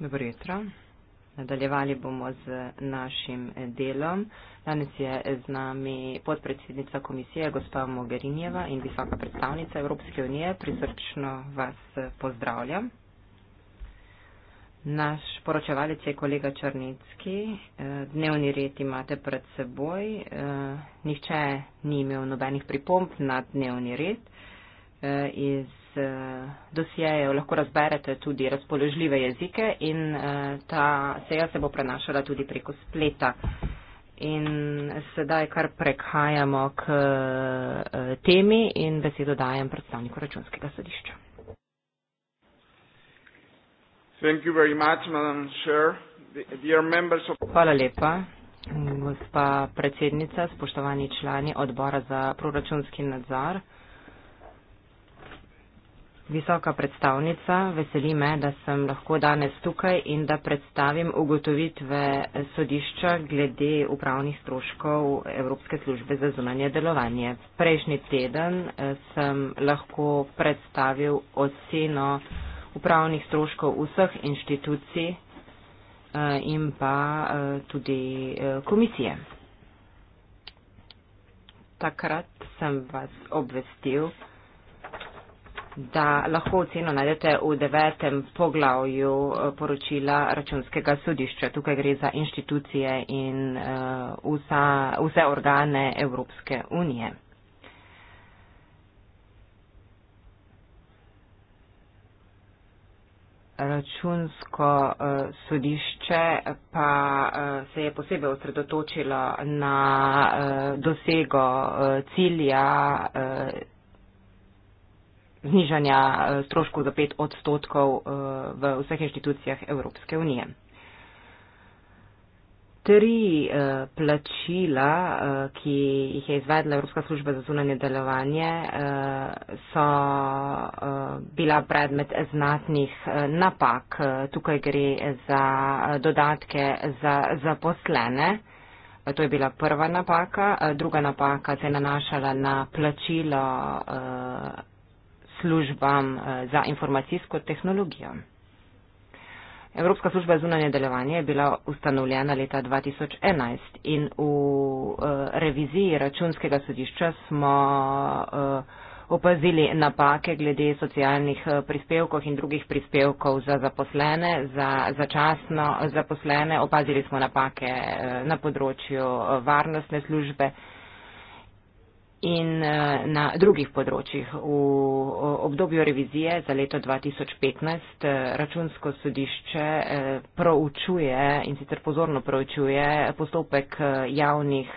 Dobro jutro. Nadaljevali bomo z našim delom. Danes je z nami podpredsednica komisije, gospa Mogherinjeva in visoka predstavnica Evropske unije. Prisrčno vas pozdravljam. Naš poročevalec je kolega Črnitski. Dnevni red imate pred seboj. Nihče ni imel nobenih pripomp na dnevni red. Iz Eh, dosjejev lahko razberete tudi razpoložljive jezike in eh, ta seja se bo prenašala tudi preko spleta. In sedaj kar prekhajamo k eh, temi in besedo dajem predstavniku računskega sodišča. Hvala lepa, gospa predsednica, spoštovani člani odbora za proračunski nadzor. Visoka predstavnica, veseli me, da sem lahko danes tukaj in da predstavim ugotovitve sodišča glede upravnih stroškov Evropske službe za zunanje delovanje. Prejšnji teden eh, sem lahko predstavil oceno upravnih stroškov vseh inštitucij eh, in pa eh, tudi komisije. Takrat sem vas obvestil, da lahko oceno najdete v devetem poglavju eh, poročila računskega sodišča. Tukaj gre za inštitucije in eh, vsa, vse organe Evropske unije. Računsko eh, sodišče pa se je posebej osredotočilo na dosego cilja znižanja eh, stroškov za pet odstotkov eh, v vseh inštitucijah Evropske unije. Tri eh, plačila, ki jih je izvedla Evropska služba za zunanje delovanje, so bila predmet znatnih napak. Tukaj gre za dodatke za zaposlene. To je bila prva napaka. Druga napaka se je nanašala na plačilo službam eh, za informacijsko tehnologijo. Evropska služba za zunanje delovanje je bila ustanovljena leta 2011 in v eh, reviziji računskega sodišča smo eh, opazili napake glede socialnih prispevkov in drugih prispevkov za zaposlene, za začasno zaposlene. Opazili smo napake na področju varnostne službe in eh, na drugih področjih. V obdobju revizije za leto 2015 eh, računsko sodišče eh, proučuje in sicer pozorno proučuje postopek javnih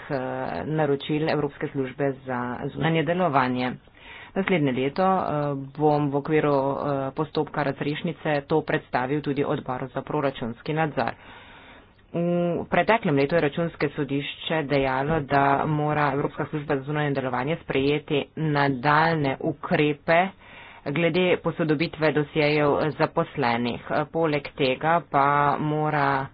naročil Evropske službe za zunanje delovanje. Naslednje leto bom v okviru postopka razrešnice to predstavil tudi odboru za proračunski nadzor. V preteklem letu je računske sodišče dejalo, da mora Evropska služba za zunanje delovanje sprejeti nadaljne ukrepe glede posodobitve dosjejev zaposlenih. Poleg tega pa mora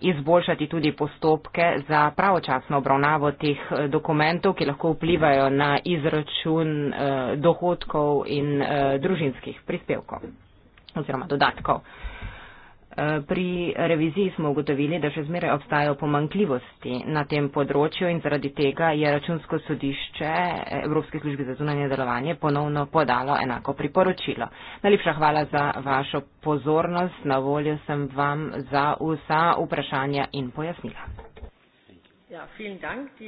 izboljšati tudi postopke za pravočasno obravnavo teh dokumentov, ki lahko vplivajo na izračun eh, dohodkov in eh, družinskih prispevkov oziroma dodatkov. Pri reviziji smo ugotovili, da še zmeraj obstajajo pomankljivosti na tem področju in zaradi tega je Računsko sodišče Evropske službe za zunanje delovanje ponovno podalo enako priporočilo. Najlepša hvala za vašo pozornost. Na voljo sem vam za vsa vprašanja in pojasnila. Ja, dank,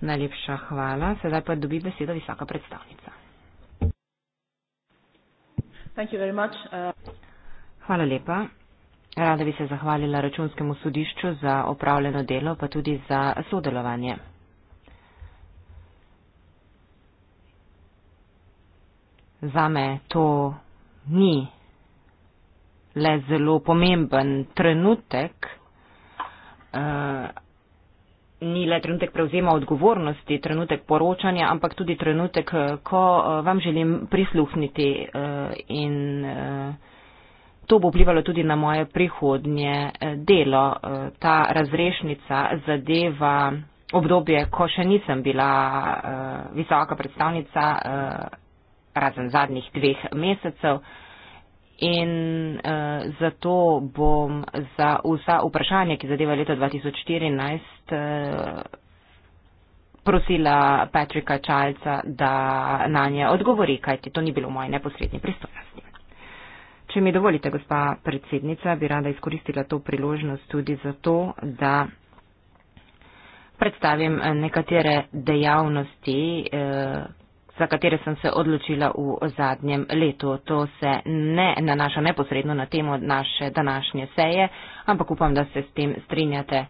Najlepša hvala. Sedaj pa dobi besedo visoka predstavnica. Thank you very much. Uh... Hvala lepa. Rada bi se zahvalila računskemu sodišču za opravljeno delo, pa tudi za sodelovanje. Za me to ni le zelo pomemben trenutek, eh, ni le trenutek prevzema odgovornosti, trenutek poročanja, ampak tudi trenutek, eh, ko eh, vam želim prisluhniti in to bo vplivalo tudi na moje prihodnje eh, delo. Eh, ta razrešnica zadeva obdobje, ko še nisem bila eh, visoka predstavnica, razen zadnjih dveh mesecev. In eh, zato bom za vsa vprašanja, ki zadeva leto 2014, eh, prosila Patrika Čalca, da na nje odgovori, kajti to ni bilo v moji neposrednji pristojnosti. Če mi dovolite, gospa predsednica, bi rada izkoristila to priložnost tudi zato, da predstavim eh, nekatere dejavnosti, eh, za katere sem se odločila v zadnjem letu. To se ne nanaša neposredno na temo naše današnje seje, ampak upam, da se s tem strinjate.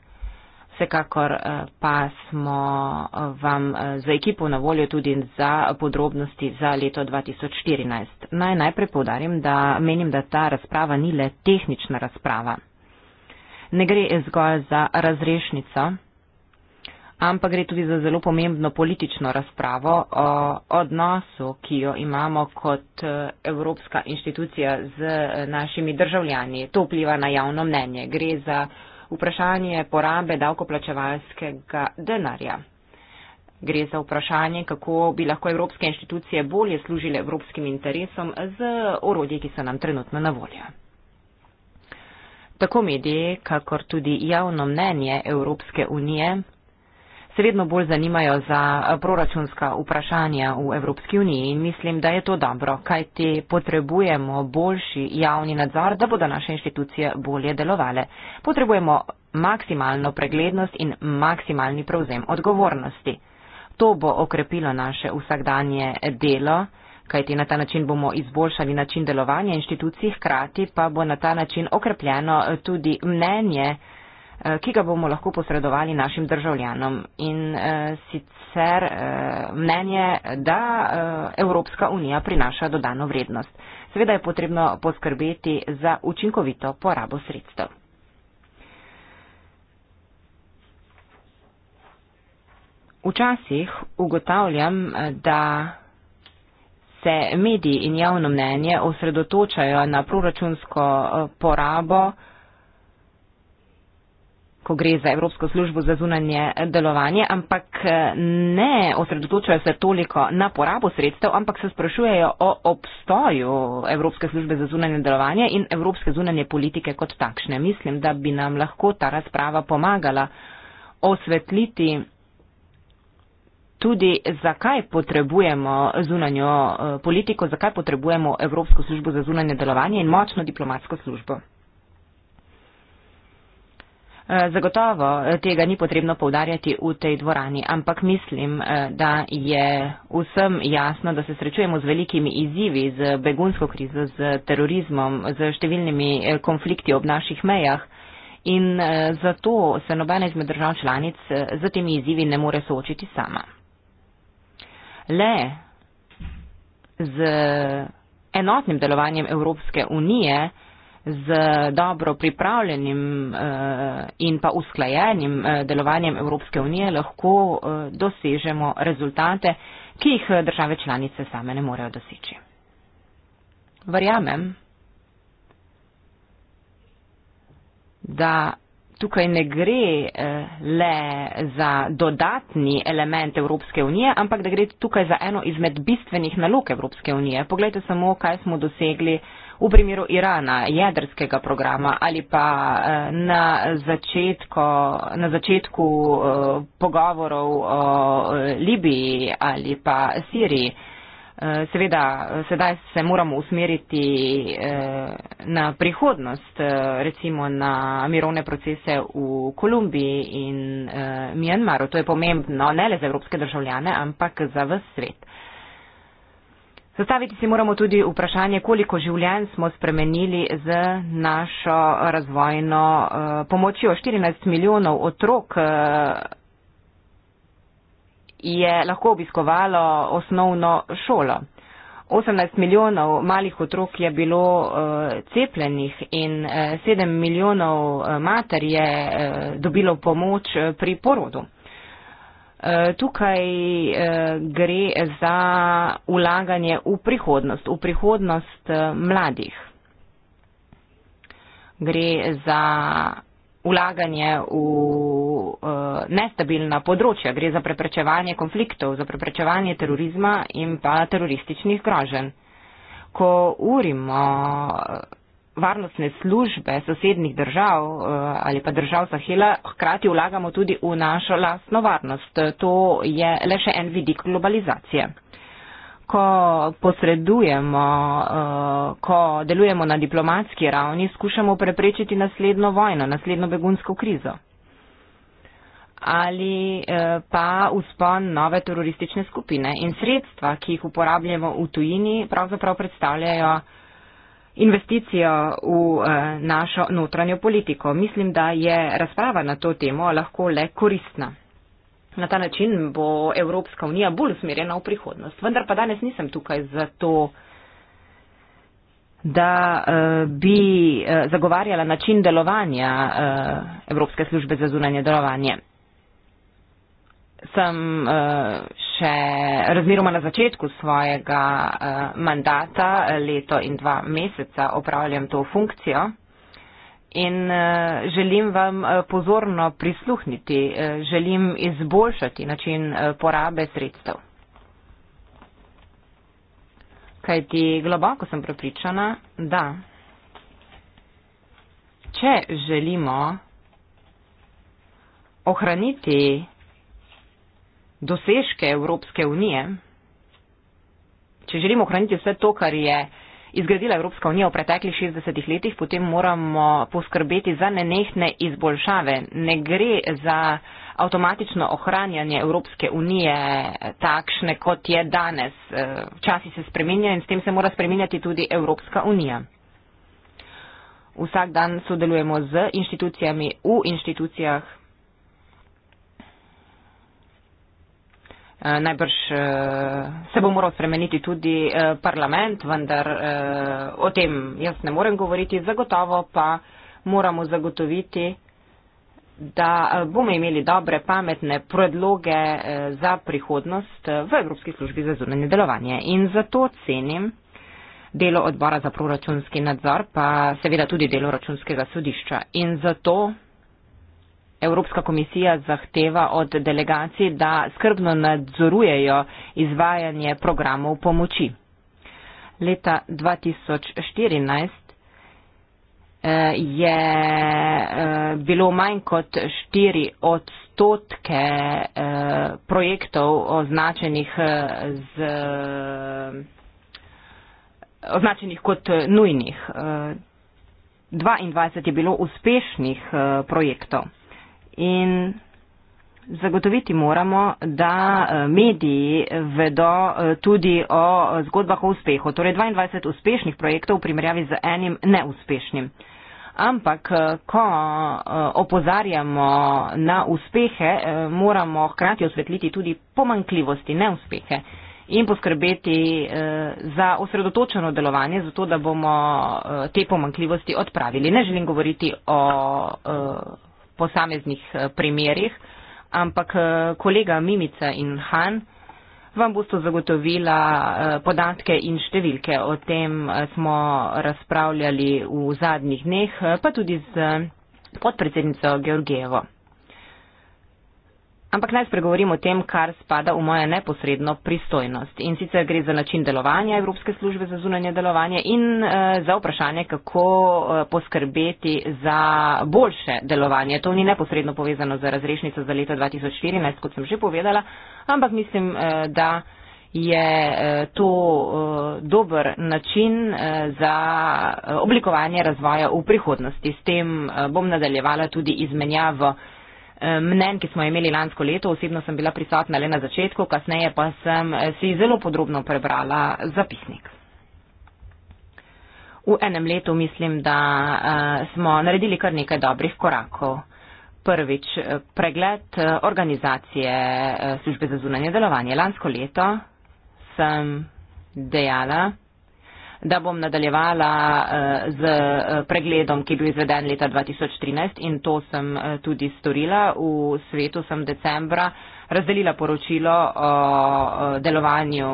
Vsekakor eh, pa smo eh, vam eh, za ekipo na voljo tudi za podrobnosti za leto 2014. Naj najprej povdarim, da menim, da ta razprava ni le tehnična razprava. Ne gre zgolj za razrešnico, ampak gre tudi za zelo pomembno politično razpravo o odnosu, ki jo imamo kot Evropska inštitucija z našimi državljani. To vpliva na javno mnenje. Gre za vprašanje porabe davkoplačevalskega denarja. Gre za vprašanje, kako bi lahko evropske inštitucije bolje služile evropskim interesom z orodji, ki so nam trenutno na voljo. Tako mediji, kakor tudi javno mnenje Evropske unije se vedno bolj zanimajo za eh, proračunska vprašanja v Evropski uniji in mislim, da je to dobro, kaj ti potrebujemo boljši javni nadzor, da bodo naše inštitucije bolje delovale. Potrebujemo maksimalno preglednost in maksimalni prevzem odgovornosti. To bo okrepilo naše vsakdanje delo, kajti na ta način bomo izboljšali način delovanja inštitucij, hkrati pa bo na ta način okrepljeno tudi mnenje, Eh, ki ga bomo lahko posredovali našim državljanom. In eh, sicer eh, mnenje, da Evropska unija prinaša dodano vrednost. Seveda je potrebno poskrbeti za učinkovito porabo sredstev. Včasih ugotavljam, da se mediji in javno mnenje osredotočajo na proračunsko porabo, ko gre za Evropsko službo za zunanje delovanje, ampak eh, ne osredotočajo se toliko na porabo sredstev, ampak se sprašujejo o obstoju Evropske službe za zunanje delovanje in Evropske zunanje politike kot takšne. Mislim, da bi nam lahko ta razprava pomagala osvetliti tudi, zakaj potrebujemo zunanjo eh, politiko, zakaj potrebujemo Evropsko službo za zunanje delovanje in močno diplomatsko službo. Zagotovo eh, tega ni potrebno povdarjati v tej dvorani, ampak mislim, eh, da je vsem jasno, da se srečujemo z velikimi izzivi, z begunsko krizo, z terorizmom, z številnimi eh, konflikti ob naših mejah in zato se nobena izmed držav članic z temi izzivi ne more soočiti sama. Le z enotnim delovanjem Evropske unije, z dobro pripravljenim eh, in pa usklajenim eh, delovanjem Evropske unije lahko eh, dosežemo rezultate, ki jih države članice same ne morejo doseči. Verjamem, da tukaj ne gre le za dodatni element Evropske unije, ampak da gre tukaj za eno izmed bistvenih nalog Evropske unije. Poglejte samo, kaj smo dosegli v primeru Irana, jedrskega programa ali pa eh, na, začetko, na začetku eh, pogovorov o eh, Libiji ali pa Siriji. Seveda, sedaj se moramo usmeriti na prihodnost, recimo na mirovne procese v Kolumbiji in Mjanmaru. To je pomembno ne le za evropske državljane, ampak za vse svet. Zastaviti si moramo tudi vprašanje, koliko življenj smo spremenili z našo razvojno eh, pomočjo. 14 milijonov otrok eh, je lahko obiskovalo osnovno šolo. 18 milijonov malih otrok je bilo eh, cepljenih in 7 milijonov mater je dobilo pomoč pri porodu. Eh, tukaj eh, gre za ulaganje v prihodnost, v prihodnost eh, mladih. Gre za ulaganje v nestabilna področja, gre za preprečevanje konfliktov, za preprečevanje terorizma in pa terorističnih groženj. Ko urimo varnostne službe sosednih držav eh, ali pa držav Sahela, hkrati vlagamo tudi v našo lastno varnost. To je le še en vidik globalizacije. Ko posredujemo, eh, ko delujemo na diplomatski ravni, skušamo preprečiti naslednjo vojno, naslednjo begunsko krizo ali eh, pa uspon nove teroristične skupine. In sredstva, ki jih uporabljamo v tujini, pravzaprav predstavljajo investicijo v eh, našo notranjo politiko. Mislim, da je razprava na to temo lahko le koristna. Na ta način bo Evropska unija bolj usmerjena v prihodnost. Vendar pa danes nisem tukaj zato, da eh, bi eh, zagovarjala način delovanja Evropske službe za zunanje delovanje sem eh, še razmeroma na začetku svojega eh, mandata, leto in dva meseca opravljam to funkcijo in eh, želim vam pozorno prisluhniti, želim izboljšati način porabe sredstev. Kajti globoko sem prepričana, da če želimo ohraniti dosežke Evropske unije, če želimo ohraniti vse to, kar je izgradila Evropska unija v preteklih 60 letih, potem moramo poskrbeti za nenehne izboljšave. Ne gre za avtomatično ohranjanje Evropske unije takšne, kot je danes. E, Časi se spreminja in s tem se mora spreminjati tudi Evropska unija. Vsak dan sodelujemo z inštitucijami v inštitucijah Eh, najbrž eh, se bo moral spremeniti tudi eh, parlament, vendar o tem jaz ne morem govoriti. Zagotovo pa moramo zagotoviti, da bomo imeli dobre, pametne predloge za prihodnost v Evropski službi za zunanje delovanje. In zato cenim delo odbora za proračunski nadzor, pa seveda tudi delo računskega sodišča. In zato Evropska komisija zahteva od delegacij, da skrbno nadzorujejo izvajanje programov pomoči. Leta 2014 eh, je eh, bilo manj kot 4 odstotke eh, projektov označenih, z, označenih kot nujnih. 22 je bilo uspešnih projektov in zagotoviti moramo, da eh, mediji vedo eh, tudi o zgodbah o uspehu, torej 22 uspešnih projektov v primerjavi z enim neuspešnim. Ampak, eh, ko opozarjamo na uspehe, moramo hkrati osvetliti tudi pomankljivosti, neuspehe in poskrbeti za osredotočeno delovanje, zato da bomo te pomankljivosti odpravili. Ne želim govoriti o posameznih eh, primerjih, ampak eh, kolega Mimica in Han vam bosta zagotovila eh, podatke in številke. O tem smo razpravljali v zadnjih dneh, pa tudi z podpredsednico Georgijevo. Ampak naj spregovorim o tem, kar spada v moja neposredno pristojnost. In sicer gre za način delovanja Evropske službe za zunanje delovanje in uh, za vprašanje, kako uh, poskrbeti za boljše delovanje. To ni neposredno povezano z razrešnico za leto 2014, kot sem že povedala, ampak mislim, uh, da je to dober način za oblikovanje razvoja v prihodnosti. S tem bom nadaljevala tudi izmenjavo mnen, ki smo imeli lansko leto. Osebno sem bila prisotna le na začetku, kasneje pa sem eh, si zelo podrobno prebrala zapisnik. V enem letu mislim, da eh, smo naredili kar nekaj dobrih korakov. Prvič, eh, pregled organizacije službe za zunanje delovanje. Lansko leto sem dejala, da bom nadaljevala eh, z eh, pregledom, ki je bil izveden leta 2013 in to sem eh, tudi storila. V svetu sem decembra razdelila poročilo o delovanju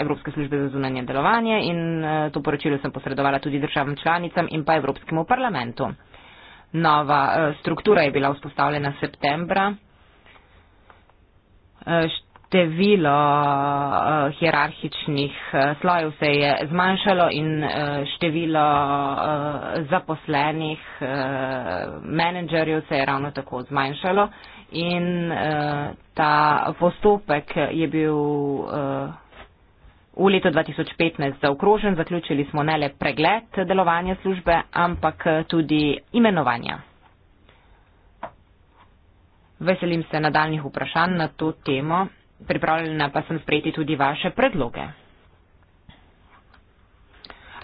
Evropske službe za zunanje delovanje in to poročilo sem posredovala tudi državam članicam in pa Evropskemu parlamentu. Nova struktura je bila vzpostavljena septembra število uh, hierarhičnih uh, slojev se je zmanjšalo in uh, število uh, zaposlenih uh, menedžerjev se je ravno tako zmanjšalo in uh, ta postopek je bil uh, v letu 2015 zaokrožen. Zaključili smo ne le pregled delovanja službe, ampak tudi imenovanja. Veselim se nadaljnih vprašanj na to temo pripravljena pa sem sprejeti tudi vaše predloge.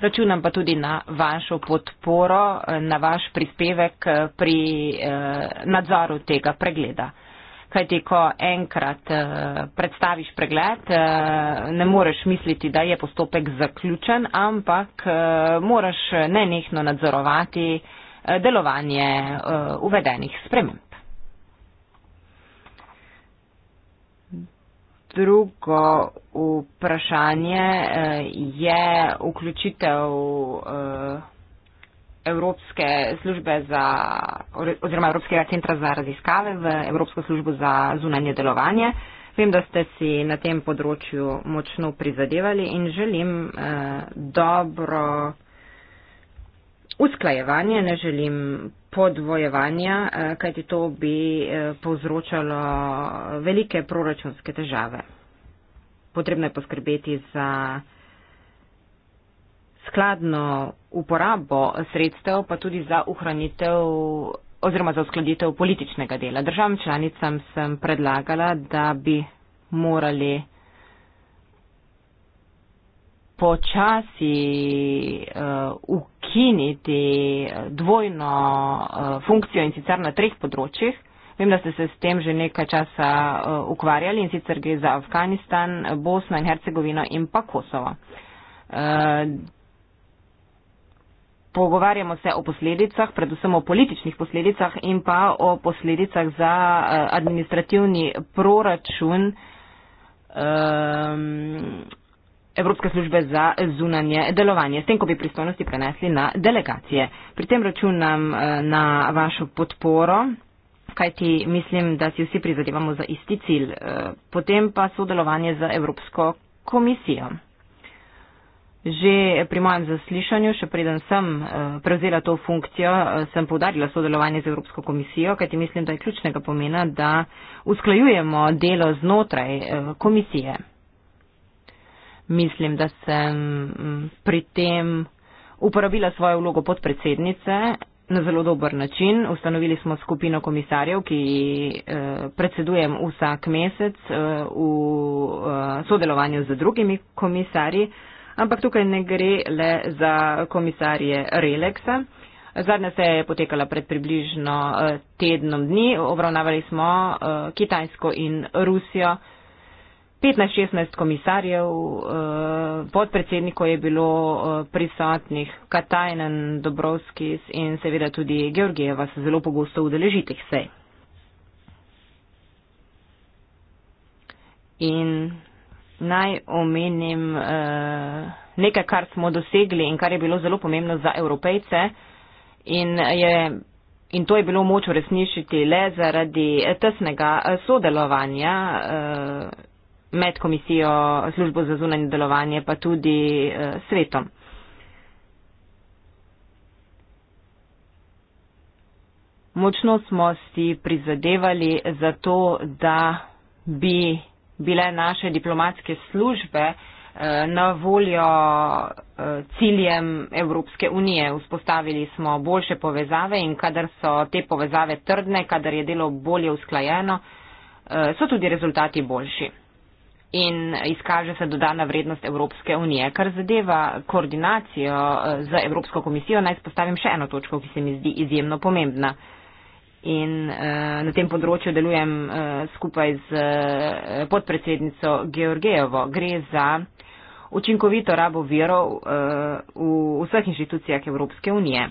Računam pa tudi na vašo podporo, na vaš prispevek pri eh, nadzoru tega pregleda. Kajti, ko enkrat eh, predstaviš pregled, eh, ne moreš misliti, da je postopek zaključen, ampak moraš nenehno nadzorovati delovanje uvedenih sprememb. drugo vprašanje eh, je vključitev eh, Evropske službe za, oziroma Evropskega centra za raziskave v Evropsko službo za zunanje delovanje. Vem, da ste si na tem področju močno prizadevali in želim eh, dobro usklajevanje, ne želim podvojevanja, eh, kajti to bi eh, povzročalo velike proračunske težave. Potrebno je poskrbeti za skladno uporabo sredstev, pa tudi za uhranitev oziroma za uskladitev političnega dela. Državam članicam sem predlagala, da bi morali počasi uh, ukiniti eh, dvojno eh, funkcijo in sicer na treh področjih. Vem, da ste se s tem že nekaj časa eh, ukvarjali in sicer gre za Afganistan, Bosno in Hercegovino in pa Kosovo. Pogovarjamo se o posledicah, predvsem o političnih posledicah in pa o posledicah za administrativni proračun. Ehm, Evropske službe za zunanje delovanje, s tem, ko bi pristojnosti prenesli na delegacije. Pri tem računam eh, na vašo podporo, kajti mislim, da si vsi prizadevamo za isti cilj, eh, potem pa sodelovanje z Evropsko komisijo. Že pri mojem zaslišanju, še preden sem eh, prevzela to funkcijo, sem povdarila sodelovanje z Evropsko komisijo, kajti mislim, da je ključnega pomena, da usklajujemo delo znotraj komisije mislim, da sem mm, pri tem uporabila svojo vlogo podpredsednice na zelo dober način. Ustanovili smo skupino komisarjev, ki eh, predsedujem vsak mesec eh, v eh, sodelovanju z drugimi komisarji, ampak tukaj ne gre le za komisarje Relexa. Zadnja se je potekala pred približno tednom dni, obravnavali smo Kitajsko in Rusijo. 15-16 komisarjev, eh, podpredsednikov je bilo eh, prisotnih, Katajnen, Dobrovskis in seveda tudi Georgijeva se zelo pogosto udeleži teh sej. In naj omenim eh, nekaj, kar smo dosegli in kar je bilo zelo pomembno za evropejce in je. In to je bilo moč uresničiti le zaradi tesnega sodelovanja med komisijo, službo za zunanje delovanje, pa tudi eh, svetom. Močno smo si prizadevali za to, da bi bile naše diplomatske službe eh, na voljo eh, ciljem Evropske unije. Vzpostavili smo boljše povezave in kadar so te povezave trdne, kadar je delo bolje usklajeno, so tudi rezultati boljši in izkaže se dodana vrednost Evropske unije. Kar zadeva koordinacijo eh, z Evropsko komisijo, naj spostavim še eno točko, ki se mi zdi izjemno pomembna. In uh, na tem področju delujem uh, skupaj z uh, podpredsednico Georgijevo. Gre za učinkovito rabo virov uh, v vseh inštitucijah Evropske unije.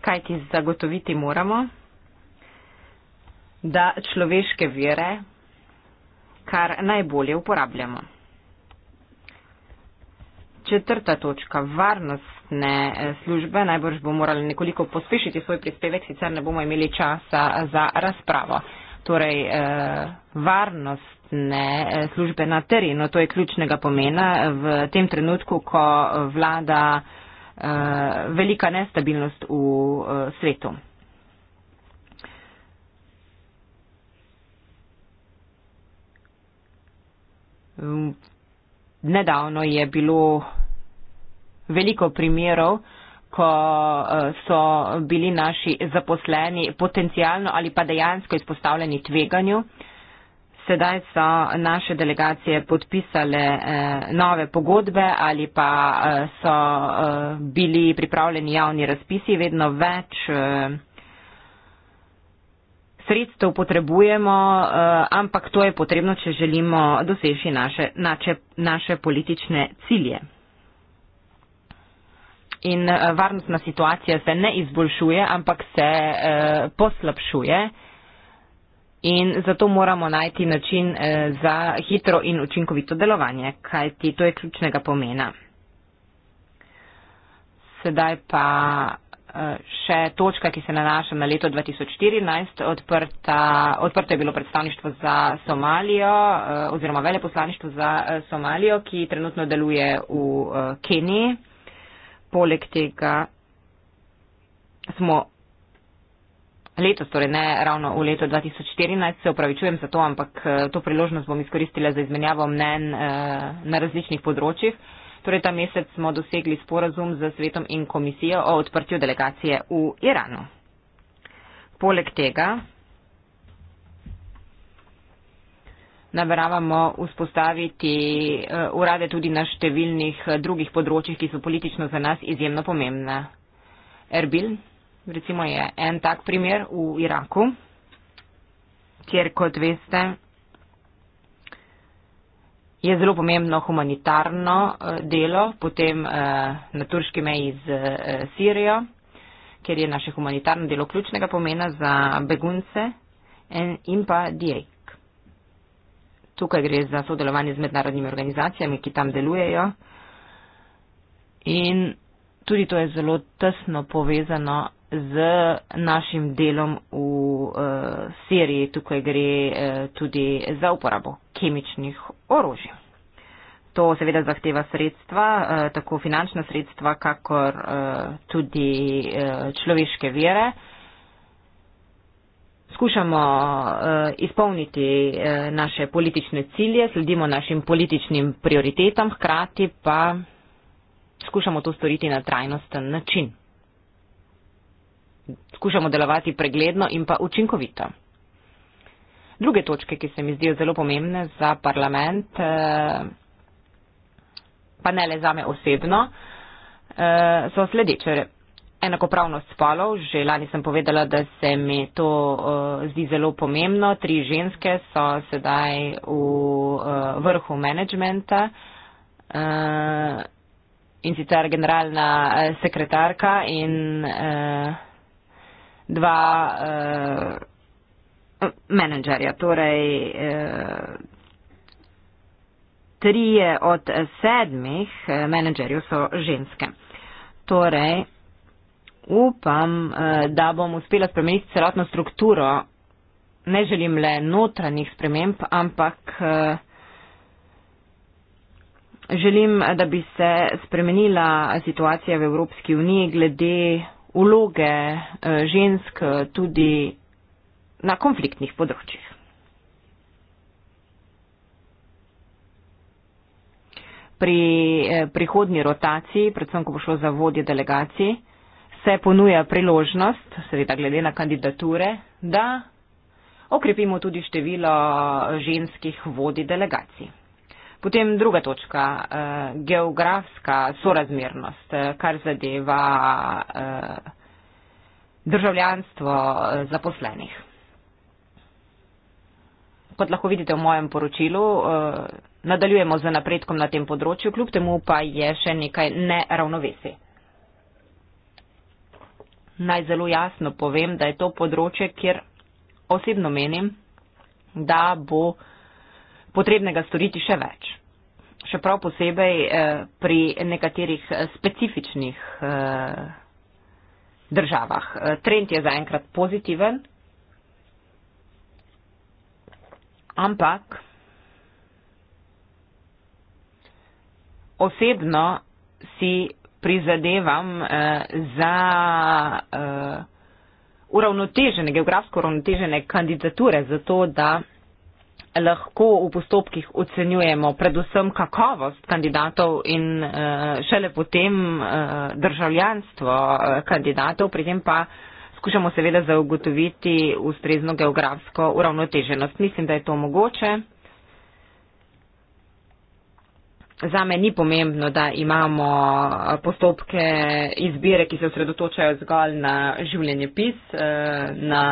Kaj ti zagotoviti moramo? Da človeške vire kar najbolje uporabljamo. Četrta točka. Varnostne eh, službe najbrž bo morali nekoliko pospešiti svoj prispevek, sicer ne bomo imeli časa za razpravo. Torej, eh, varnostne eh, službe na terenu, to je ključnega pomena v tem trenutku, ko vlada velika nestabilnost v svetu. Nedavno je bilo veliko primerov, ko eh, so bili naši zaposleni potencijalno ali pa dejansko izpostavljeni tveganju. Sedaj so naše delegacije podpisale eh, nove pogodbe ali pa eh, so bili pripravljeni javni razpisi, vedno več sredstev potrebujemo, eh, ampak to je potrebno, če želimo doseči naše, naše, naše politične cilje. In eh, varnostna situacija se ne izboljšuje, ampak se eh, poslabšuje. In zato moramo najti način za hitro in učinkovito delovanje, kajti to je ključnega pomena. Sedaj pa. Eh, še točka, ki se nanaša na leto 2014. Odprta, odprto je bilo predstavništvo za Somalijo eh, oziroma veleposlaništvo za eh, Somalijo, ki trenutno deluje v Keniji. Poleg tega smo letos, torej ne ravno v leto 2014, se opravičujem za to, ampak to priložnost bom izkoristila za izmenjavo mnen na različnih področjih. Torej, ta mesec smo dosegli sporazum z svetom in komisijo o odprtju delegacije v Iranu. Poleg tega nameravamo vzpostaviti eh, urade tudi na številnih eh, drugih področjih, ki so politično za nas izjemno pomembna. Erbil, recimo, je en tak primer v Iraku, kjer, kot veste, je zelo pomembno humanitarno eh, delo, potem eh, na turški meji z eh, Sirijo, kjer je naše humanitarno delo ključnega pomena za begunce in pa DIEK. Tukaj gre za sodelovanje z mednarodnimi organizacijami, ki tam delujejo. In tudi to je zelo tesno povezano z našim delom v uh, Siriji. Tukaj gre uh, tudi za uporabo kemičnih orožij. To seveda zahteva sredstva, eh, tako finančna sredstva, kakor eh, tudi eh, človeške vire. Skušamo izpolniti naše politične cilje, sledimo našim političnim prioritetam, hkrati pa skušamo to storiti na trajnosten način. Skušamo delovati pregledno in pa učinkovito druge točke, ki se mi zdijo zelo pomembne za parlament, eh, pa ne le zame osebno, eh, so sledeče. Enakopravnost spolov, že lani sem povedala, da se mi to eh, zdi zelo pomembno. Tri ženske so sedaj v vrhu menedžmenta. In sicer generalna sekretarka in eh, dva menedžerja. Torej, eh, trije od sedmih eh, menedžerjev so ženske. Torej, upam, eh, da bom uspela spremeniti celotno strukturo. Ne želim le notranjih sprememb, ampak želim, da bi se spremenila situacija v Evropski uniji glede uloge žensk tudi na konfliktnih področjih. Pri eh, prihodnji rotaciji, predvsem ko bo šlo za vodje delegacij, se ponuja priložnost, seveda glede na kandidature, da okrepimo tudi število eh, ženskih vodij delegacij. Potem druga točka, eh, geografska sorazmernost, kar zadeva državljanstvo zaposlenih kot lahko vidite v mojem poročilu, eh, nadaljujemo z napredkom na tem področju, kljub temu pa je še nekaj neravnovesi. Naj zelo jasno povem, da je to področje, kjer osebno menim, da bo potrebnega storiti še več. Še prav posebej eh, pri nekaterih eh, specifičnih državah. Trend je zaenkrat pozitiven, Ampak osebno si prizadevam eh, za eh, uravnotežene, geografsko uravnotežene kandidature, zato da lahko v postopkih ocenjujemo predvsem kakovost kandidatov in eh, šele potem eh, državljanstvo eh, kandidatov, pri tem pa eh, skušamo seveda zagotoviti ustrezno geografsko uravnoteženost. Mislim, da je to mogoče. Zame ni pomembno, da imamo eh, postopke izbire, ki se osredotočajo zgolj na življenje pis, eh, na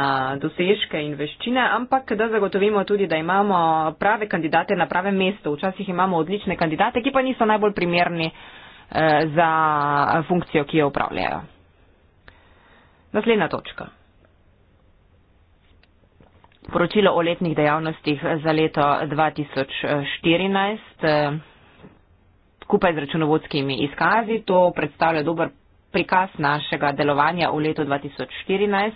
dosežke in veščine, ampak da zagotovimo tudi, da imamo prave kandidate na pravem mestu. Včasih imamo odlične kandidate, ki pa niso najbolj primerni eh, za funkcijo, ki jo upravljajo. Naslednja točka. Poročilo o letnih dejavnostih za leto 2014, eh, skupaj z računovodskimi izkazi, to predstavlja dober prikaz našega delovanja v letu 2014.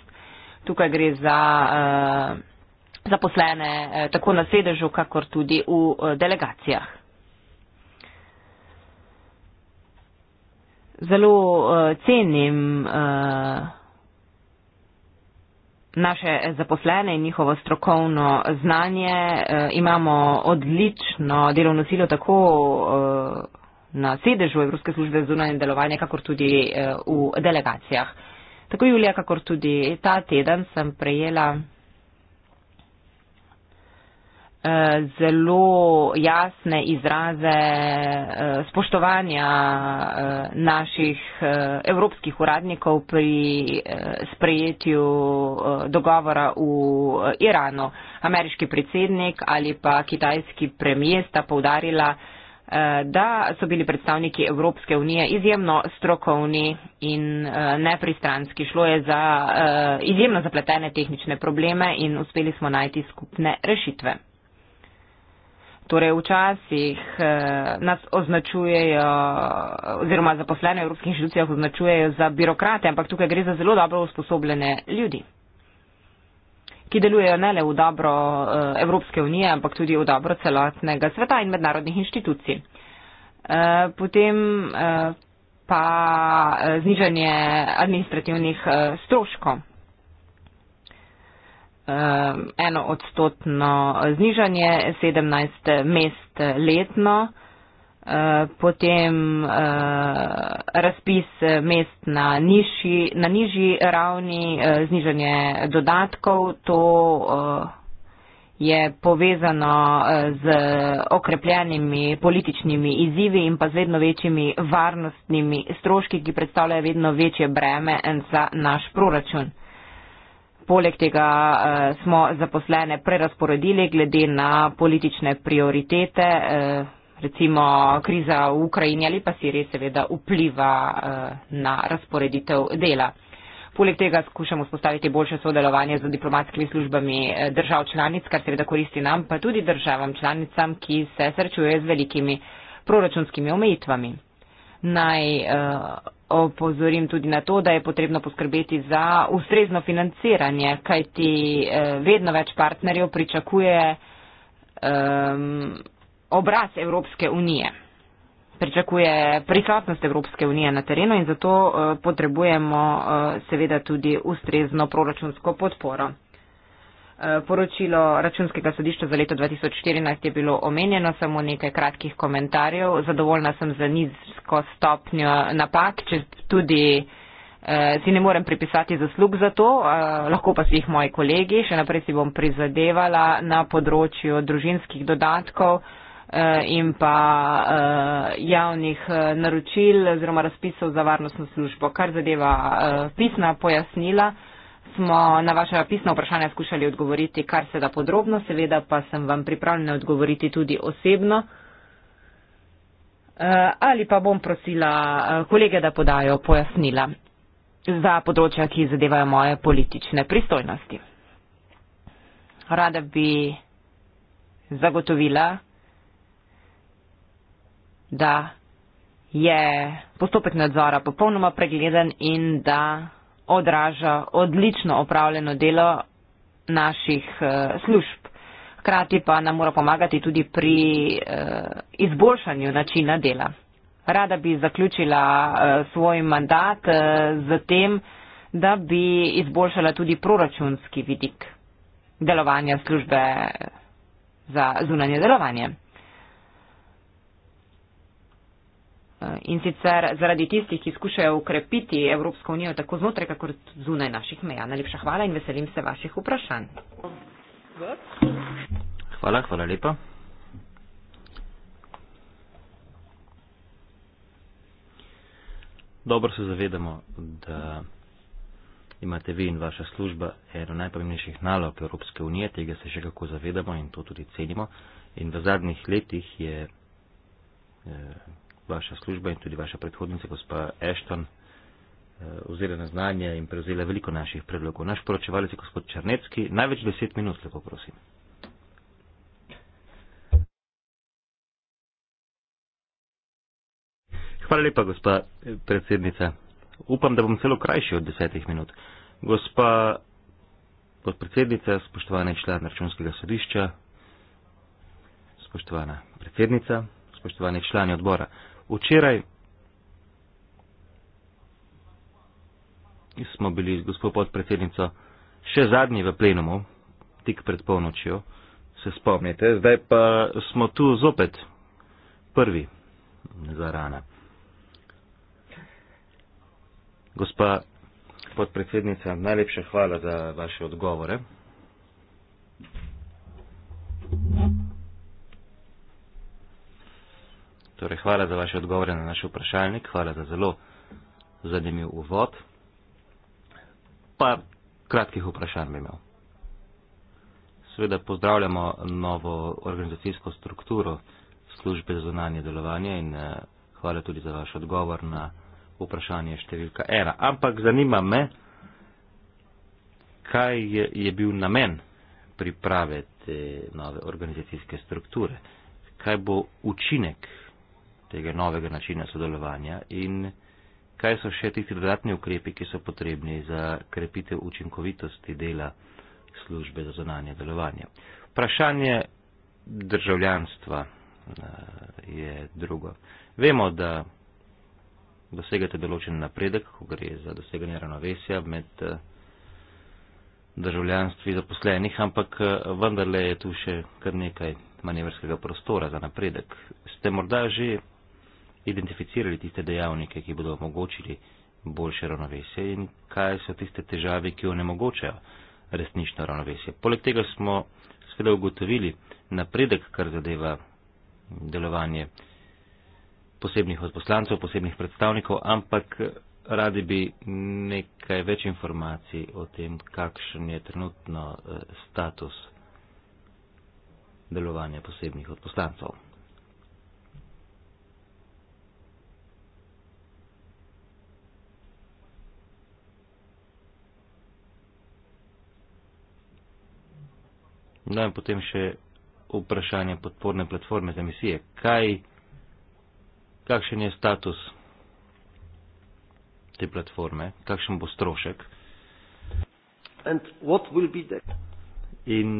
Tukaj gre za eh, zaposlene eh, tako na sedežu, kakor tudi v delegacijah. Zelo cenim naše zaposlene in njihovo strokovno znanje. Eh, imamo odlično delovno silo tako eh, na sedežu Evropske službe zunanje delovanje, kakor tudi eh, v delegacijah. Tako Julija, kakor tudi ta teden sem prejela Eh, zelo jasne izraze eh, spoštovanja eh, naših evropskih uradnikov pri sprejetju dogovora v Iranu. Ameriški predsednik ali pa kitajski premijer sta povdarila, da so bili predstavniki Evropske unije izjemno strokovni in nepristranski. Šlo je za izjemno zapletene tehnične probleme in uspeli smo najti skupne rešitve. Torej, včasih eh, nas označujejo, oziroma zaposlene v evropskih inštitucijah označujejo za birokrate, ampak tukaj gre za zelo dobro usposobljene ljudi, ki delujejo ne le v dobro eh, Evropske unije, ampak tudi v dobro celotnega sveta in mednarodnih inštitucij. Eh, potem pa znižanje administrativnih stroškov. Ehm, eno odstotno znižanje, 17 mest letno, ehm, potem ehm, razpis mest na, nižji, na nižji ravni, znižanje dodatkov, to je povezano z okrepljenimi političnimi izzivi in pa z vedno večjimi varnostnimi stroški, ki predstavljajo vedno večje breme za naš proračun. Poleg tega uh, smo zaposlene prerasporedili glede na politične prioritete, uh, recimo kriza v Ukrajini ali pa Siriji seveda vpliva uh, na razporeditev dela. Poleg tega skušamo spostaviti boljše sodelovanje z diplomatskimi službami držav članic, kar seveda koristi nam, pa tudi državam članicam, ki se srečujejo z velikimi proračunskimi omejitvami. Naj uh, opozorim tudi na to, da je potrebno poskrbeti za ustrezno financiranje, kajti eh, vedno več partnerjev pričakuje um, obraz Evropske unije, pričakuje prisotnost Evropske unije na terenu in zato eh, potrebujemo eh, seveda tudi ustrezno proračunsko podporo. Eh, poročilo računskega sodišča za leto 2014 je bilo omenjeno, samo nekaj kratkih komentarjev. Zadovoljna sem za nizko stopnjo napak, če tudi eh, si ne morem pripisati zaslug za to, eh, lahko pa si jih moji kolegi. Še naprej si bom prizadevala na področju družinskih dodatkov eh, in pa eh, javnih eh, naročil oziroma razpisov za varnostno službo, kar zadeva eh, pisna pojasnila smo na vaše pisno vprašanje skušali odgovoriti kar se da podrobno, seveda pa sem vam pripravljena odgovoriti tudi osebno. Eh, ali pa bom prosila eh, kolege, da podajo pojasnila za področja, ki zadevajo moje politične pristojnosti. Rada bi zagotovila, da je postopek nadzora popolnoma pregleden in da odraža odlično opravljeno delo naših eh, služb. Hkrati pa nam mora pomagati tudi pri eh, izboljšanju načina dela. Rada bi zaključila eh, svoj mandat z tem, da bi izboljšala tudi proračunski vidik delovanja službe za zunanje delovanje. in sicer zaradi tistih, ki skušajo ukrepiti Evropsko unijo tako znotraj, kakor zunaj naših meja. Najlepša hvala in veselim se vaših vprašanj. Hvala, hvala lepa. Dobro se zavedamo, da imate vi in vaša služba eno najpomembnejših nalog Evropske unije, tega se še kako zavedamo in to tudi cenimo. In v zadnjih letih je. Eh, vaša služba in tudi vaša predhodnica, gospa Ashton, eh, vzela na znanje in prevzela veliko naših predlogov. Naš poročevalec je gospod Črnecki. Največ deset minut, lepo prosim. Hvala lepa, gospa eh, predsednica. Upam, da bom celo krajši od desetih minut. Gospa podpredsednica, spoštovana član računskega sodišča, spoštovana predsednica, spoštovane člani odbora včeraj smo bili z gospod podpredsednico še zadnji v plenumu, tik pred polnočjo, se spomnite, zdaj pa smo tu zopet prvi za rana. Gospa podpredsednica, najlepša hvala za vaše odgovore. Thank mm -hmm. you. Torej, hvala za vaše odgovore na naš vprašalnik, hvala za zelo zanimiv uvod. Pa kratkih vprašanj bi imel. Sveda pozdravljamo novo organizacijsko strukturo službe za zunanje delovanje in eh, hvala tudi za vaš odgovor na vprašanje številka ena. Ampak zanima me, kaj je bil namen priprave te nove organizacijske strukture. Kaj bo učinek tega novega načina sodelovanja in kaj so še tisti dodatni ukrepi, ki so potrebni za krepitev učinkovitosti dela službe za zonanje delovanje. Vprašanje državljanstva eh, je drugo. Vemo, da dosegate določen napredek, ko gre za doseganje ravnovesja med eh, državljanstvi zaposlenih, ampak eh, vendarle je tu še kar nekaj manevrskega prostora za napredek. Ste morda že identificirali tiste dejavnike, ki bodo omogočili boljše ravnovesje in kaj so tiste težave, ki onemogočajo resnično ravnovesje. Poleg tega smo seveda ugotovili napredek, kar zadeva delovanje posebnih odposlancev, posebnih predstavnikov, ampak radi bi nekaj več informacij o tem, kakšen je trenutno eh, status delovanja posebnih odposlancev. No in potem še vprašanje podporne platforme za misije. Kaj, kakšen je status te platforme, kakšen bo strošek? In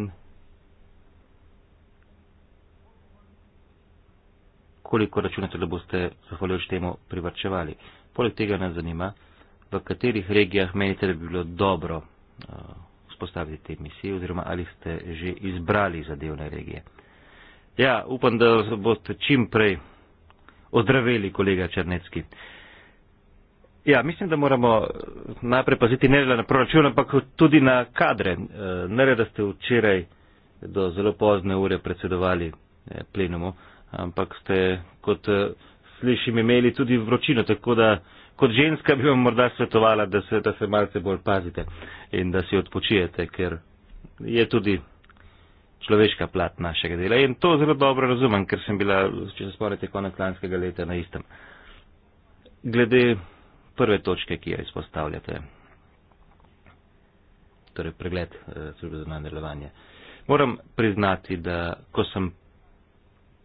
koliko računate, da boste zahvaljujoč temu privrčevali? Poleg tega nas zanima, v katerih regijah menite, da bi bilo dobro uh, vzpostaviti te misije oziroma ali ste že izbrali zadevne regije. Ja, upam, da boste čim prej ozdraveli kolega Črnecki. Ja, mislim, da moramo eh, najprej paziti ne le na proračun, ampak tudi na kadre. Eh, ne le, da ste včeraj do zelo pozne ure predsedovali eh, plenumu, ampak ste, kot slišim, imeli tudi vročino, tako da kot ženska bi vam morda svetovala, da, se, da se malce bolj pazite in da si odpočijete, ker je tudi človeška plat našega dela. In to zelo dobro razumem, ker sem bila, če se spomnite, konec lanskega leta na istem. Glede prve točke, ki jo izpostavljate, torej pregled eh, službe za nadaljevanje. Moram priznati, da ko sem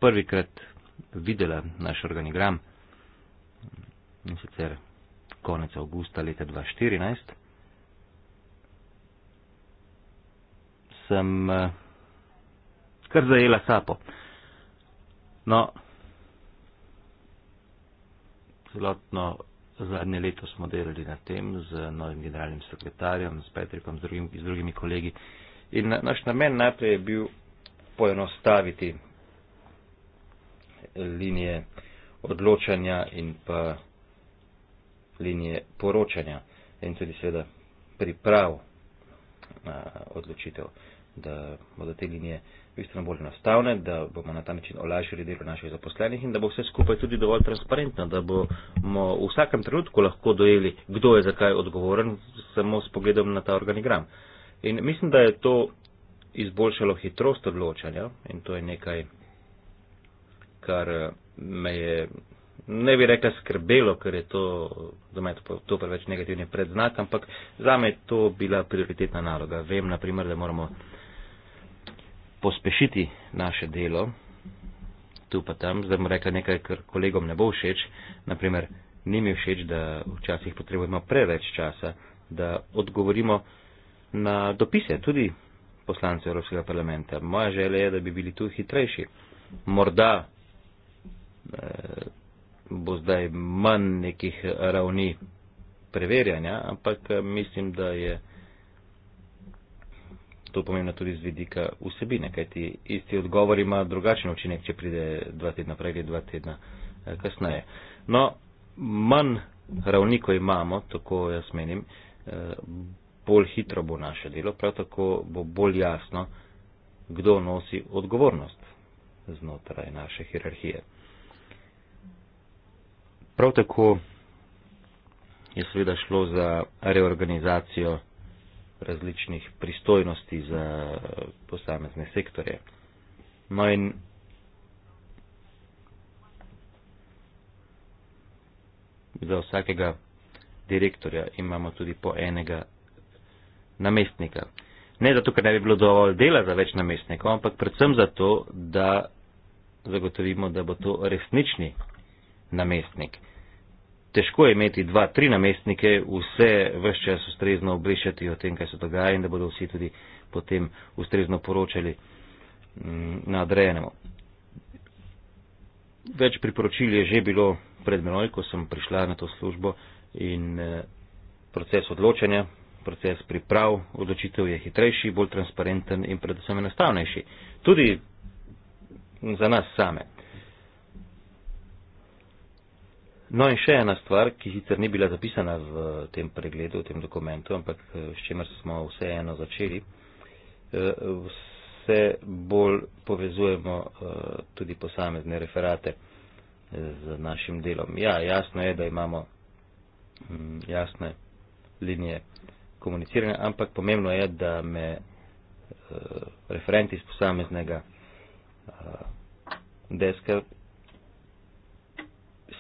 prvikrat videla naš organigram, in sicer konec avgusta leta 2014, sem eh, kar zajela sapo. No, celotno zadnje leto smo delali na tem z novim generalnim sekretarjem, s Petrikom, z drugim, z drugimi kolegi. In naš namen najprej je bil poenostaviti linije odločanja in pa linije poročanja in tudi seveda priprav odločitev, da bodo te linije bistveno bolj enostavne, da bomo na ta način olajšali delo naših zaposlenih in da bo vse skupaj tudi dovolj transparentno, da bomo v vsakem trenutku lahko dojeli, kdo je zakaj odgovoren, samo s pogledom na ta organigram. In mislim, da je to izboljšalo hitrost odločanja in to je nekaj, kar me je ne bi rekla skrbelo, ker je to, za me to preveč negativni predznak, ampak za me je to bila prioritetna naloga. Vem, na primer, da moramo pospešiti naše delo, tu pa tam, zdaj bom rekla nekaj, kar kolegom ne bo všeč, na primer, ni mi všeč, da včasih potrebujemo preveč časa, da odgovorimo na dopise, tudi poslance Evropskega parlamenta. Moja želja je, da bi bili tu hitrejši. Morda eh, bo zdaj manj nekih ravni preverjanja, ampak eh, mislim, da je to pomembno tudi z vidika vsebine, kajti isti odgovor ima drugačen učinek, če pride dva tedna prej ali dva tedna eh, kasneje. No, manj ravni, ko imamo, tako jaz menim, eh, bolj hitro bo naše delo, prav tako bo bolj jasno, kdo nosi odgovornost znotraj naše hierarhije. Prav tako je seveda šlo za reorganizacijo različnih pristojnosti za posamezne sektorje. No in za vsakega direktorja imamo tudi po enega namestnika. Ne zato, ker ne bi bilo dovolj dela za več namestnikov, ampak predvsem zato, da zagotovimo, da bo to resnični namestnik. Težko je imeti dva, tri namestnike, vse vse čas ustrezno obrišati o tem, kaj se dogaja in da bodo vsi tudi potem ustrezno poročali mm, na drejenemu. Več priporočil je že bilo pred menoj, ko sem prišla na to službo in eh, proces odločanja, proces priprav odločitev je hitrejši, bolj transparenten in predvsem enostavnejši. Tudi za nas same. No in še ena stvar, ki sicer ni bila zapisana v tem pregledu, v tem dokumentu, ampak eh, s čemer smo vseeno začeli, eh, vse bolj povezujemo eh, tudi posamezne referate z našim delom. Ja, jasno je, da imamo mm, jasne linije komuniciranja, ampak pomembno je, da me referenti iz posameznega deska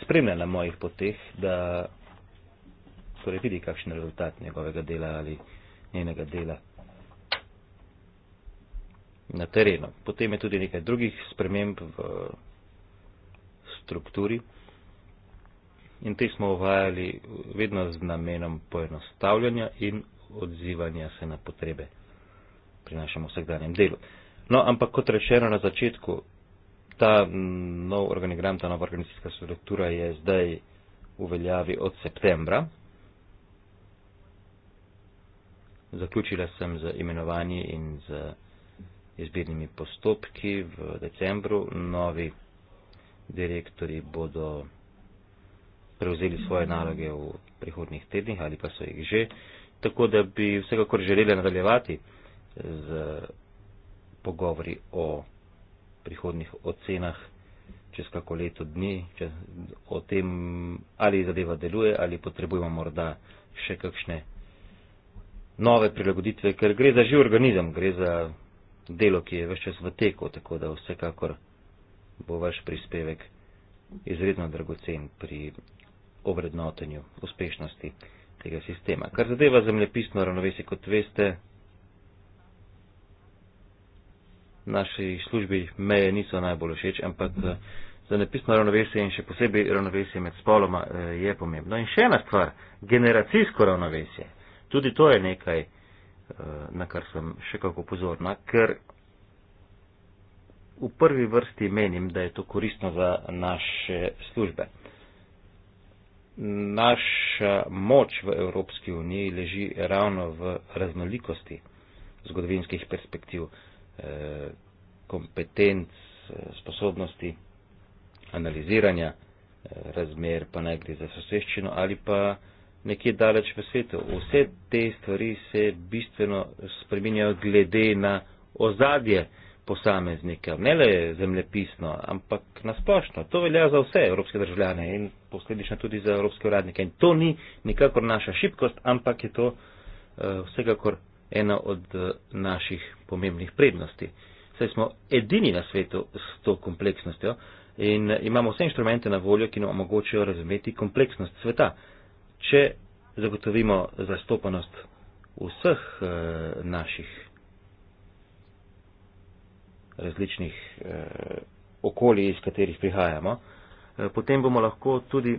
spremlja na mojih poteh, da torej vidi, kakšen je rezultat njegovega dela ali njenega dela na terenu. Potem je tudi nekaj drugih sprememb v strukturi in te smo uvajali vedno z namenom poenostavljanja in odzivanja se na potrebe pri našem vsakdanjem delu. No, ampak kot rečeno na začetku, ta nov organigram, ta nova organizacijska struktura je zdaj v veljavi od septembra. Zaključila sem z imenovanji in z izbirnimi postopki v decembru. Novi direktori bodo prevzeli svoje naloge v prihodnih tednih ali pa so jih že. Tako da bi vsekakor želeli nadaljevati z pogovori o prihodnih ocenah čez kako leto dni, če, o tem, ali zadeva deluje, ali potrebujemo morda še kakšne nove prilagoditve, ker gre za živ organizem, gre za delo, ki je več čas v teku, tako da vsekakor bo vaš prispevek izredno dragocen pri ovrednotenju uspešnosti tega sistema. Kar zadeva zemljepisno ravnovesje, kot veste, naši službi meje niso najbolj všeč, ampak eh, za nepisno ravnovesje in še posebej ravnovesje med spoloma eh, je pomembno. In še ena stvar, generacijsko ravnovesje. Tudi to je nekaj, eh, na kar sem še kako pozorna, ker v prvi vrsti menim, da je to koristno za naše službe. Naša moč v Evropski uniji leži ravno v raznolikosti zgodovinskih perspektiv. Eh, kompetenc, eh, sposobnosti analiziranja eh, razmer, pa naj gre za soseščino ali pa nekje daleč v svetu. Vse te stvari se bistveno spreminjajo glede na ozadje posameznika, ne le zemljepisno, ampak nasplošno. To velja za vse evropske državljane in posledično tudi za evropske uradnike. In to ni nikakor naša šibkost, ampak je to uh, vsekakor ena od eh, naših pomembnih prednosti. Saj smo edini na svetu s to kompleksnostjo in eh, imamo vse inštrumente na voljo, ki nam omogočajo razumeti kompleksnost sveta. Če zagotovimo zastopanost vseh e, naših različnih e, okolij, iz katerih prihajamo, e, potem bomo lahko tudi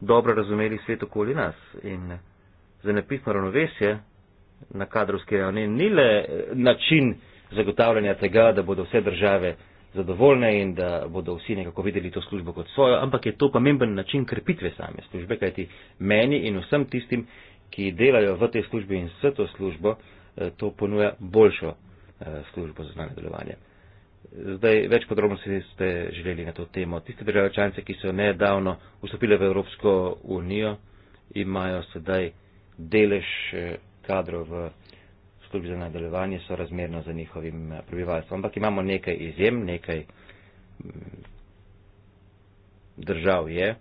dobro razumeli svet okoli nas. In za nepisno ravnovesje na kadrovski ravni ni le eh, način zagotavljanja tega, da bodo vse države zadovoljne in da bodo vsi nekako videli to službo kot svojo, ampak je to pomemben način krepitve same službe, kajti meni in vsem tistim, ki delajo v tej službi in s to službo, eh, to ponuja boljšo eh, službo za znanje delovanje. Zdaj, več podrobnosti ste želeli na to temo. Tiste države članice, ki so nedavno vstopile v Evropsko unijo, imajo sedaj delež kadrov v službi za nadaljevanje so razmerno za njihovim eh, prebivalstvom. Ampak imamo nekaj izjem, nekaj mm, držav je,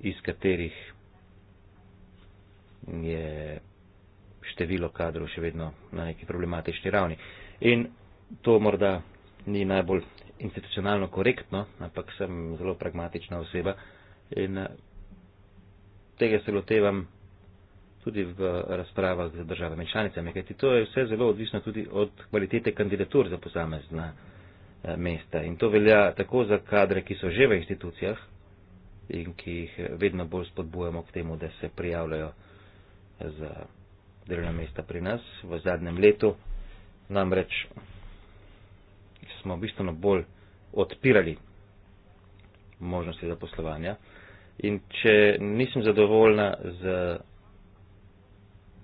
iz katerih je število kadrov še vedno na neki problematični ravni. In to morda ni najbolj institucionalno korektno, ampak sem zelo pragmatična oseba in eh, tega se lotevam tudi v razpravah z državami članicami, kajti to je vse zelo odvisno tudi od kvalitete kandidatur za posamezna eh, mesta. In to velja tako za kadre, ki so že v institucijah in ki jih vedno bolj spodbujamo k temu, da se prijavljajo eh, za delovna mesta pri nas v zadnjem letu. Namreč smo bistveno bolj odpirali možnosti zaposlovanja. In če nisem zadovoljna z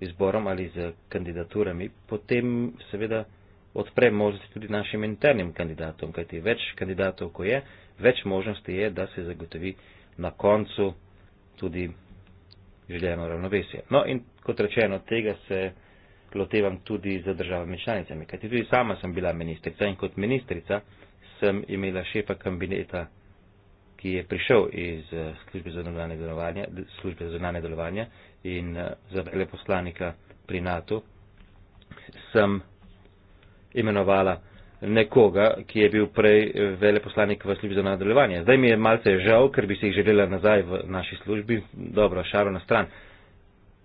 izborom ali z kandidaturami, potem seveda odpre možnosti tudi našim internim kandidatom, kajti več kandidatov, ko je, več možnosti je, da se zagotovi na koncu tudi željeno ravnovesje. No in kot rečeno, tega se lotevam tudi za državami članicami, kajti tudi sama sem bila ministrica in kot ministrica sem imela šefa kabineta ki je prišel iz eh, službe za zunanje delovanje, službe za zunanje delovanje in eh, za veleposlanika pri NATO, sem imenovala nekoga, ki je bil prej eh, veleposlanik v službi za nadaljevanje. Zdaj mi je malce žal, ker bi si jih želela nazaj v naši službi. Dobro, šaro na stran.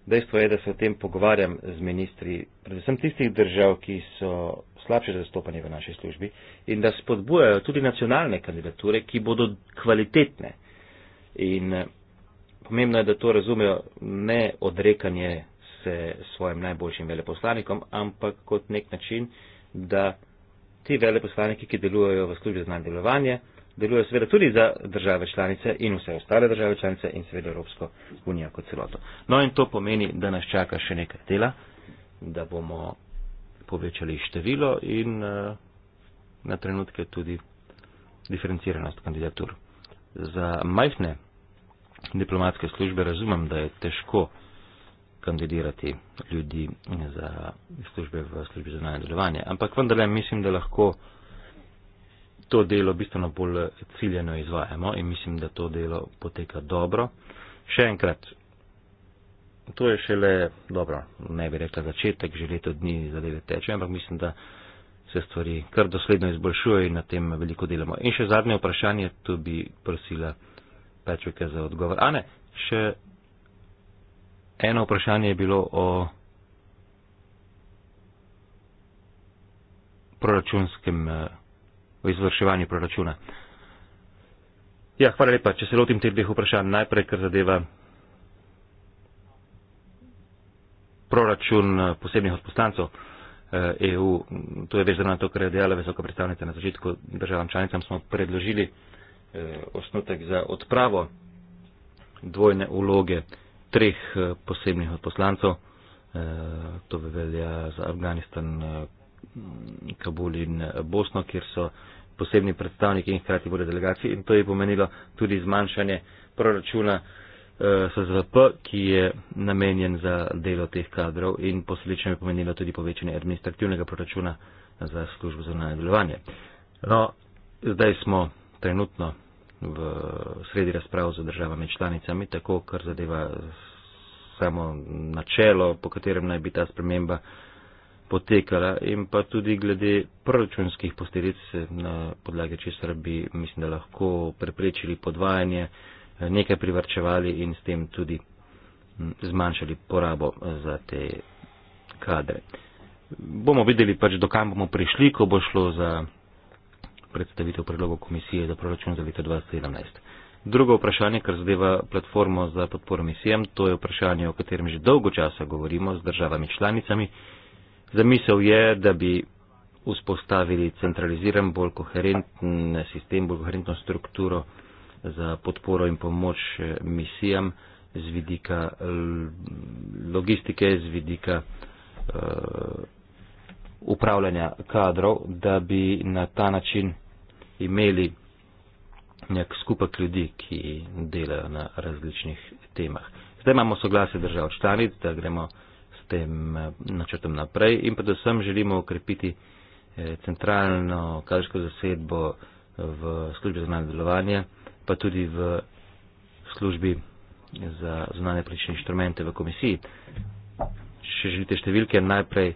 Dejstvo je, da se o tem pogovarjam z ministri, predvsem tistih držav, ki so slabše zastopanje v naši službi in da spodbujajo tudi nacionalne kandidature, ki bodo kvalitetne. In eh, pomembno je, da to razumejo ne odrekanje se svojim najboljšim veleposlanikom, ampak kot nek način, da ti veleposlaniki, ki delujejo v službi znanja delovanja, delujejo seveda tudi za države članice in vse ostale države članice in seveda Evropsko unijo kot celoto. No in to pomeni, da nas čaka še nekaj dela, da bomo povečali število in eh, na trenutke tudi diferenciranost kandidatur. Za majhne diplomatske službe razumem, da je težko kandidirati ljudi za službe v službi za najne delovanje, ampak vendarle mislim, da lahko to delo bistveno bolj ciljeno izvajamo in mislim, da to delo poteka dobro. Še enkrat, to je šele, dobro, ne bi rekla začetek, že leto dni zadeve teče, ampak mislim, da se stvari kar dosledno izboljšujejo in na tem veliko delamo. In še zadnje vprašanje, tu bi prosila Pečveka za odgovor. Ane, še eno vprašanje je bilo o proračunskem, o izvrševanju proračuna. Ja, hvala lepa, če se lotim teh dveh vprašanj. Najprej, kar zadeva proračun eh, posebnih odpostancov EU. Eh, e to je vezano na to, kar je dejala visoka predstavnica na začetku državam članicam. Smo predložili eh, osnutek za odpravo dvojne uloge treh posebnih odpostancov. To velja za Afganistan, Kabul in Bosno, kjer so posebni predstavniki in hkrati bodo delegacije. In to je pomenilo tudi zmanjšanje proračuna. SZP, ki je namenjen za delo teh kadrov in posledično je pomenilo tudi povečanje administrativnega proračuna za službo za nadaljevanje. No, zdaj smo trenutno v sredi razprav z državami članicami, tako kar zadeva samo načelo, po katerem naj bi ta sprememba potekala in pa tudi glede proračunskih posledic na podlage česar bi, mislim, da lahko preprečili podvajanje nekaj privrčevali in s tem tudi zmanjšali porabo eh, za te kadre. Bomo videli pač, dokam bomo prišli, ko bo šlo za predstavitev predlogov komisije za proračun za leto 2017. Drugo vprašanje, kar zadeva platformo za podporo misijam, to je vprašanje, o katerem že dolgo časa govorimo z državami članicami. Zamisel je, da bi vzpostavili centraliziran, bolj koherenten sistem, bolj koherentno strukturo za podporo in pomoč eh, misijam z vidika logistike, z vidika uh, upravljanja kadrov, da bi na ta način imeli nek skupek ljudi, ki delajo na različnih temah. Zdaj imamo soglasje držav članic, da gremo s tem eh, načrtom naprej in predvsem želimo okrepiti centralno kadrsko zasedbo v službi za nadaljevanje pa tudi v službi za zunanje politične inštrumente v komisiji. Če želite številke, najprej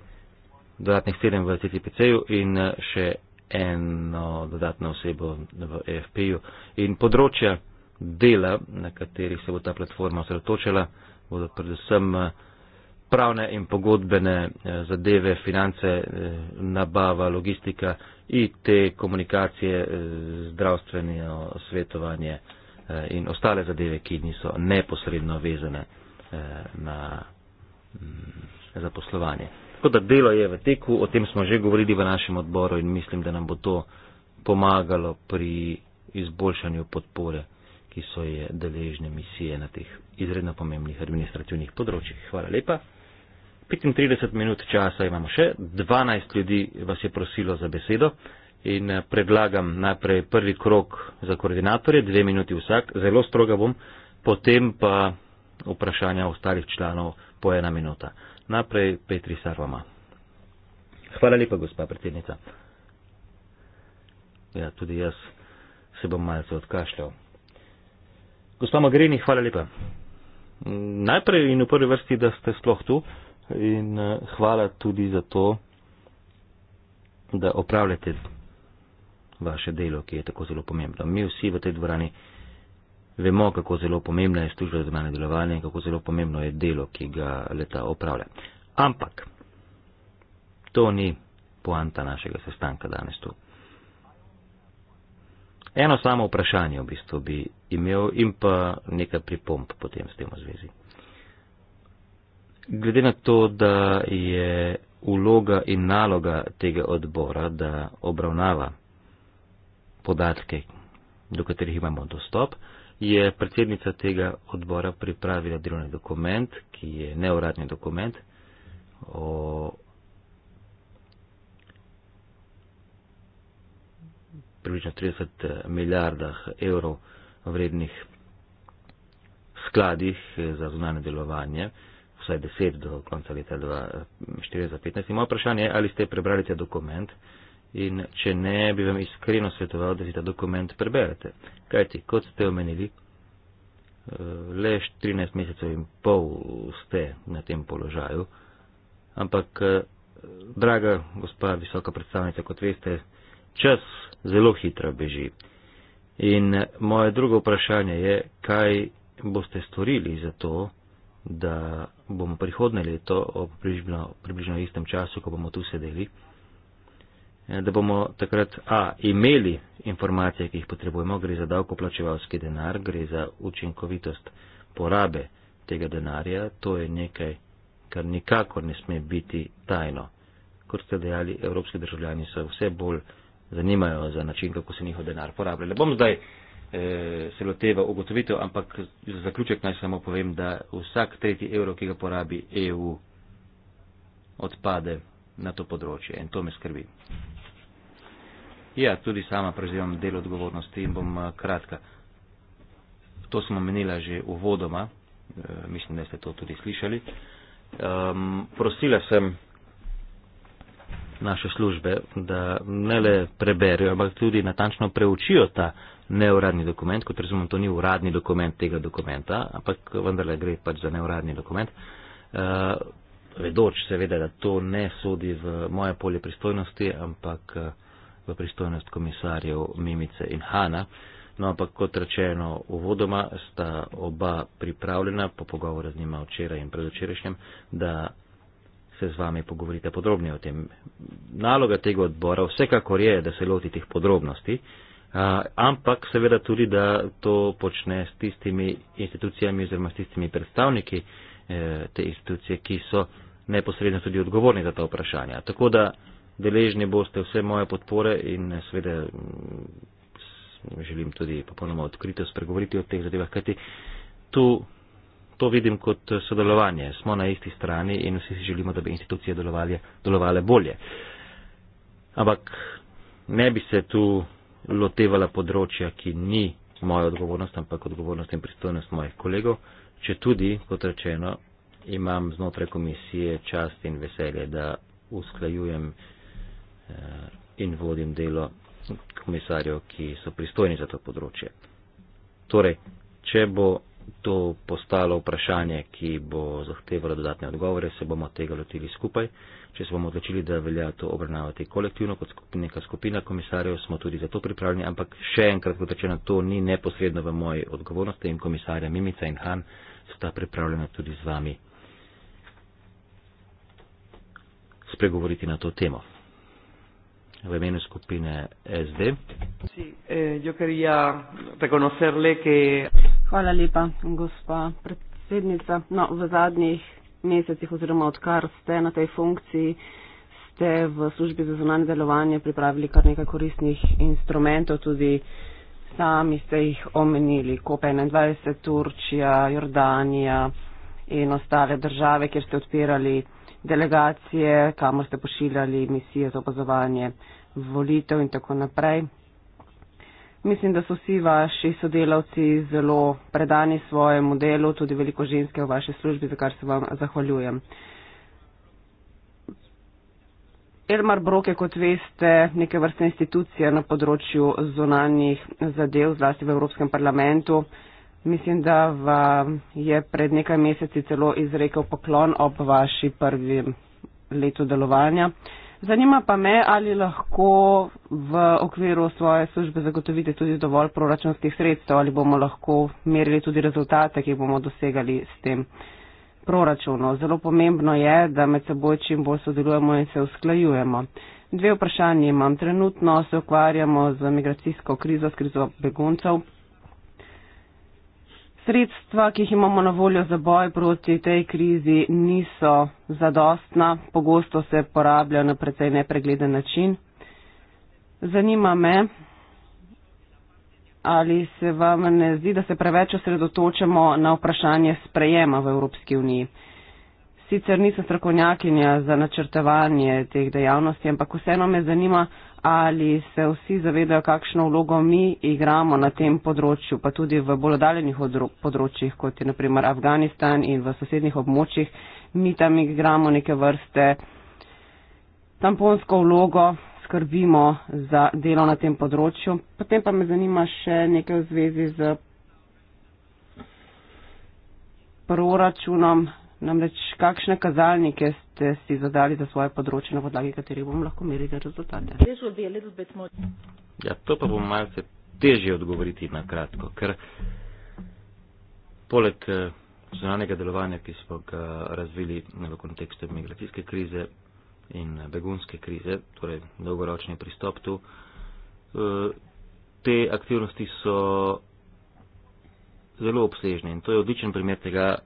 dodatnih sedem v CTPC-ju in eh, še eno dodatno osebo v EFP-ju. In področja dela, na katerih se bo ta platforma osredotočila, bodo predvsem eh, pravne in pogodbene eh, zadeve, finance, nabava, logistika i te komunikacije, eh, zdravstveno svetovanje eh, in ostale zadeve, ki niso neposredno vezane eh, na mm, zaposlovanje. Tako da delo je v teku, o tem smo že govorili v našem odboru in mislim, da nam bo to pomagalo pri izboljšanju podpore, ki so je deležne misije na teh izredno pomembnih administrativnih področjih. Hvala lepa. 35 minut časa imamo še, 12 ljudi vas je prosilo za besedo in eh, predlagam najprej prvi krok za koordinatorje, dve minuti vsak, zelo stroga bom, potem pa vprašanja ostalih članov po ena minuta. Najprej Petri Sarvama. Hvala lepa, gospa predsednica. Ja, tudi jaz se bom malce odkašljal. Gospa Magrini, hvala lepa. Najprej in v prvi vrsti, da ste sploh tu in eh, hvala tudi za to, da opravljate vaše delo, ki je tako zelo pomembno. Mi vsi v tej dvorani vemo, kako zelo pomembna je služba za zunanje delovanje in kako zelo pomembno je delo, ki ga leta opravlja. Ampak to ni poanta našega sestanka danes tu. Eno samo vprašanje v bistvu bi imel in pa nekaj pripomp potem s tem v zvezi glede na to, da je uloga in naloga tega odbora, da obravnava podatke, do katerih imamo dostop, je predsednica tega odbora pripravila delovni dokument, ki je neuradni dokument o približno 30 eh, milijardah evrov vrednih skladih eh, za zunanje delovanje vsaj 10 do konca leta 2014 za 15. Moje vprašanje je, ali ste prebrali ta dokument in če ne, bi vam iskreno svetoval, da si ta dokument preberete. Kajti, kot ste omenili, eh, le 13 mesecev in pol ste na tem položaju, ampak, eh, draga gospa visoka predstavnica, kot veste, čas zelo hitro beži. In eh, moje drugo vprašanje je, kaj boste storili za to, da bomo prihodne leto ob približno, približno istem času, ko bomo tu sedeli, eh, da bomo takrat A imeli informacije, ki jih potrebujemo, gre za davkoplačevalski denar, gre za učinkovitost porabe tega denarja, to je nekaj, kar nikakor ne sme biti tajno. Kot ste dejali, evropski državljani se vse bolj zanimajo za način, kako se njihov denar porablja. Ne bom zdaj eh, se loteva ugotovitev, ampak za zaključek naj samo povem, da vsak tretji evro, ki ga porabi EU, odpade na to področje in to me skrbi. Ja, tudi sama prevzemam del odgovornosti in bom eh, kratka. To smo omenila že uvodoma, e, mislim, da ste to tudi slišali. E, prosila sem naše službe, da ne le preberijo, ampak tudi natančno preučijo ta neuradni dokument, kot razumem, to ni uradni dokument tega dokumenta, ampak vendarle gre pač za neuradni dokument. Uh, vedoč seveda, da to ne sodi v moje polje pristojnosti, ampak uh, v pristojnost komisarjev Mimice in Hana. No, ampak kot rečeno, uvodoma sta oba pripravljena po pogovoru z njima včeraj in predvčerajšnjem, da se z vami pogovorite podrobneje o tem. Naloga tega odbora vsekakor je, da se loti teh podrobnosti. Uh, ampak seveda tudi, da to počne s tistimi institucijami oziroma s tistimi predstavniki eh, te institucije, ki so neposredno tudi odgovorni za ta vprašanja. Tako da deležni boste vse moje podpore in eh, seveda mm, želim tudi popolnoma odkrito spregovoriti o teh zadevah, kajti tu to vidim kot eh, sodelovanje. Smo na isti strani in vsi si želimo, da bi institucije delovale bolje. Ampak ne bi se tu lotevala področja, ki ni moja odgovornost, ampak odgovornost in pristojnost mojih kolegov, če tudi, kot rečeno, imam znotraj komisije čast in veselje, da usklajujem eh, in vodim delo komisarjev, ki so pristojni za to področje. Torej, če bo to postalo vprašanje, ki bo zahtevalo dodatne odgovore, se bomo tega lotili skupaj. Če se bomo odločili, da velja to obravnavati kolektivno kot skupina, neka skupina komisarjev, smo tudi za to pripravljeni, ampak še enkrat, kot rečeno, to ni neposredno v moji odgovornosti in komisarja Mimica in Han so ta pripravljena tudi z vami spregovoriti na to temo. V imenu skupine SD. Sí, eh, Hvala lepa, gospa predsednica. No, v zadnjih mesecih oziroma odkar ste na tej funkciji, ste v službi za zunanje delovanje pripravili kar nekaj koristnih instrumentov, tudi sami ste jih omenili, COP21, Turčija, Jordanija in ostale države, kjer ste odpirali delegacije, kamor ste pošiljali misije za opazovanje volitev in tako naprej. Mislim, da so vsi vaši sodelavci zelo predani svojemu delu, tudi veliko ženske v vaši službi, za kar se vam zahvaljujem. Elmar Brok je, kot veste, neke vrste institucija na področju zonanjih zadev, zlasti v Evropskem parlamentu. Mislim, da vam je pred nekaj meseci celo izrekel poklon ob vaši prvi letu delovanja. Uh, Zanima pa me, ali lahko v okviru svoje službe zagotovite tudi dovolj proračunskih sredstev ali bomo lahko merili tudi rezultate, ki bomo dosegali s tem proračunom. Zelo pomembno je, da med seboj čim bolj sodelujemo in se usklajujemo. Dve vprašanje imam. Trenutno se ukvarjamo z migracijsko krizo, s krizo beguncev. Sredstva, ki jih imamo na voljo za boj proti tej krizi, niso zadostna, pogosto se porabljajo na precej nepregleden način. Zanima me, ali se vam ne zdi, da se preveč osredotočamo na vprašanje sprejema v Evropski uniji. Sicer nisem strokovnjakinja za načrtevanje teh dejavnosti, ampak vseeno me zanima, ali se vsi zavedajo, kakšno vlogo mi igramo na tem področju, pa tudi v bolj odaljenih področjih, kot je naprimer Afganistan in v sosednjih območjih. Mi tam igramo neke vrste tamponsko vlogo, skrbimo za delo na tem področju. Potem pa me zanima še nekaj v zvezi z proračunom Namreč, kakšne kazalnike ste si zadali za svoje področje, na podlagi katerih bomo lahko merili rezultate? Ja, to pa bo malce težje odgovoriti na kratko, ker poleg eh, zunanega delovanja, ki smo ga razvili v kontekstu migracijske krize in eh, begunske krize, torej dolgoročni pristop tu, eh, te aktivnosti so zelo obsežne in to je odličen primer tega,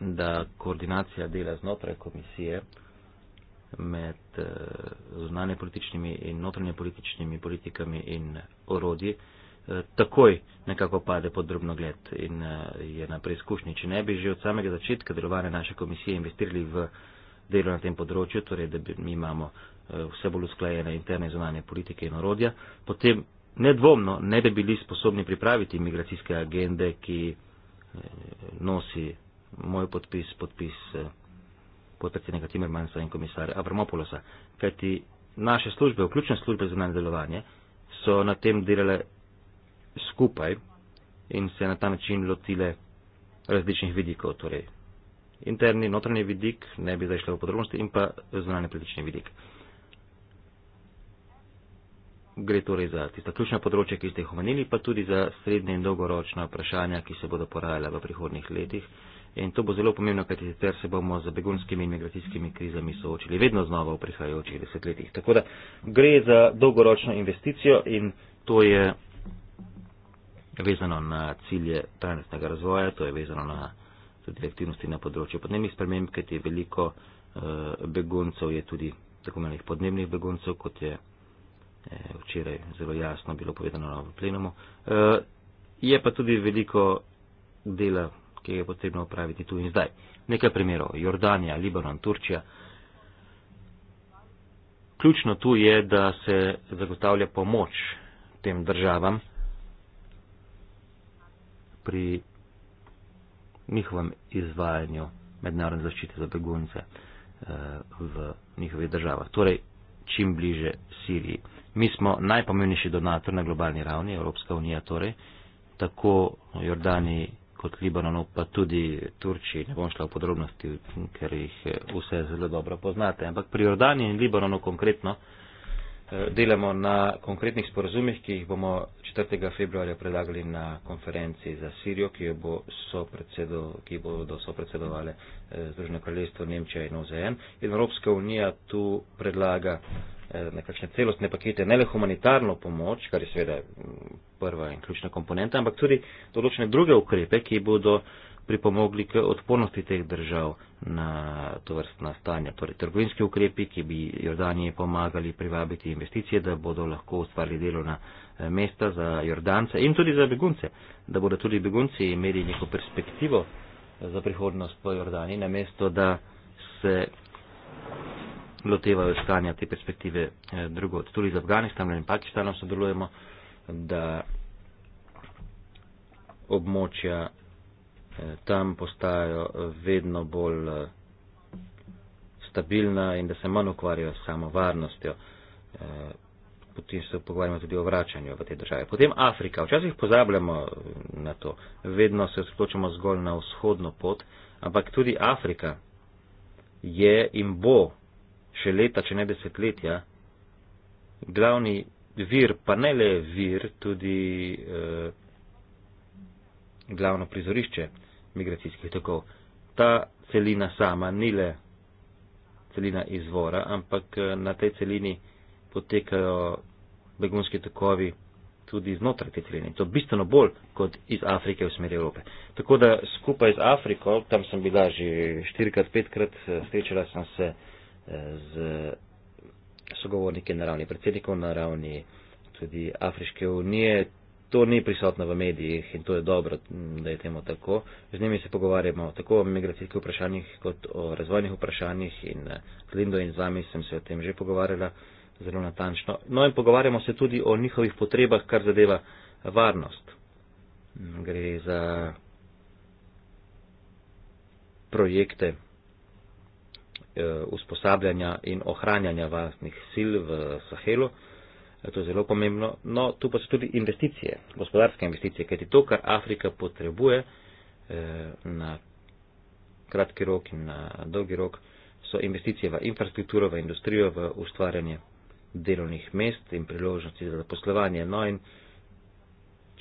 da koordinacija dela znotraj komisije med eh, zunanje političnimi in notranje političnimi politikami in orodji eh, takoj nekako pade pod drobnogled in eh, je na preizkušnji. Če ne bi že od samega začetka delovanja naše komisije investirali v delo na tem področju, torej da bi mi imamo vse bolj usklajene interne zunanje politike in orodja, potem nedvomno ne bi bili sposobni pripraviti migracijske agende, ki nosi moj podpis, podpis eh, podpredsednika Timermansa in komisarja Avramopolosa. Kajti naše službe, vključne službe za nadaljevanje, so na tem delale skupaj in se na ta način lotile različnih vidikov, torej interni, notranji vidik, ne bi zdaj šlo v podrobnosti, in pa zunanje politični vidik. Gre torej za tista ključna področja, ki ste jih omenili, pa tudi za srednje in dolgoročna vprašanja, ki se bodo porajala v prihodnih letih. In to bo zelo pomembno, kajti sicer se bomo z begunskimi in migracijskimi krizami soočili vedno znova v prihajajočih desetletjih. Tako da gre za dolgoročno investicijo in to je vezano na cilje trajnostnega razvoja, to je vezano na tudi aktivnosti na področju podnebnih sprememb, kajti veliko uh, beguncev je tudi tako imenih podnebnih beguncev, kot je eh, včeraj zelo jasno bilo povedano na plenumu. Uh, je pa tudi veliko dela ki je potrebno upraviti tu in zdaj. Nekaj primerov, Jordanija, Libanon, Turčija. Ključno tu je, da se zagotavlja pomoč tem državam pri njihovem izvajanju mednarodne zaščite za begunce eh, v njihovih državah. Torej, čim bliže Siriji. Mi smo najpomembnejši donator na globalni ravni, Evropska unija torej, tako Jordaniji, kot Libanonu, pa tudi Turčiji. Ne bom šla v podrobnosti, ker jih eh, vse zelo dobro poznate. Ampak pri Jordani in Libanonu konkretno eh, delamo na konkretnih sporazumih, ki jih bomo 4. februarja predlagali na konferenci za Sirijo, ki jo bo sopredsedo, ki bodo sopredsedovale eh, Združeno kraljestvo, Nemčija in OZN. In Evropska unija tu predlaga. Eh, nekakšne celostne pakete, ne le humanitarno pomoč, kar je seveda mm, prva in ključna komponenta, ampak tudi določene druge ukrepe, ki bodo pripomogli k odpornosti teh držav na to vrstna stanja. Torej, trgovinski ukrepi, ki bi Jordanije pomagali privabiti investicije, da bodo lahko ustvarili delovna eh, mesta za Jordance in tudi za begunce, da bodo tudi begunci imeli neko perspektivo eh, za prihodnost po Jordani, namesto da se lotevajo iskanja te perspektive eh, drugot. Tudi z Afganistanom in Pakistanom sodelujemo, da območja eh, tam postajajo eh, vedno bolj stabilna in da se manj ukvarjajo s samo varnostjo. Potem se pogovarjamo tudi o vračanju v te države. Potem Afrika. Včasih pozabljamo na to. Vedno se osredotočamo zgolj na vzhodno pot, ampak tudi Afrika je in bo še leta, če ne desetletja. Glavni vir, pa ne le vir, tudi eh, glavno prizorišče migracijskih tokov. Ta celina sama ni le celina izvora, ampak eh, na tej celini potekajo begunski tokovi tudi znotraj te celine. To bistveno bolj kot iz Afrike v smeri Evrope. Tako da skupaj z Afriko, tam sem bila že štirikrat, petkrat, eh, srečala sem se eh, z sogovorniki na ravni predsednikov, na ravni tudi Afriške unije. To ni prisotno v medijih in to je dobro, da je temu tako. Z njimi se pogovarjamo tako o migracijskih vprašanjih kot o razvojnih vprašanjih in eh, z Lindo in z vami sem se o tem že pogovarjala zelo natančno. No in pogovarjamo se tudi o njihovih potrebah, kar zadeva varnost. Gre za projekte, Eh, usposabljanja in ohranjanja vlastnih sil v Sahelu. Eh, to je zelo pomembno. No, tu pa so tudi investicije, gospodarske investicije, kajti to, kar Afrika potrebuje eh, na kratki rok in na dolgi rok, so investicije v infrastrukturo, v industrijo, v ustvarjanje delovnih mest in priložnosti za zaposlovanje. No in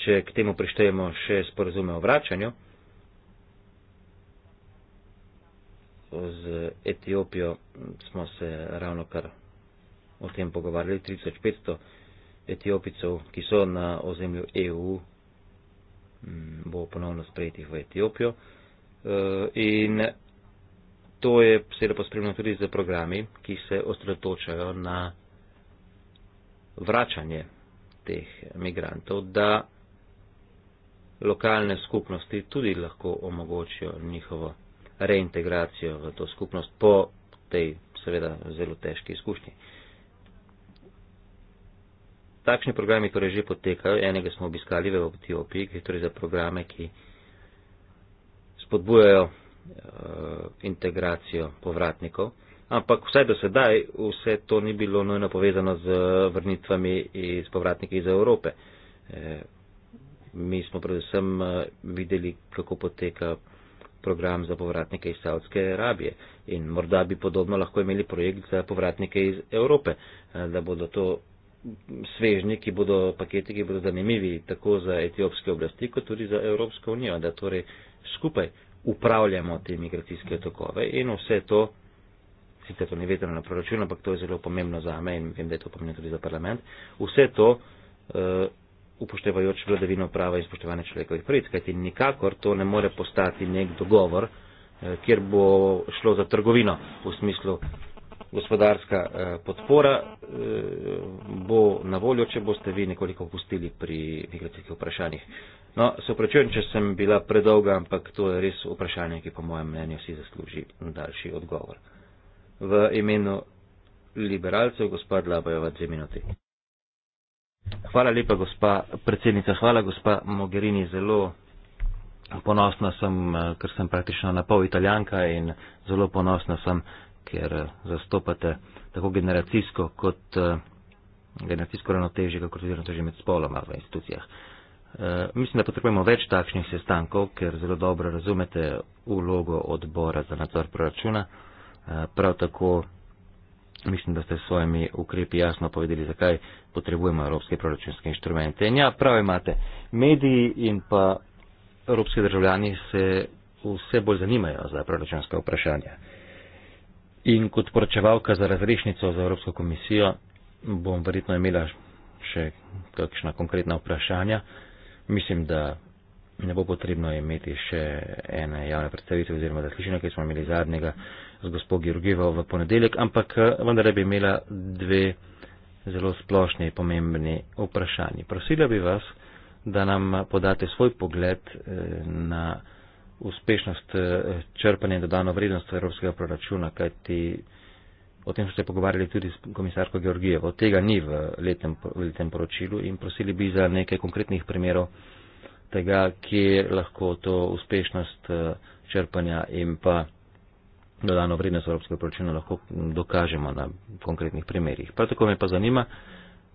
če k temu prištejemo še sporozume o vračanju, z Etiopijo smo se ravno kar o tem pogovarjali. 3500 Etiopicov, ki so na ozemlju EU, mm, bo ponovno sprejetih v Etiopijo. Eh, in to je seveda pospremljeno tudi z programi, ki se osredotočajo na vračanje teh migrantov, da lokalne skupnosti tudi lahko omogočijo njihovo reintegracijo v to skupnost po tej seveda zelo težki izkušnji. Takšni programi torej že potekajo, enega smo obiskali v Etiopiji, ki je torej za programe, ki spodbujajo uh, integracijo povratnikov, ampak vsaj do sedaj vse to ni bilo nojno povezano z vrnitvami iz povratniki iz Evrope. E, mi smo predvsem eh, videli, kako poteka program za povratnike iz Saudske Arabije in morda bi podobno lahko imeli projekt za povratnike iz Evrope, eh, da bodo to svežni, ki bodo paketi, ki bodo zanimivi tako za etiopske oblasti, kot tudi za Evropsko unijo, da torej skupaj upravljamo te migracijske tokove in vse to, sicer to ni vedeno na proračun, ampak to je zelo pomembno za me in vem, da je to pomembno tudi za parlament, vse to uh, upoštevajoč vladavino prava in spoštovanje človekovih pravic, kajti nikakor to ne more postati nek dogovor, eh, kjer bo šlo za trgovino v smislu gospodarska eh, podpora eh, bo na voljo, če boste vi nekoliko opustili pri migracijskih vprašanjih. No, se oprečujem, če sem bila predolga, ampak to je res vprašanje, ki po mojem mnenju si zasluži daljši odgovor. V imenu liberalcev, gospod Labajeva, dve minuti. Hvala lepa, gospa predsednica. Hvala, gospa Mogherini. Zelo ponosna sem, eh, ker sem praktično na pol italijanka in zelo ponosna sem, ker eh, zastopate tako generacijsko kot eh, generacijsko ravnotežje, kako tudi ravnotežje med spoloma v institucijah. Mislim, da potrebujemo več takšnih sestankov, ker zelo dobro razumete ulogo odbora za nadzor proračuna. Prav tako mislim, da ste s svojimi ukrepi jasno povedali, zakaj potrebujemo evropske proračunske inštrumente. In ja, prav imate, mediji in pa evropski državljani se vse bolj zanimajo za proračunska vprašanja. In kot poročevalka za razrešnico za Evropsko komisijo bom verjetno imela še kakšna konkretna vprašanja. Mislim, da ne bo potrebno imeti še ene javne predstavitve oziroma zaslišanja, ki smo imeli zadnjega z gospod Georgijevo v ponedeljek, ampak eh, vendar bi imela dve zelo splošni in pomembni vprašanji. Prosila bi vas, da nam podate svoj pogled eh, na uspešnost eh, črpanja in dodano vrednost evropskega proračuna, kajti o tem ste pogovarjali tudi s komisarko Georgijevo. Tega ni v letem, v letem poročilu in prosili bi za nekaj konkretnih primerov tega, kje lahko to uspešnost črpanja in pa dodano vrednost evropskega proračuna lahko dokažemo na konkretnih primerjih. Prav tako me pa zanima,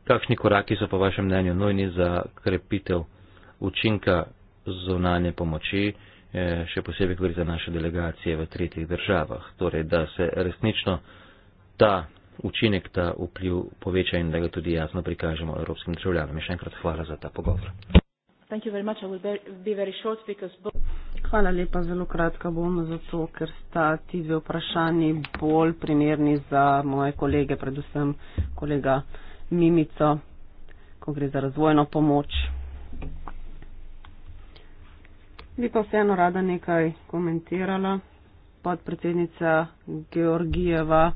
kakšni koraki so po vašem mnenju nujni za krepitev učinka zunanje pomoči, eh, še posebej gre za naše delegacije v tretjih državah, torej da se resnično ta učinek, ta vpliv poveča in da ga tudi jasno prikažemo evropskim državljanom. Še enkrat hvala za ta pogovor. Thank you very much. I will be very short because both Hvala lepa, zelo kratka bom zato, ker sta ti dve vprašanji bolj primerni za moje kolege, predvsem kolega Mimico, ko gre za razvojno pomoč. Bi pa vseeno rada nekaj komentirala. Podpredsednica Georgijeva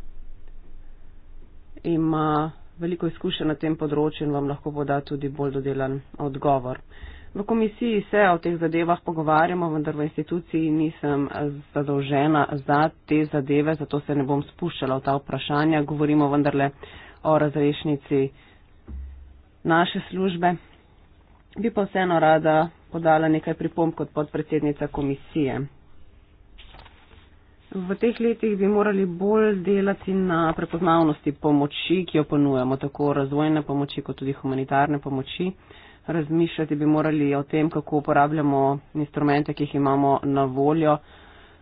ima veliko izkušenj na tem področju in vam lahko poda tudi bolj dodelan odgovor. V komisiji se o teh zadevah pogovarjamo, vendar v instituciji nisem zadolžena za te zadeve, zato se ne bom spuščala v ta vprašanja. Govorimo vendarle o razrešnici naše službe. Bi pa vseeno rada podala nekaj pripomb kot podpredsednica komisije. V teh letih bi morali bolj delati na prepoznavnosti pomoči, ki jo ponujamo, tako razvojne pomoči kot tudi humanitarne pomoči razmišljati, bi morali o tem, kako uporabljamo instrumente, ki jih imamo na voljo,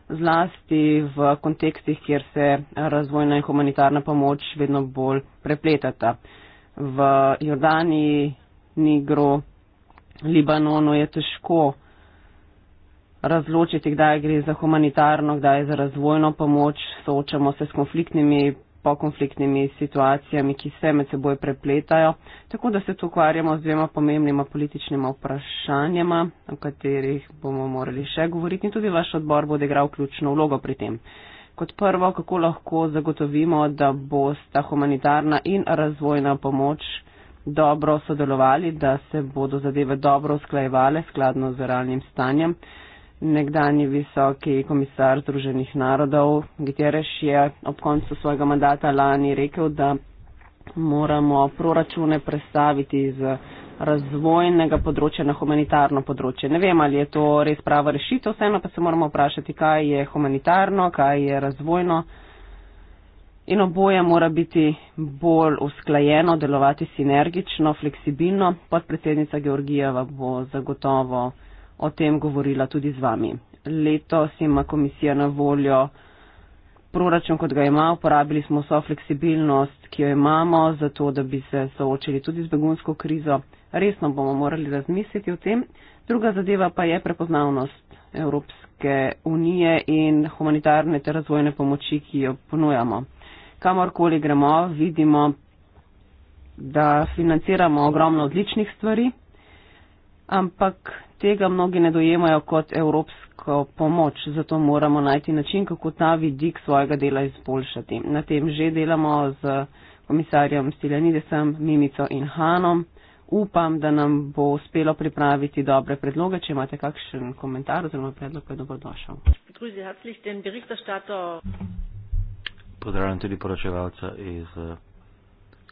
zlasti v kontekstih, kjer se razvojna in humanitarna pomoč vedno bolj prepletata. V Jordaniji, Nigru, Libanonu je težko razločiti, kdaj gre za humanitarno, kdaj za razvojno pomoč. Soočamo se s konfliktnimi pokonfliktnimi situacijami, ki se med seboj prepletajo, tako da se tu ukvarjamo z dvema pomembnima političnima vprašanjama, o katerih bomo morali še govoriti in tudi vaš odbor bo odigral ključno vlogo pri tem. Kot prvo, kako lahko zagotovimo, da bo sta humanitarna in razvojna pomoč dobro sodelovali, da se bodo zadeve dobro usklajevale skladno z realnim stanjem nekdani visoki komisar Združenih narodov, Gitereš je ob koncu svojega mandata lani rekel, da moramo proračune predstaviti iz razvojnega področja na humanitarno področje. Ne vem, ali je to res prava rešitev, vseeno pa se moramo vprašati, kaj je humanitarno, kaj je razvojno. In oboje mora biti bolj usklajeno, delovati sinergično, fleksibilno. Podpredsednica Georgijeva bo zagotovo o tem govorila tudi z vami. Letos ima komisija na voljo proračun, kot ga ima, uporabili smo vso fleksibilnost, ki jo imamo, zato da bi se soočili tudi z begunsko krizo. Resno bomo morali razmisliti o tem. Druga zadeva pa je prepoznavnost Evropske unije in humanitarne ter razvojne pomoči, ki jo ponujamo. Kamorkoli gremo, vidimo, da financiramo ogromno odličnih stvari, ampak tega mnogi ne dojemajo kot evropsko pomoč, zato moramo najti način, kako ta vidik svojega dela izboljšati. Na tem že delamo z komisarjem Stiljanidesem, Mimico in Hanom. Upam, da nam bo uspelo pripraviti dobre predloge. Če imate kakšen komentar oziroma predlog, pa dobrodošel. Pozdravljam tudi poročevalca iz eh,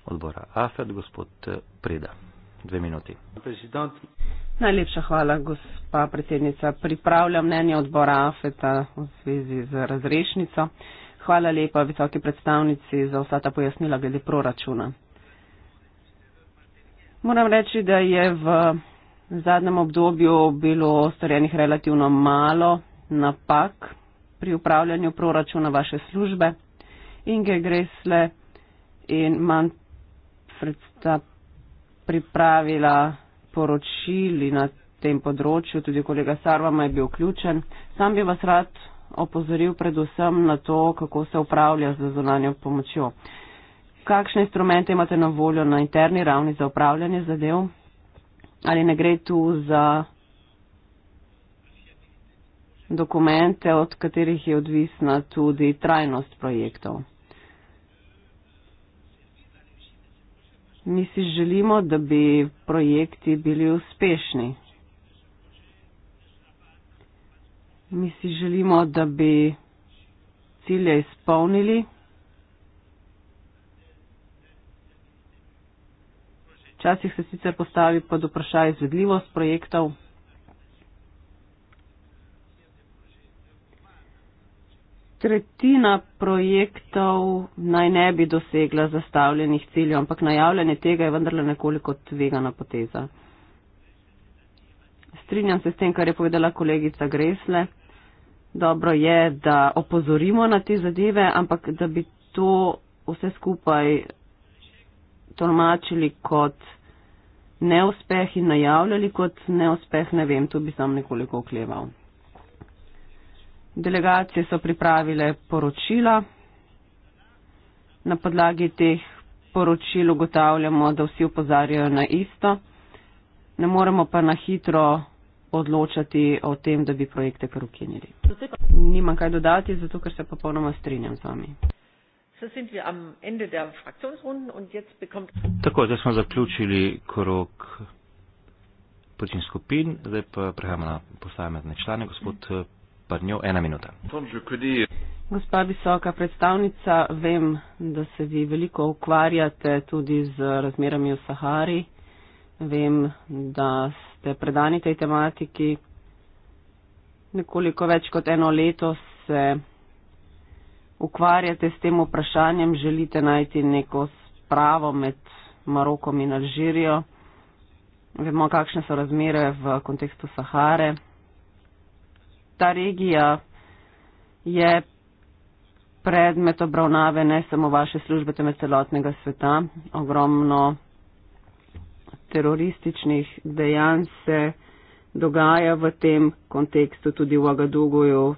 odbora AFED, gospod eh, Preda dve minuti. President. Najlepša hvala, gospa predsednica. Pripravljam mnenje odbora AFETA v zvezi z razrešnico. Hvala lepa visoki predstavnici za vsa ta pojasnila glede proračuna. Moram reči, da je v zadnjem obdobju bilo storjenih relativno malo napak pri upravljanju proračuna vaše službe. Inge Gresle in Manfred Stapp pripravila poročili na tem področju, tudi kolega Sarvama je bil vključen. Sam bi vas rad opozoril predvsem na to, kako se upravlja z zunanjo pomočjo. Kakšne instrumente imate na voljo na interni ravni za upravljanje zadev? Ali ne gre tu za dokumente, od katerih je odvisna tudi trajnost projektov? mi si želimo, da bi projekti bili uspešni. Mi si želimo, da bi cilje izpolnili. Včasih se sicer postavi pod vprašaj izvedljivost projektov. tretjina projektov naj ne bi dosegla zastavljenih ciljev, ampak najavljanje tega je vendarle nekoliko tvegana poteza. Strinjam se s tem, kar je povedala kolegica Gresle. Dobro je, da opozorimo na te zadeve, ampak da bi to vse skupaj tolmačili kot neuspeh in najavljali kot neuspeh, ne vem, tu bi sam nekoliko okleval. Delegacije so pripravile poročila. Na podlagi teh poročil ugotavljamo, da vsi upozarjajo na isto. Ne moremo pa na hitro odločati o tem, da bi projekte kar ukinili. Nimam kaj dodati, zato ker se popolnoma strinjam z vami. Tako, zdaj smo zaključili krok počin skupin, zdaj pa prehajamo na posamezne člane. Gospod mm pred njo ena minuta. Gospa visoka predstavnica, vem, da se vi veliko ukvarjate tudi z razmerami v Sahari. Vem, da ste predani tej tematiki. Nekoliko več kot eno leto se ukvarjate s tem vprašanjem, želite najti neko spravo med Marokom in Alžirijo. Vemo, kakšne so razmere v kontekstu Sahare ta regija je predmet obravnave ne samo vaše službe, temveč celotnega sveta. Ogromno terorističnih dejanj se dogaja v tem kontekstu tudi v Agaduguju.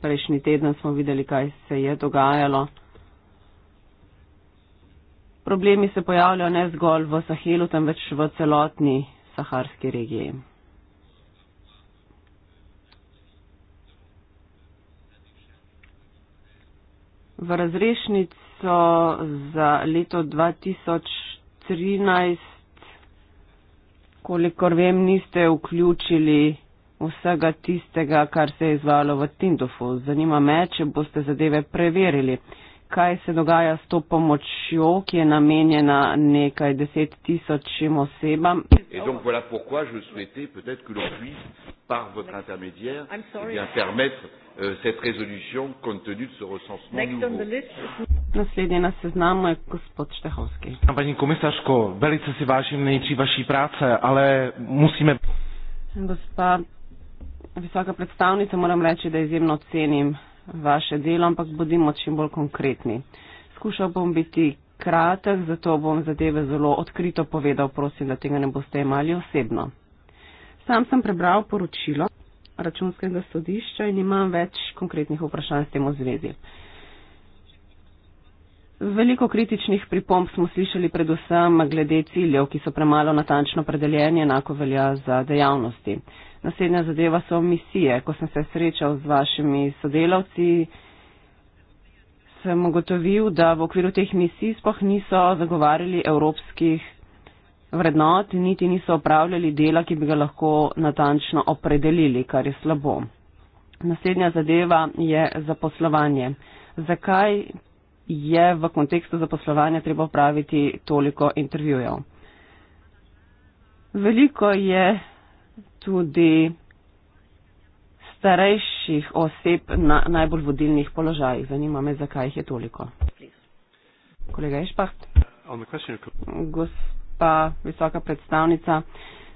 Prejšnji teden smo videli, kaj se je dogajalo. Problemi se pojavljajo ne zgolj v Sahelu, temveč v celotni saharski regiji. v razrešnico za leto 2013, kolikor vem, niste vključili vsega tistega, kar se je izvalo v Tindofu. Zanima me, če boste zadeve preverili kaj se dogaja s to pomočjo, ki je namenjena nekaj deset tisočim osebam. par votre intermédiaire et eh bien permettre euh, cette résolution compte tenu de ce recensement nouveau. Gospa visoka predstavnica, moram reči, da izjemno cenim vaše delo, ampak bodimo čim bolj konkretni. Skušal bom biti kratek, zato bom zadeve zelo odkrito povedal, prosim, da tega ne boste imeli osebno. Sam sem prebral poročilo računskega sodišča in imam več konkretnih vprašanj s tem v zvezi. Veliko kritičnih pripomb smo slišali predvsem glede ciljev, ki so premalo natančno predeljeni, enako velja za dejavnosti. Naslednja zadeva so misije. Ko sem se srečal z vašimi sodelavci, sem ugotovil, da v okviru teh misij spoh niso zagovarjali evropskih vrednot, niti niso opravljali dela, ki bi ga lahko natančno opredelili, kar je slabo. Naslednja zadeva je zaposlovanje. Zakaj je v kontekstu zaposlovanja treba opraviti toliko intervjujev? Veliko je tudi starejših oseb na najbolj vodilnih položajih. Zanima me, zakaj jih je toliko. Kolega Ešpaht. Gospa visoka predstavnica,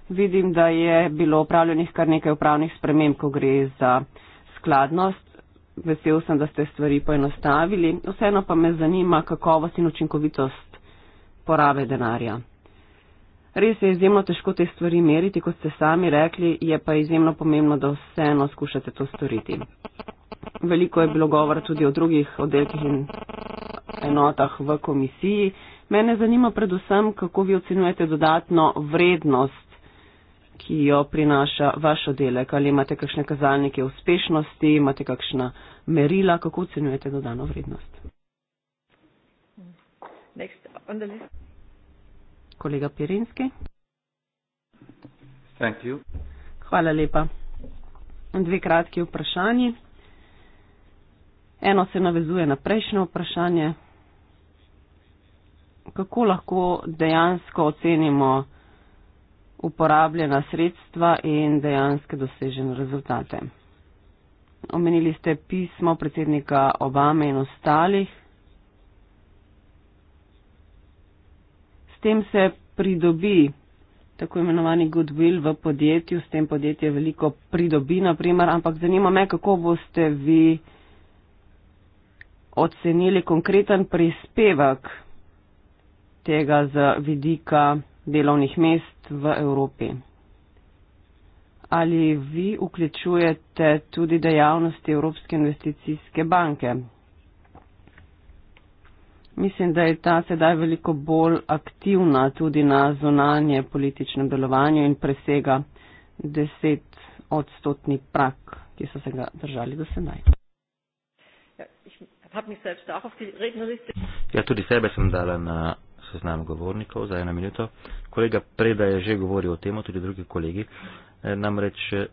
vidim, da je bilo upravljenih kar nekaj upravnih sprememb, ko gre za skladnost. Vesel sem, da ste stvari poenostavili. Vseeno pa me zanima kakovost in učinkovitost porabe denarja. Res je izjemno težko te stvari meriti, kot ste sami rekli, je pa izjemno pomembno, da vseeno skušate to storiti. Veliko je bilo govora tudi o drugih oddelkih in enotah v komisiji. Mene zanima predvsem, kako vi ocenujete dodatno vrednost, ki jo prinaša vaš oddelek. Ali imate kakšne kazalnike uspešnosti, imate kakšna merila, kako ocenujete dodano vrednost? Next on the list kolega Pirinski. Hvala lepa. Dve kratki vprašanji. Eno se navezuje na prejšnje vprašanje. Kako lahko dejansko ocenimo uporabljena sredstva in dejansko dosežene rezultate? Omenili ste pismo predsednika Obame in ostalih. tem se pridobi tako imenovani goodwill v podjetju, s tem podjetje veliko pridobi, naprimer, ampak zanima me, kako boste vi ocenili konkreten prispevek tega z vidika delovnih mest v Evropi. Ali vi vključujete tudi dejavnosti Evropske investicijske banke, Mislim, da je ta sedaj veliko bolj aktivna tudi na zunanje političnem delovanju in presega deset odstotni prak, ki so se ga držali do sedaj. Ja, ja, tudi sebe sem dala na seznam govornikov za eno minuto. Kolega Preda je že govoril o tem, tudi drugi kolegi. E, namreč e,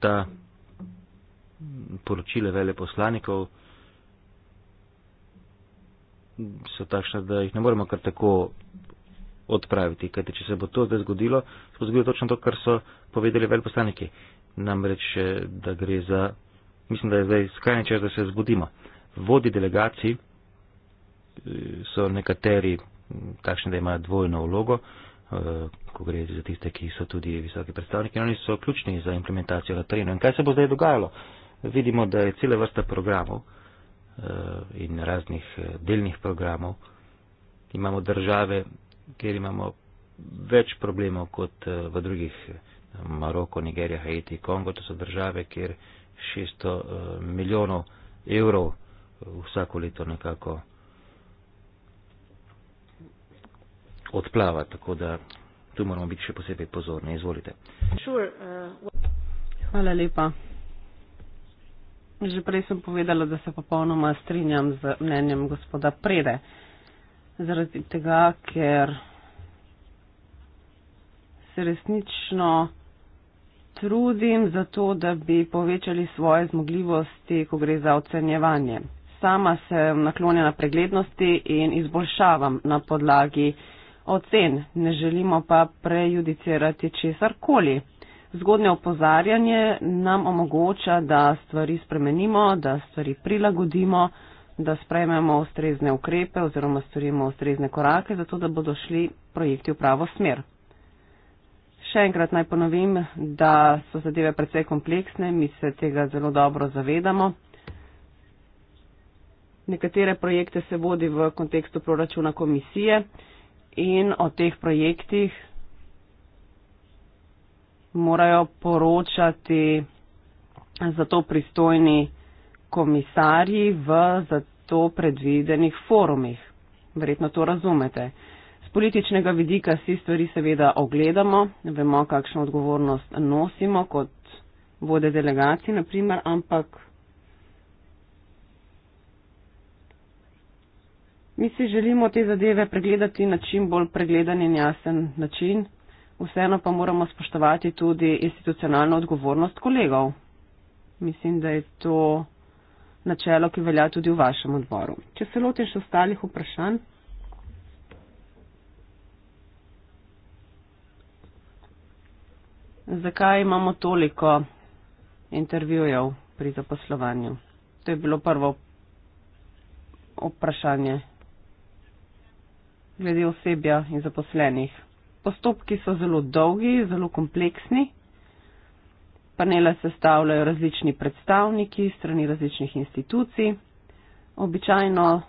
ta poročile veleposlanikov so takšne, da jih ne moremo kar tako odpraviti, kajte če se bo to zdaj zgodilo, se bo zgodilo točno to, kar so povedali veljposlaniki. Namreč, eh, da gre za, mislim, da je zdaj skrajni čas, da se zbudimo. Vodi delegacij eh, so nekateri takšni, da imajo dvojno vlogo, eh, ko gre za tiste, ki so tudi visoki predstavniki, oni so ključni za implementacijo latrino. In kaj se bo zdaj dogajalo? Vidimo, da je cele vrste programov, Eh, in raznih eh, delnih programov. Imamo države, kjer imamo več problemov kot eh, v drugih, Maroko, Nigerija, Haiti, Kongo. To so države, kjer 600 milijonov evrov vsako leto nekako odplava, tako da tu moramo biti še posebej pozorni. Izvolite. Sure. Uh, Hvala lepa. Že prej sem povedala, da se popolnoma strinjam z mnenjem gospoda Prede. Zaradi tega, ker se resnično trudim za to, da bi povečali svoje zmogljivosti, ko gre za ocenjevanje. Sama sem naklonjena preglednosti in izboljšavam na podlagi ocen. Ne želimo pa prejudicirati česar koli zgodnje opozarjanje nam omogoča, da stvari spremenimo, da stvari prilagodimo, da sprejmemo ustrezne ukrepe oziroma storimo ustrezne korake, zato da bodo šli projekti v pravo smer. Še enkrat naj ponovim, da so zadeve precej kompleksne, mi se tega zelo dobro zavedamo. Nekatere projekte se vodi v kontekstu proračuna komisije in o teh projektih morajo poročati za to pristojni komisarji v za to predvidenih forumih. Verjetno to razumete. Z političnega vidika si stvari seveda ogledamo, vemo, kakšno odgovornost nosimo kot vode delegacij, naprimer, ampak. Mi si želimo te zadeve pregledati na čim bolj pregleden in jasen način, vseeno pa moramo spoštovati tudi institucionalno odgovornost kolegov. Mislim, da je to načelo, ki velja tudi v vašem odboru. Če se lotiš ostalih vprašanj. Zakaj imamo toliko intervjujev pri zaposlovanju? To je bilo prvo vprašanje. Glede osebja in zaposlenih. Postopki so zelo dolgi, zelo kompleksni. Panele sestavljajo različni predstavniki strani različnih institucij. Običajno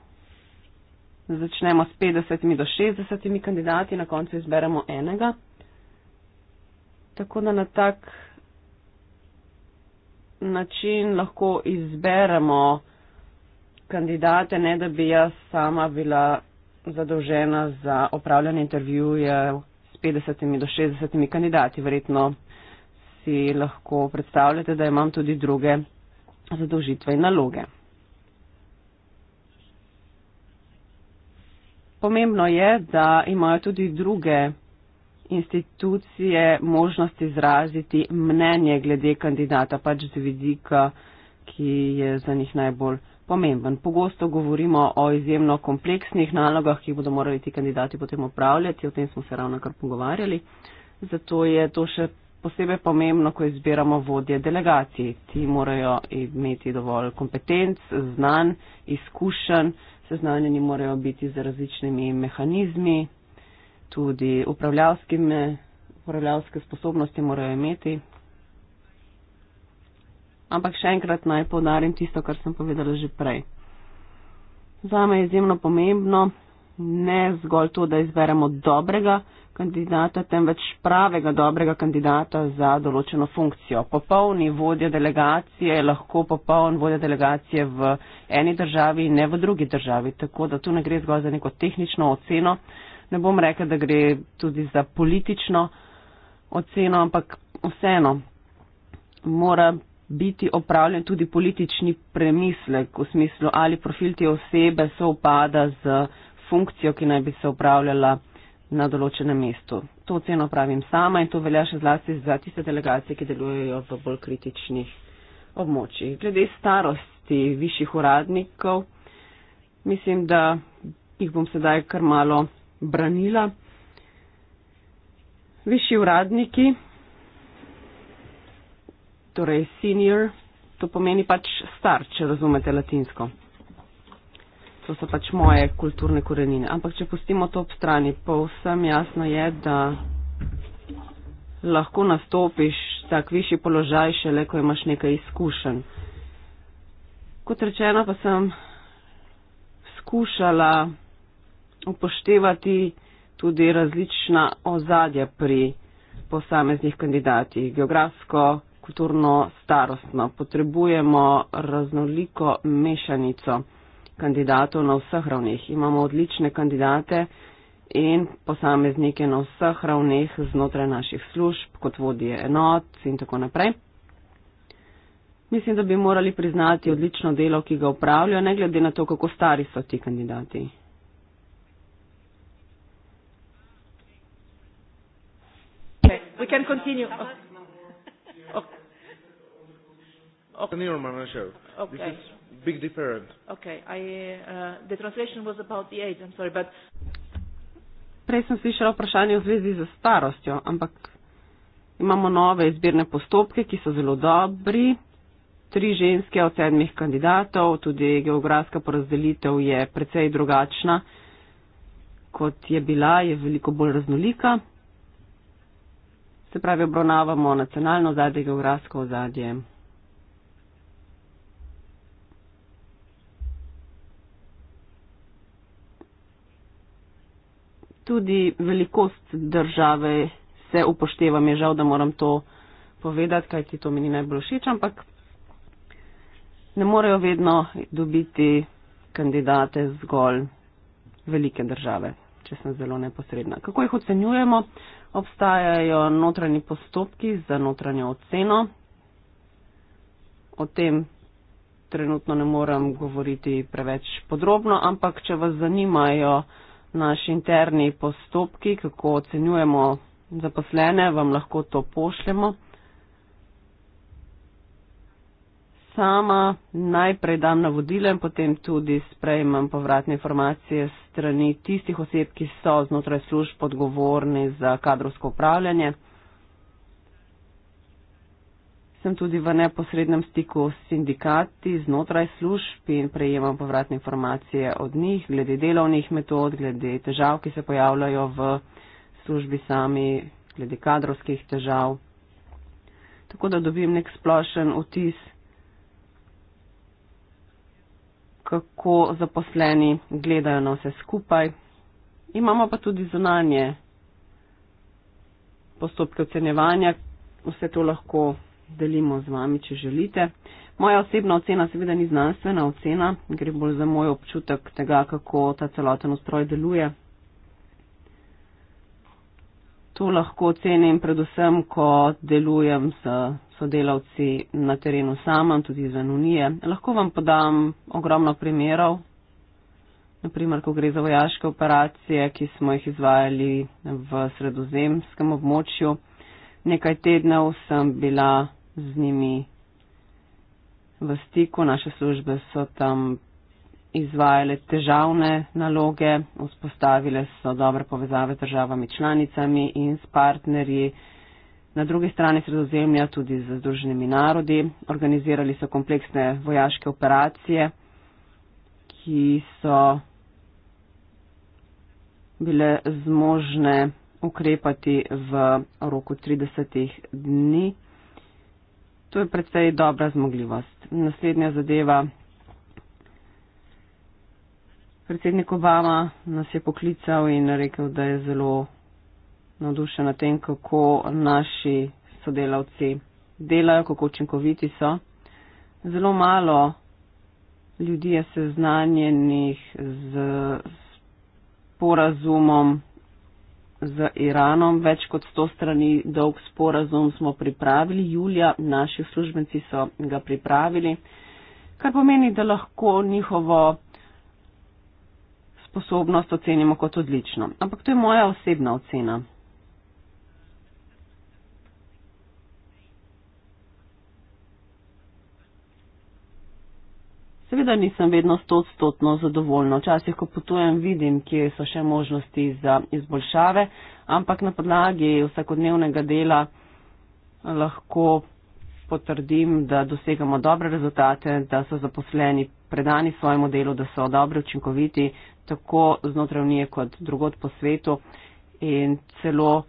začnemo s 50 do 60 kandidati, na koncu izberemo enega. Tako da na tak način lahko izberemo kandidate, ne da bi jaz sama bila zadolžena za opravljanje intervjujev 50 do 60 kandidati. Verjetno si lahko predstavljate, da imam tudi druge zadolžitve in naloge. Pomembno je, da imajo tudi druge institucije možnost izraziti mnenje glede kandidata, pač z vidika, ki je za njih najbolj pomemben. Pogosto govorimo o izjemno kompleksnih nalogah, ki bodo morali ti kandidati potem upravljati, o tem smo se ravno kar pogovarjali. Zato je to še posebej pomembno, ko izbiramo vodje delegacij. Ti morajo imeti dovolj kompetenc, znan, izkušen, seznanjeni morajo biti z različnimi mehanizmi, tudi upravljavske sposobnosti morajo imeti, Ampak še enkrat naj povdarim tisto, kar sem povedala že prej. Zame je izjemno pomembno ne zgolj to, da izberemo dobrega kandidata, temveč pravega dobrega kandidata za določeno funkcijo. Popolni vodja delegacije je lahko popoln vodja delegacije v eni državi in ne v drugi državi. Tako da tu ne gre zgolj za neko tehnično oceno. Ne bom rekel, da gre tudi za politično oceno, ampak vseeno mora biti opravljen tudi politični premislek v smislu, ali profil te osebe se upada z funkcijo, ki naj bi se upravljala na določenem mestu. To oceno pravim sama in to velja še zlasti za tiste delegacije, ki delujejo v bolj kritičnih območjih. Glede starosti višjih uradnikov, mislim, da jih bom sedaj kar malo branila. Višji uradniki torej senior, to pomeni pač star, če razumete latinsko. To so pač moje kulturne korenine. Ampak če pustimo to ob strani, povsem jasno je, da lahko nastopiš tak višji položaj, še le ko imaš nekaj izkušenj. Kot rečeno, pa sem skušala upoštevati tudi različna ozadja pri posameznih kandidatih. Geografsko, kulturno starostno. Potrebujemo raznoliko mešanico kandidatov na vseh ravneh. Imamo odlične kandidate in posameznike na vseh ravneh znotraj naših služb, kot vodje enot in tako naprej. Mislim, da bi morali priznati odlično delo, ki ga upravljajo, ne glede na to, kako stari so ti kandidati. We can continue. Oh. Okay. Neural manager. Okay. This is big different. Okay. I, uh, the translation was about the age, I'm sorry, but... Prej sem slišala vprašanje v zvezi z starostjo, ampak imamo nove izbirne postopke, ki so zelo dobri. Tri ženske od sedmih kandidatov, tudi geografska porazdelitev je precej drugačna, kot je bila, je veliko bolj raznolika se pravi obravnavamo nacionalno ozadje, geografsko ozadje. Tudi velikost države se upošteva, mi je žal, da moram to povedati, kaj ti to meni najbolj všeč, ampak ne morejo vedno dobiti kandidate zgolj velike države če sem zelo neposredna. Kako jih ocenjujemo? Obstajajo notranji postopki za notranjo oceno. O tem trenutno ne morem govoriti preveč podrobno, ampak če vas zanimajo naši interni postopki, kako ocenjujemo zaposlene, vam lahko to pošljemo. sama najprej dam navodile in potem tudi sprejmem povratne informacije strani tistih oseb, ki so znotraj služb odgovorni za kadrovsko upravljanje. Sem tudi v neposrednem stiku s sindikati znotraj služb in prejemam povratne informacije od njih glede delovnih metod, glede težav, ki se pojavljajo v službi sami, glede kadrovskih težav. Tako da dobim nek splošen vtis, kako zaposleni gledajo na vse skupaj. Imamo pa tudi zunanje postopke ocenjevanja, vse to lahko delimo z vami, če želite. Moja osebna ocena seveda ni znanstvena ocena, gre bolj za moj občutek tega, kako ta celoten ustroj deluje, To lahko cenim predvsem, ko delujem s sodelavci na terenu samem, tudi izven Unije. Lahko vam podam ogromno primerov, naprimer, ko gre za vojaške operacije, ki smo jih izvajali v sredozemskem območju. Nekaj tednov sem bila z njimi v stiku, naše službe so tam izvajale težavne naloge, vzpostavile so dobre povezave z državami članicami in s partnerji. Na drugi strani sredozemlja tudi z Združenimi narodi organizirali so kompleksne vojaške operacije, ki so bile zmožne ukrepati v roku 30 dni. To je predvsej dobra zmogljivost. Naslednja zadeva predsednik Obama nas je poklical in rekel, da je zelo navdušen na tem, kako naši sodelavci delajo, kako učinkoviti so. Zelo malo ljudi je seznanjenih z sporazumom z Iranom. Več kot sto strani dolg sporazum smo pripravili. Julija naši službenci so ga pripravili, kar pomeni, da lahko njihovo sposobnost ocenimo kot odlično. Ampak to je moja osebna ocena. Seveda nisem vedno stotstotno zadovoljna. Včasih, ko potujem, vidim, kje so še možnosti za izboljšave, ampak na podlagi vsakodnevnega dela lahko potrdim, da dosegamo dobre rezultate, da so zaposleni predani svojemu delu, da so dobro učinkoviti tako znotraj unije kot drugot po svetu in celo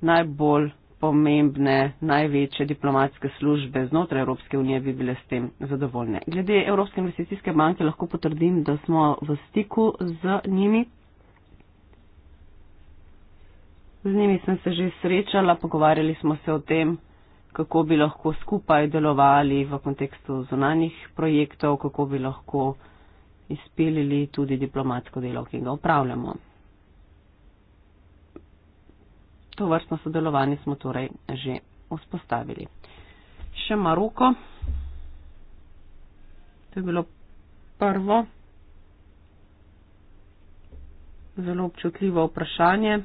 najbolj pomembne, največje diplomatske službe znotraj Evropske unije bi bile s tem zadovoljne. Glede Evropske investicijske banke lahko potrdim, da smo v stiku z njimi. Z njimi sem se že srečala, pogovarjali smo se o tem, kako bi lahko skupaj delovali v kontekstu zunanjih projektov, kako bi lahko izpilili tudi diplomatsko delo, ki ga upravljamo. To vrstno sodelovanje smo torej že vzpostavili. Še Maroko. To je bilo prvo zelo občutljivo vprašanje.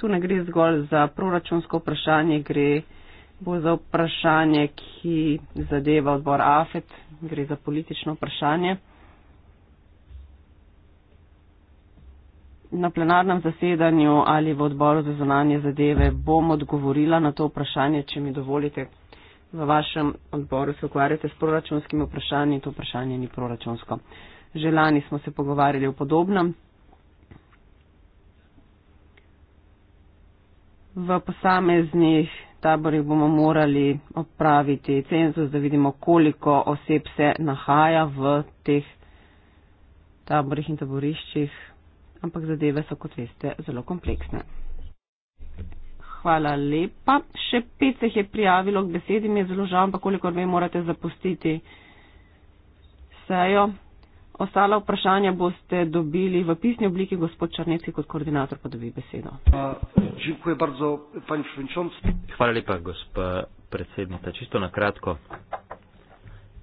Tu ne gre zgolj za proračunsko vprašanje, gre za bo za vprašanje, ki zadeva odbor AFET, gre za politično vprašanje. Na plenarnem zasedanju ali v odboru za zunanje zadeve bom odgovorila na to vprašanje, če mi dovolite. V vašem odboru se ukvarjate s proračunskimi vprašanji, to vprašanje ni proračunsko. Že lani smo se pogovarjali o podobnem. V posameznih taborih bomo morali opraviti cenzus, da vidimo, koliko oseb se nahaja v teh taborih in taboriščih, ampak zadeve so, kot veste, zelo kompleksne. Hvala lepa. Še pet se je prijavilo k besedi, mi je zelo žal, ampak kolikor vem, morate zapustiti sejo. Ostala vprašanja boste dobili v pisni obliki. Gospod Črnecki kot koordinator pa dobi besedo. Hvala lepa, gospa predsednica. Čisto na kratko.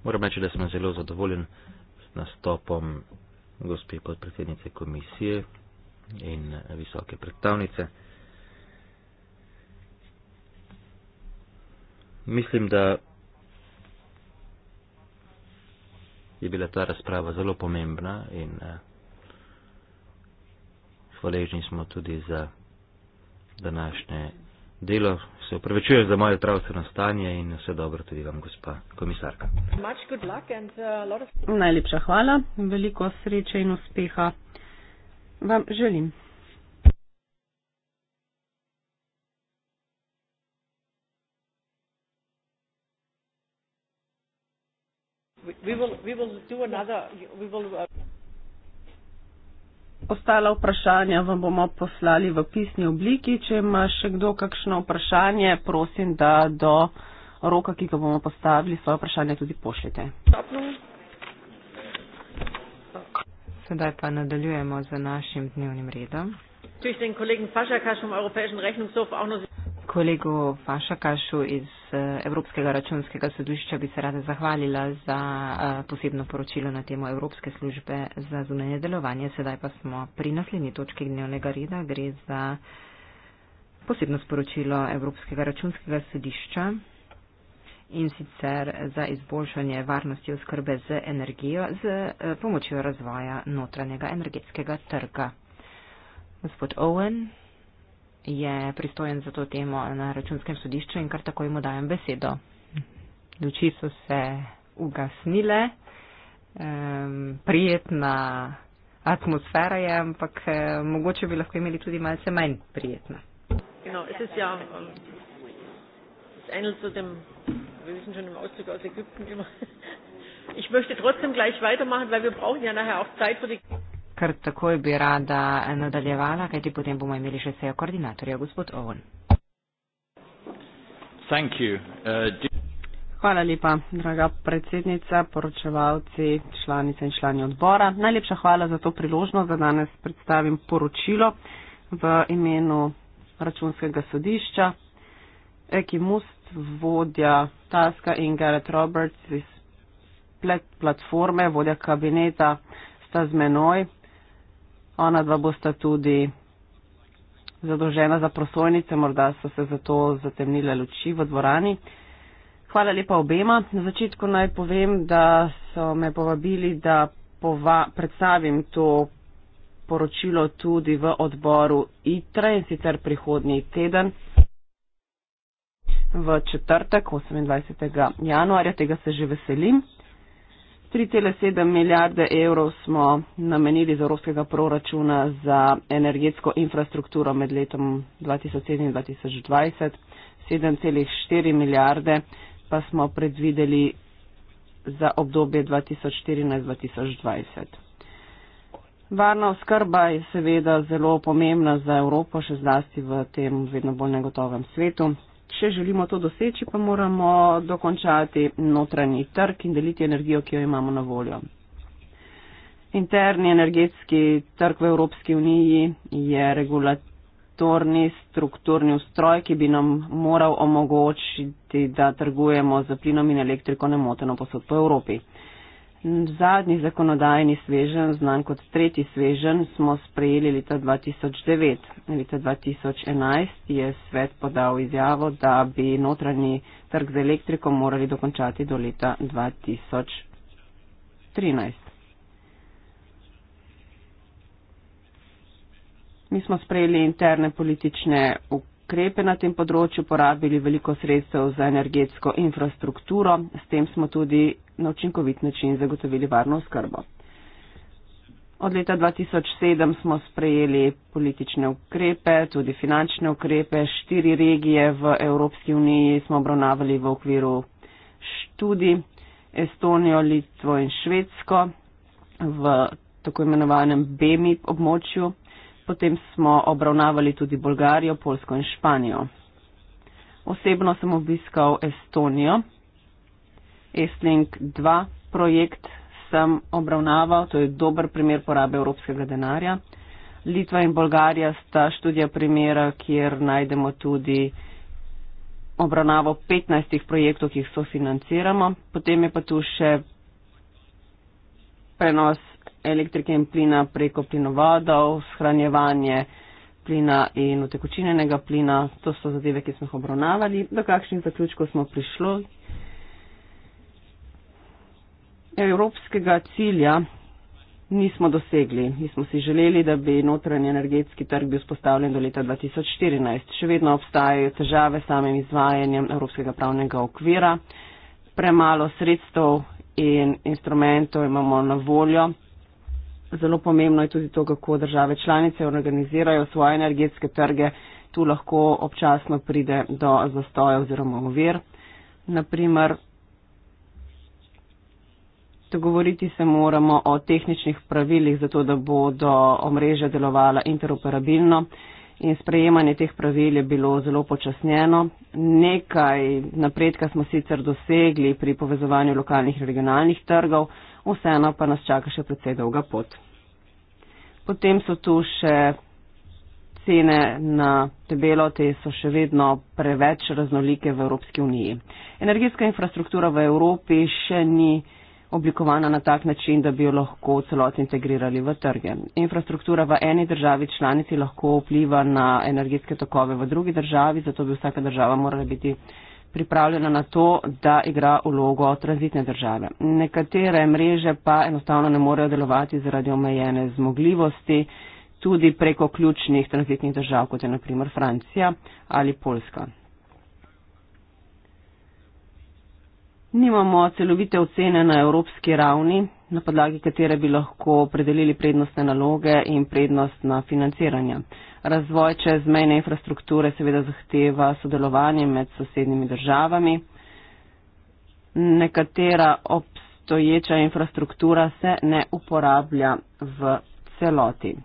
Moram reči, da sem zelo zadovoljen s nastopom gospe podpredsednice komisije in visoke predstavnice. Mislim, da je bila ta razprava zelo pomembna in eh, hvaležni smo tudi za današnje delo. Se upravičujem za moje zdravstveno stanje in vse dobro tudi vam, gospa komisarka. Uh, Najlepša hvala, veliko sreče in uspeha vam želim. will, we will do another, we will, uh, Ostala vprašanja vam bomo poslali v pisni obliki. Če ima še kdo kakšno vprašanje, prosim, da do roka, ki ga bomo postavili, svoje vprašanje tudi pošljete. Sedaj pa nadaljujemo z našim dnevnim redom. Tudi den kolegen Fašaka, šum Evropejšen rehnungsov, avno. Noz kolegu Fašakašu iz eh, Evropskega računskega sodišča bi se rada zahvalila za eh, posebno poročilo na temo Evropske službe za zunanje delovanje. Sedaj pa smo pri naslednji točki dnevnega reda. Gre za posebno sporočilo Evropskega računskega sodišča in sicer za izboljšanje varnosti oskrbe z energijo z eh, pomočjo razvoja notranjega energetskega trga. Gospod Owen je pristojen za to temo na računskem sodišču in kar takoj mu dajem besedo. Luči so se ugasnile, um, prijetna atmosfera je, ampak um, mogoče bi lahko imeli tudi malce manj prijetna. No, es ist ja, es ähm, ähnelt so dem, wir wissen schon, im Auszug aus Ägypten immer. Ich möchte trotzdem gleich weitermachen, weil wir brauchen ja nachher auch Zeit für die kar takoj bi rada nadaljevala, kajti potem bomo imeli še sejo koordinatorja, gospod Owen. Thank you. Uh, hvala lepa, draga predsednica, poročevalci, članice in člani odbora. Najlepša hvala za to priložnost, da danes predstavim poročilo v imenu računskega sodišča. Eki Must, vodja Taska in Gareth Roberts iz platforme, vodja kabineta, sta z menoj ona dva bosta tudi zadolžena za prosojnice, morda so se zato zatemnile luči v dvorani. Hvala lepa obema. Na začetku naj povem, da so me povabili, da pova, predstavim to poročilo tudi v odboru ITRE in sicer prihodnji teden v četrtek 28. januarja. Tega se že veselim. 3,7 milijarde evrov smo namenili iz evropskega proračuna za energetsko infrastrukturo med letom 2007 in 2020, 7,4 milijarde pa smo predvideli za obdobje 2014-2020. Varna oskrba je seveda zelo pomembna za Evropo, še zlasti v tem vedno bolj negotovem svetu če želimo to doseči, pa moramo dokončati notranji trg in deliti energijo, ki jo imamo na voljo. Interni energetski trg v Evropski uniji je regulatorni strukturni ustroj, ki bi nam moral omogočiti, da trgujemo z plinom in elektriko nemoteno posod po Evropi. Zadnji zakonodajni svežen, znan kot tretji svežen, smo sprejeli leta 2009. Leta 2011 je svet podal izjavo, da bi notranji trg z elektriko morali dokončati do leta 2013. Mi smo sprejeli interne politične ukrepe ukrepe na tem področju, porabili veliko sredstev za energetsko infrastrukturo, s tem smo tudi na učinkovit način zagotovili varno skrbo. Od leta 2007 smo sprejeli politične ukrepe, tudi finančne ukrepe, štiri regije v Evropski uniji smo obravnavali v okviru študij, Estonijo, Litvo in Švedsko v tako imenovanem BEMI območju. Potem smo obravnavali tudi Bolgarijo, Polsko in Španijo. Osebno sem obiskal Estonijo. Estlink 2 projekt sem obravnaval, to je dober primer porabe evropskega denarja. Litva in Bolgarija sta študija primera, kjer najdemo tudi obravnavo 15 projektov, ki jih sofinanciramo. Potem je pa tu še prenos elektrike in plina preko plinovodov, shranjevanje plina in utekočinjenega plina. To so zadeve, ki smo jih obravnavali. Do kakšnih zaključkov smo prišli? Evropskega cilja nismo dosegli. Mi smo si želeli, da bi notranji energetski trg bil spostavljen do leta 2014. Še vedno obstajajo težave s samim izvajanjem Evropskega pravnega okvira. Premalo sredstev in instrumentov imamo na voljo. Zelo pomembno je tudi to, kako države članice organizirajo svoje energetske trge. Tu lahko občasno pride do zastoja oziroma uvir. Naprimer, dogovoriti se moramo o tehničnih pravilih, zato da bodo omrežja delovala interoperabilno. In sprejemanje teh pravil je bilo zelo počasnjeno. Nekaj napredka smo sicer dosegli pri povezovanju lokalnih in regionalnih trgov vseeno pa nas čaka še precej dolga pot. Potem so tu še cene na tebelo, te so še vedno preveč raznolike v Evropski uniji. Energetska infrastruktura v Evropi še ni oblikovana na tak način, da bi jo lahko celoti integrirali v trge. Infrastruktura v eni državi članici lahko vpliva na energetske tokove v drugi državi, zato bi vsaka država morala biti pripravljena na to, da igra vlogo tranzitne države. Nekatere mreže pa enostavno ne morejo delovati zaradi omejene zmogljivosti tudi preko ključnih tranzitnih držav, kot je naprimer Francija ali Poljska. Nimamo celovite ocene na evropski ravni, na podlagi katere bi lahko predelili prednostne naloge in prednostna financiranja. Razvoj čezmejne infrastrukture seveda zahteva sodelovanje med sosednjimi državami. Nekatera obstoječa infrastruktura se ne uporablja v celoti.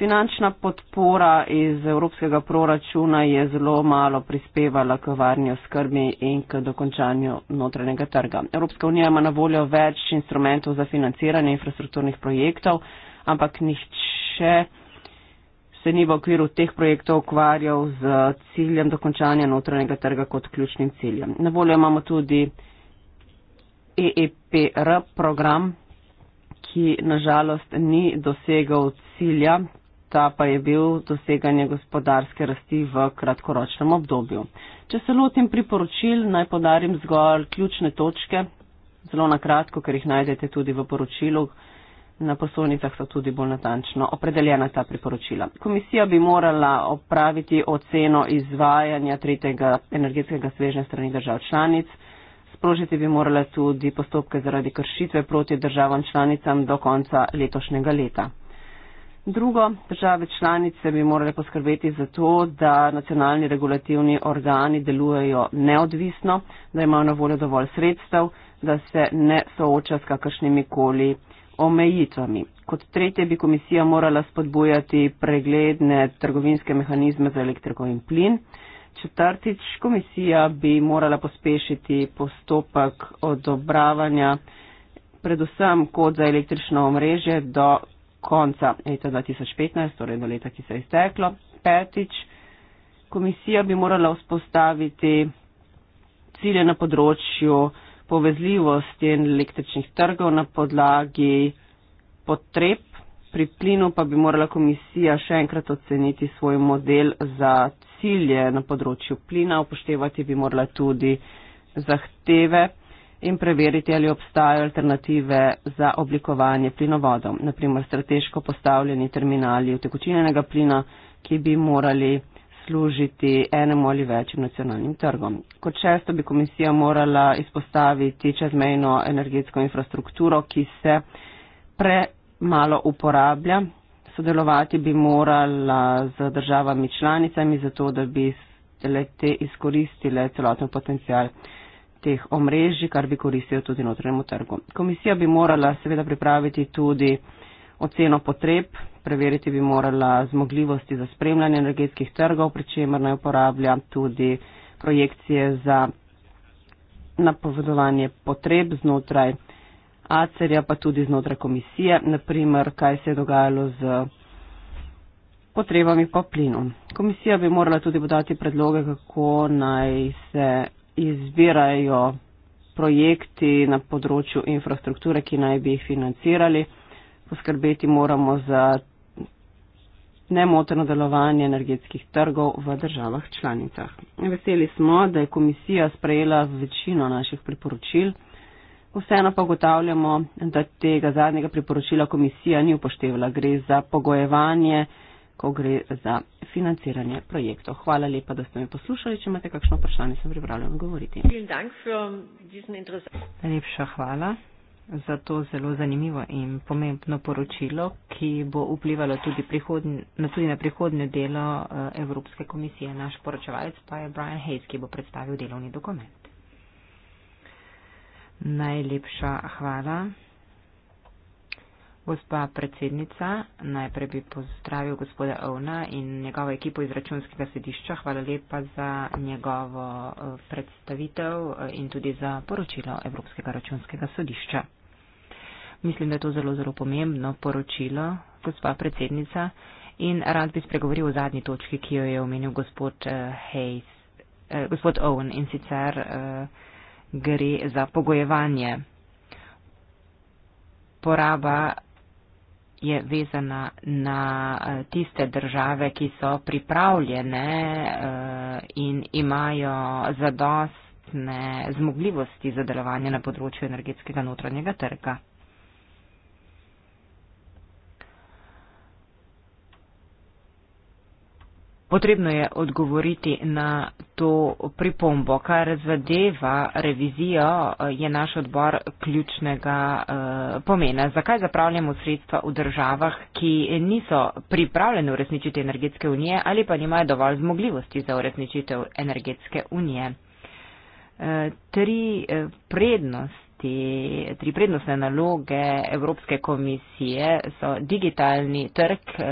Finančna podpora iz evropskega proračuna je zelo malo prispevala k varni oskrbi in k dokončanju notranjega trga. Evropska unija ima na voljo več instrumentov za financiranje infrastrukturnih projektov, ampak nihče se ni v okviru teh projektov ukvarjal z ciljem dokončanja notranjega trga kot ključnim ciljem. Na voljo imamo tudi EEPR program ki nažalost ni dosegal cilja, ta pa je bil doseganje gospodarske rasti v kratkoročnem obdobju. Če se lotim priporočil, naj podarim zgolj ključne točke, zelo na kratko, ker jih najdete tudi v poročilu. Na poslovnicah so tudi bolj natančno opredeljena ta priporočila. Komisija bi morala opraviti oceno izvajanja tretjega energetskega svežnja strani držav članic, sprožiti bi morala tudi postopke zaradi kršitve proti državam članicam do konca letošnjega leta. Drugo, države članice bi morale poskrbeti za to, da nacionalni regulativni organi delujejo neodvisno, da imajo na voljo dovolj sredstev, da se ne sooča s kakršnimi koli omejitvami. Kot tretje bi komisija morala spodbujati pregledne trgovinske mehanizme za elektriko in plin. Četrtič, komisija bi morala pospešiti postopek odobravanja predvsem kod za električno omrežje do konca leta 2015, torej do leta, ki se je izteklo. Petič, komisija bi morala vzpostaviti cilje na področju povezljivosti in električnih trgov na podlagi potreb. Pri plinu pa bi morala komisija še enkrat oceniti svoj model za cilje na področju plina, upoštevati bi morala tudi zahteve in preveriti, ali obstajajo alternative za oblikovanje plinovodov, naprimer strateško postavljeni terminali utekočinjenega plina, ki bi morali služiti enemu ali večjim nacionalnim trgom. Kot šesto bi komisija morala izpostaviti čezmejno energetsko infrastrukturo, ki se premalo uporablja. Sodelovati bi morala z državami članicami, zato da bi le te izkoristile celoten potencial teh omrežij, kar bi koristilo tudi notranjemu trgu. Komisija bi morala seveda pripraviti tudi oceno potreb, preveriti bi morala zmogljivosti za spremljanje energetskih trgov, pri čemer naj uporablja tudi projekcije za napovedovanje potreb znotraj ACER-ja, pa tudi znotraj komisije, naprimer, kaj se je dogajalo z potrebami po plinu. Komisija bi morala tudi podati predloge, kako naj se izvirajo projekti na področju infrastrukture, ki naj bi jih financirali. Poskrbeti moramo za nemoteno delovanje energetskih trgov v državah članicah. Veseli smo, da je komisija sprejela večino naših priporočil. Vseeno pa gotavljamo, da tega zadnjega priporočila komisija ni upoštevala. Gre za pogojevanje ko gre za financiranje projektov. Hvala lepa, da ste me poslušali. Če imate kakšno vprašanje, sem pripravljen govoriti. Najlepša hvala za to zelo zanimivo in pomembno poročilo, ki bo vplivalo tudi, prihodn, tudi na prihodnje delo eh, Evropske komisije. Naš poročevalec pa je Brian Hayes, ki bo predstavil delovni dokument. Najlepša hvala. Gospa predsednica, najprej bi pozdravil gospoda Ovna in njegovo ekipo iz računskega sedišča. Hvala lepa za njegovo eh, predstavitev eh, in tudi za poročilo Evropskega računskega sodišča. Mislim, da je to zelo, zelo pomembno poročilo, gospa predsednica. In rad bi spregovoril o zadnji točki, ki jo je omenil gospod, eh, Hayes, eh, gospod Owen in sicer eh, gre za pogojevanje. Poraba je vezana na eh, tiste države, ki so pripravljene eh, in imajo zadostne zmogljivosti za delovanje na področju energetskega notranjega trga. Potrebno je odgovoriti na to pripombo. Kar zadeva revizijo, je naš odbor ključnega eh, pomena. Zakaj zapravljamo sredstva v državah, ki niso pripravljene uresničiti energetske unije ali pa nimajo dovolj zmogljivosti za uresničitev energetske unije? Eh, tri eh, prednosti. Tri prednostne naloge Evropske komisije so digitalni trg,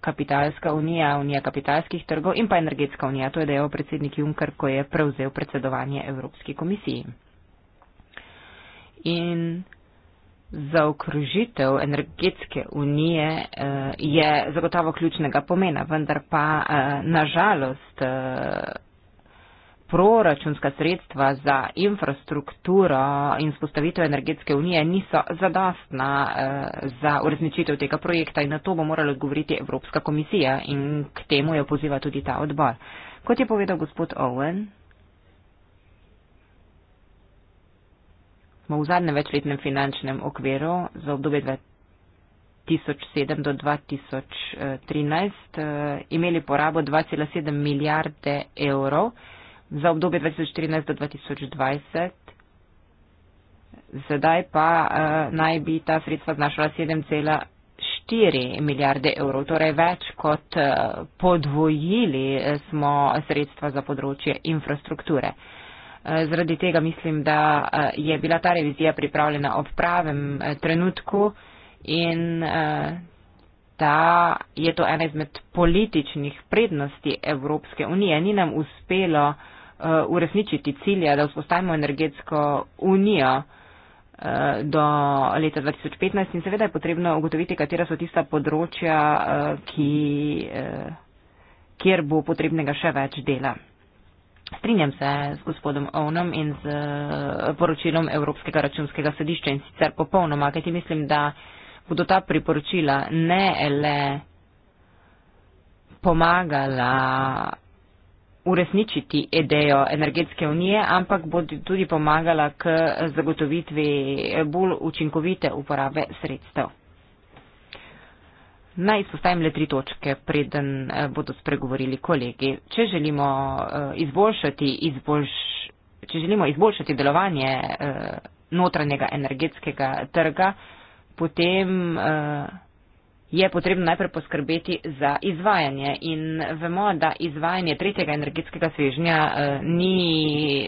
kapitalska unija, unija kapitalskih trgov in pa energetska unija. To je dejal predsednik Juncker, ko je prevzel predsedovanje Evropski komisiji. In za okrožitev energetske unije eh, je zagotovo ključnega pomena, vendar pa eh, nažalost eh, proračunska sredstva za infrastrukturo in spostavitev energetske unije niso zadostna eh, za uresničitev tega projekta in na to bo morala odgovoriti Evropska komisija in k temu jo poziva tudi ta odbor. Kot je povedal gospod Owen, smo v zadnjem večletnem finančnem okviru za obdobje 2007 do 2013 eh, eh, imeli porabo 2,7 milijarde evrov za obdobje 2014 do 2020. Sedaj pa uh, naj bi ta sredstva znašala 7,4 milijarde evrov, torej več kot uh, podvojili eh, smo sredstva za področje infrastrukture. Zradi tega mislim, da je bila ta revizija pripravljena ob pravem trenutku in da je to ena izmed političnih prednosti Evropske unije. Ni nam uspelo uh, Uh, uresničiti cilje, da vzpostavimo energetsko unijo uh, do leta 2015 in seveda je potrebno ugotoviti, katera so tista področja, uh, ki, kjer bo potrebnega še več dela. Strinjam se z gospodom Ovnom in z poročilom Evropskega računskega sodišča in sicer popolnoma, kajti mislim, da bodo ta priporočila ne le pomagala uresničiti idejo energetske unije, ampak bo tudi pomagala k zagotovitvi bolj učinkovite uporabe sredstev. Naj izpostavim le tri točke, preden eh, bodo spregovorili kolegi. Če želimo eh, izboljšati, izboljš, če želimo izboljšati delovanje eh, notranjega energetskega trga, potem je potrebno najprej poskrbeti za izvajanje. In vemo, da izvajanje tretjega energetskega svežnja eh, ni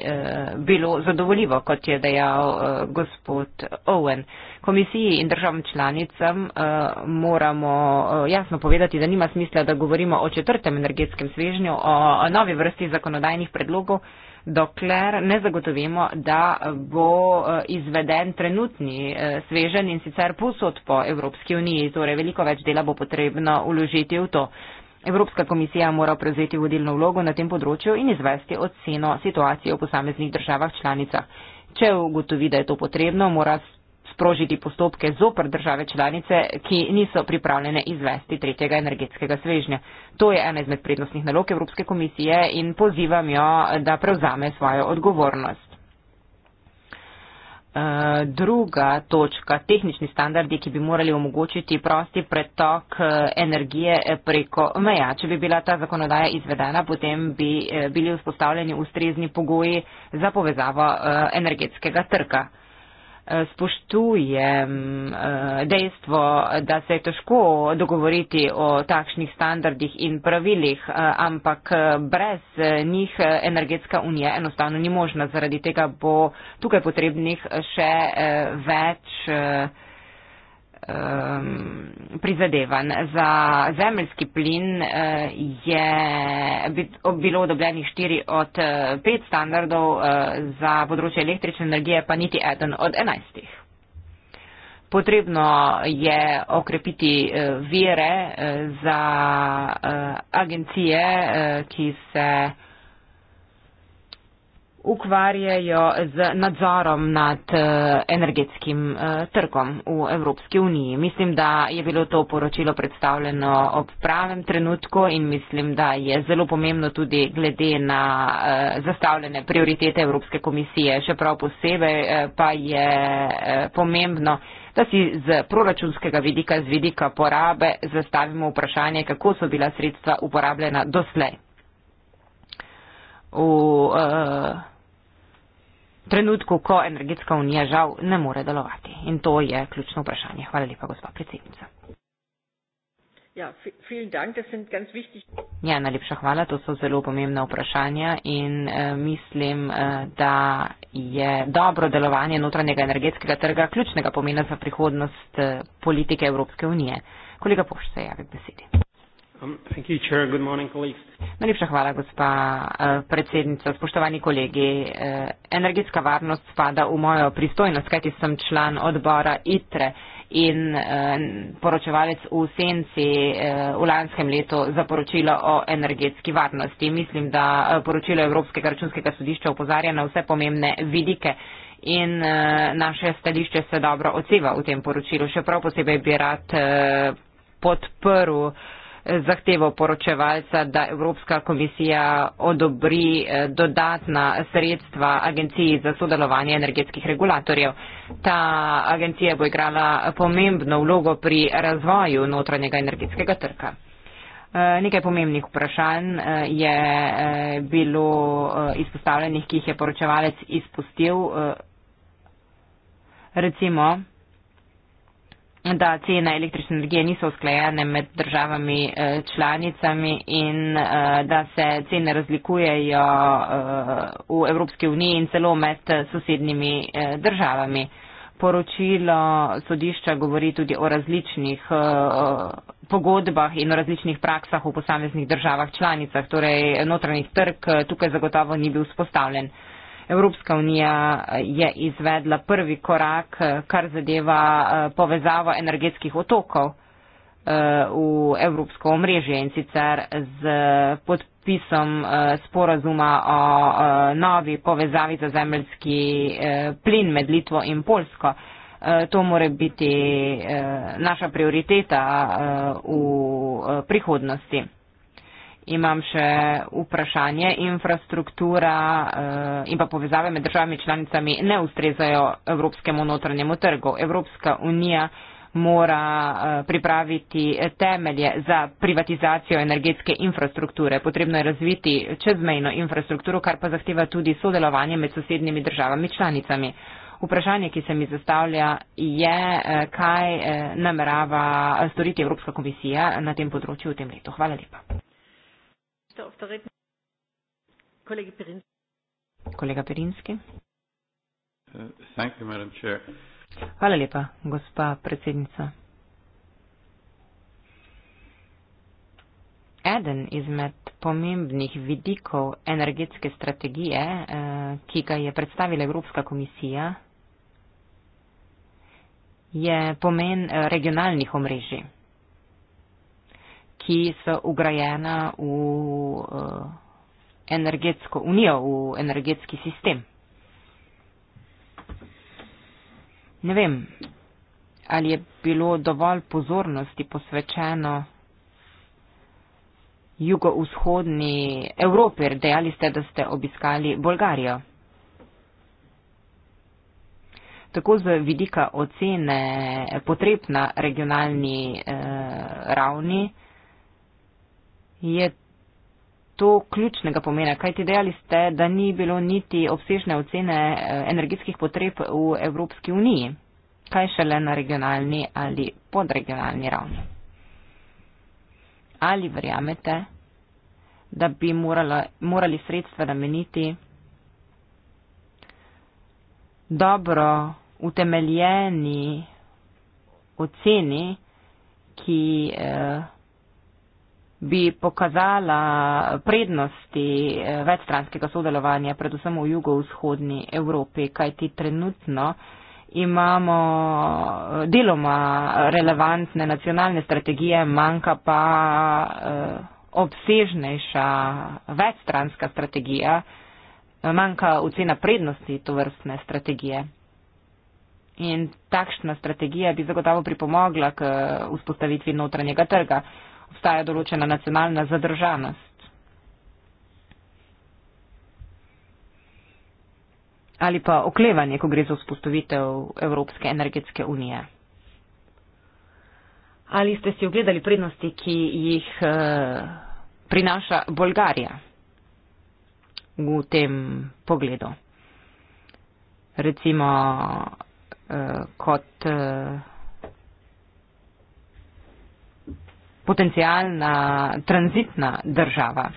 eh, bilo zadovoljivo, kot je dejal eh, gospod Owen. Komisiji in državam članicam eh, moramo eh, jasno povedati, da nima smisla, da govorimo o četrtem energetskem svežnju, o, o novi vrsti zakonodajnih predlogov, dokler ne zagotovimo, da bo eh, izveden trenutni eh, svežen in sicer posod po Evropski uniji. Torej, veliko več dela bo potrebno uložiti v to. Evropska komisija mora prevzeti vodilno vlogo na tem področju in izvesti oceno situacije v posameznih državah članicah. Če ugotovi, da je to potrebno, mora sprožiti postopke zoper države članice, ki niso pripravljene izvesti tretjega energetskega svežnja. To je ena izmed prednostnih nalog Evropske komisije in pozivam jo, da prevzame svojo odgovornost. Eh, druga točka, tehnični standardi, ki bi morali omogočiti prosti pretok eh, energije eh, preko meja. Če bi bila ta zakonodaja izvedena, potem bi bili vzpostavljeni ustrezni pogoji za povezavo energetskega trga spoštujem eh, dejstvo, da se je težko dogovoriti o takšnih standardih in pravilih, eh, ampak eh, brez njih energetska unija enostavno ni možna. Zaradi tega bo tukaj potrebnih še več um, prizadevanj. Za zemljski plin uh, je bilo odobljenih štiri od uh, pet standardov, uh, za področje električne energije pa niti eden od enajstih. Potrebno je okrepiti uh, vire uh, za agencije, ki se ukvarjajo z nadzorom nad eh, energetskim eh, trgom v Evropski uniji. Mislim, da je bilo to poročilo predstavljeno ob pravem trenutku in mislim, da je zelo pomembno tudi glede na eh, zastavljene prioritete Evropske komisije. Še prav posebej pa je pomembno, da si z proračunskega vidika, z vidika porabe, zastavimo vprašanje, kako so bila sredstva uporabljena doslej trenutku, ko energetska unija žal ne more delovati. In to je ključno vprašanje. Hvala lepa, gospa predsednica. Ja, dank, ganz wichtig... ja, najlepša hvala, to so zelo pomembna vprašanja in eh, mislim, eh, da je dobro delovanje notranjega energetskega trga ključnega pomena za prihodnost eh, politike Evropske unije. Kolega Poš se javi k besedi. Um, Najlepša hvala, gospa eh, predsednica. Spoštovani kolegi, eh, energetska varnost spada v mojo pristojnost, kajti sem član odbora ITRE in eh, poročevalec v senci v lanskem letu za poročilo o energetski varnosti. Mislim, da poročilo Evropskega računskega sodišča upozarja na vse pomembne vidike. In naše stališče se dobro odseva v tem poročilu. Še prav posebej bi rad podprl zahtevo poročevalca, da Evropska komisija odobri eh, dodatna sredstva Agenciji za sodelovanje energetskih regulatorjev. Ta agencija bo igrala pomembno vlogo pri razvoju notranjega energetskega trga. Eh, nekaj pomembnih vprašanj eh, je bilo izpostavljenih, ki jih je poročevalec izpustil. Recimo, da cene električne energije niso usklajene med državami eh, članicami in eh, da se cene razlikujejo eh, v Evropski uniji in celo med sosednjimi državami. Poročilo sodišča govori tudi o različnih pogodbah in o različnih praksah v posameznih državah članicah, torej notranjih trg tukaj zagotovo ni bil vzpostavljen. Evropska unija eh, je izvedla prvi korak, eh, kar zadeva eh, povezavo energetskih otokov v Evropsko omrežje in sicer z podpisom sporazuma o novi povezavi za zemljski plin med Litvo in Polsko. To more biti naša prioriteta v prihodnosti imam še vprašanje. Infrastruktura eh, in pa povezave med državami članicami ne ustrezajo evropskemu notranjemu trgu. Evropska unija mora eh, pripraviti temelje za privatizacijo energetske infrastrukture. Potrebno je razviti čezmejno infrastrukturo, kar pa zahteva tudi sodelovanje med sosednjimi državami članicami. Vprašanje, ki se mi zastavlja, je, eh, kaj namerava storiti Evropska komisija na tem področju v tem letu. Hvala lepa. Kolega Perinski. Uh, Hvala lepa, gospa predsednica. Eden izmed pomembnih vidikov energetske strategije, eh, ki ga je predstavila Evropska komisija, je pomen eh, regionalnih omrežij ki so ugrajena v eh, energetsko unijo, v energetski sistem. Ne vem, ali je bilo dovolj pozornosti posvečeno jugovzhodni Evropi, dejali ste, da ste obiskali Bolgarijo. Tako z vidika ocene potrebna regionalni eh, ravni je to ključnega pomena, kaj ti dejali ste, da ni bilo niti obsežne ocene eh, energetskih potreb v Evropski uniji, kaj šele na regionalni ali podregionalni ravni. Ali verjamete, da bi morala, morali sredstva nameniti dobro utemeljeni oceni, ki eh, bi pokazala prednosti eh, večstranskega sodelovanja, predvsem v jugovzhodni Evropi, kajti trenutno imamo eh, deloma relevantne nacionalne strategije, manjka pa eh, obsežnejša večstranska strategija, manjka ocena prednosti to vrstne strategije. In takšna strategija bi zagotovo pripomogla k vzpostavitvi notranjega trga obstaja določena nacionalna zadržanost. Ali pa oklevanje, ko gre za vzpostavitev Evropske energetske unije. Ali ste si ogledali prednosti, ki jih eh, prinaša Bolgarija v tem pogledu? Recimo eh, kot eh, potencijalna tranzitna država.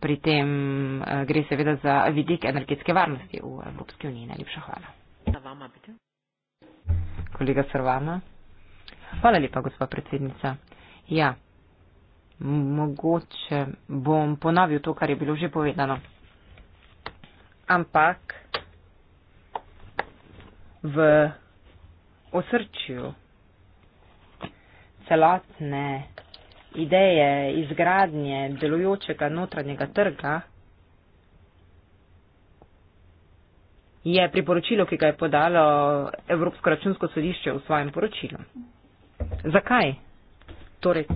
Pri tem eh, gre seveda za vidik energetske varnosti v Evropski uniji. Najlepša hvala. Kolega Srvama. Hvala lepa, gospa predsednica. Ja, mogoče bom ponovil to, kar je bilo že povedano. Ampak v osrčju. Celotne ideje izgradnje delujočega notranjega trga je priporočilo, ki ga je podalo Evropsko računsko sodišče v svojem poročilu. Zakaj? Torej,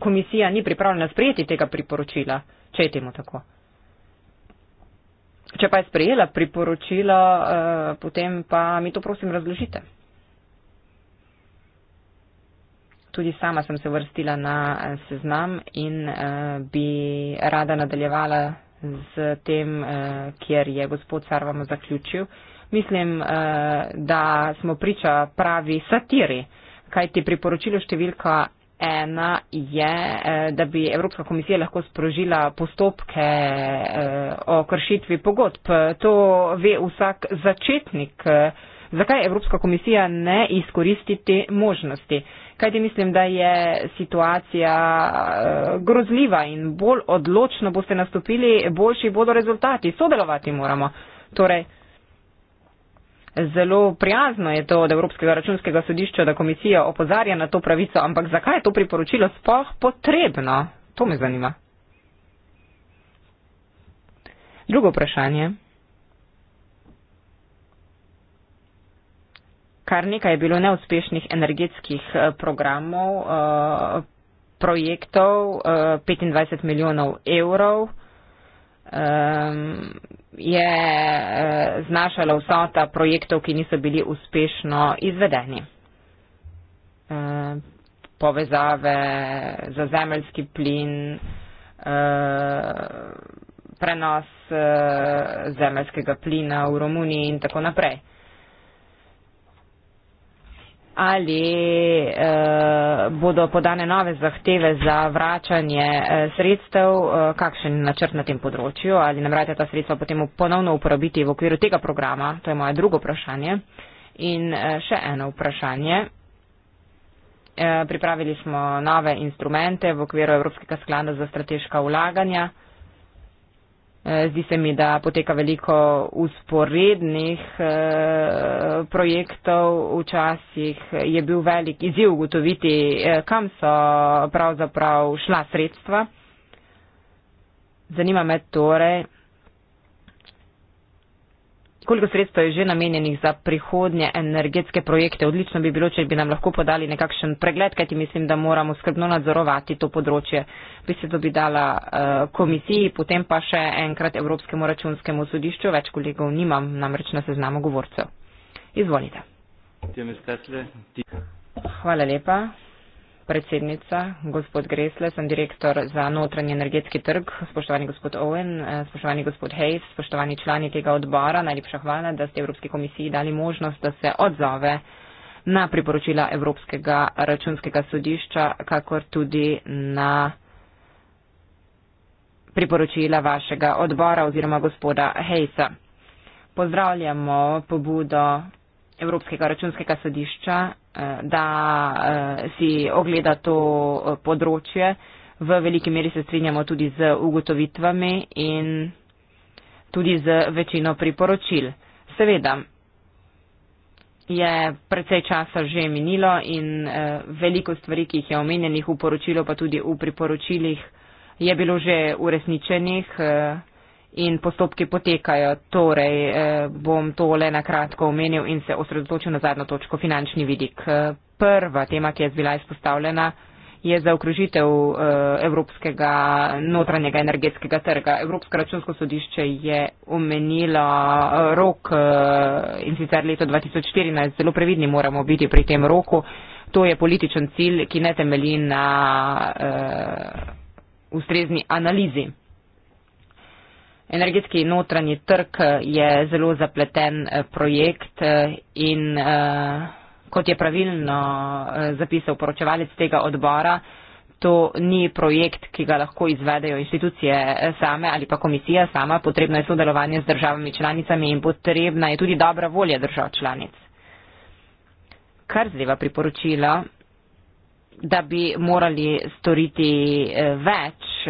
komisija ni pripravljena sprejeti tega priporočila, če je temu tako. Če pa je sprejela priporočila, eh, potem pa mi to prosim razložite. Tudi sama sem se vrstila na eh, seznam in uh, bi rada nadaljevala z tem, uh, kjer je gospod Sarvamo zaključil. Mislim, uh, da smo priča pravi satiri, kajti priporočilo številka ena je, uh, da bi Evropska komisija lahko sprožila postopke uh, o kršitvi pogodb. To ve vsak začetnik. Uh, zakaj Evropska komisija ne izkoristi te možnosti? kajti mislim, da je situacija eh, grozljiva in bolj odločno boste nastopili, boljši bodo rezultati. Sodelovati moramo. Torej, zelo prijazno je to od Evropskega računskega sodišča, da komisija opozarja na to pravico, ampak zakaj je to priporočilo sploh potrebno? To me zanima. Drugo vprašanje. kar nekaj je bilo neuspešnih energetskih eh, programov, eh, projektov, 25 eh, milijonov evrov ehm, je znašala vsota projektov, ki niso bili uspešno izvedeni. Povezave za zemeljski plin, prenos zemeljskega plina v Romuniji in tako naprej ali eh, bodo podane nove zahteve za vračanje eh, sredstev, eh, kakšen načrt na tem področju, ali namerate ta sredstva potem ponovno uporabiti v okviru tega programa, to je moje drugo vprašanje. In še eno vprašanje. Pripravili smo nove instrumente v okviru Evropskega sklada za strateška vlaganja. Eh, zdi se mi, da poteka veliko usporednih eh, projektov. Včasih je bil velik izziv ugotoviti, eh, kam so pravzaprav šla sredstva. Zanima me torej koliko sredstva je že namenjenih za prihodnje energetske projekte. Odlično bi bilo, če bi nam lahko podali nekakšen pregled, kajti mislim, da moramo skrbno nadzorovati to področje. Bi se to bi dala uh, komisiji, potem pa še enkrat Evropskemu računskemu sodišču. Več kolegov nimam, namreč na seznamu govorcev. Izvolite. Hvala lepa predsednica, gospod Gresle, sem direktor za notranji energetski trg, spoštovani gospod Owen, eh, spoštovani gospod Hayes, spoštovani člani tega odbora, najlepša hvala, da ste Evropski komisiji dali možnost, da se odzove na priporočila Evropskega računskega sodišča, kakor tudi na priporočila vašega odbora oziroma gospoda Hayesa. Pozdravljamo pobudo Evropskega računskega sodišča, eh, da eh, si ogleda to eh, področje. V veliki meri se strinjamo tudi z ugotovitvami in tudi z večino priporočil. Seveda je precej časa že minilo in veliko stvari, ki jih je omenjenih v poročilu, pa tudi v priporočilih, je bilo že uresničenih in postopki potekajo. Torej eh, bom tole nakratko omenil in se osredotočil na zadnjo točko, finančni vidik. Eh, prva tema, ki je bila izpostavljena, je za okrožitev eh, evropskega notranjega energetskega trga. Evropsko računsko sodišče je omenilo rok in sicer leto 2014. Zelo previdni moramo biti pri tem roku. To je političen cilj, ki ne temelji na uh, ustrezni analizi. Energetski notranji trg eh, je zelo zapleten eh, projekt eh, in kot je pravilno zapisal poročevalec tega odbora, to ni projekt, ki ga lahko izvedejo institucije same ali pa komisija sama, potrebno je sodelovanje z državami članicami in potrebna je tudi dobra volja držav članic. Kar zdajva priporočila, da bi morali storiti več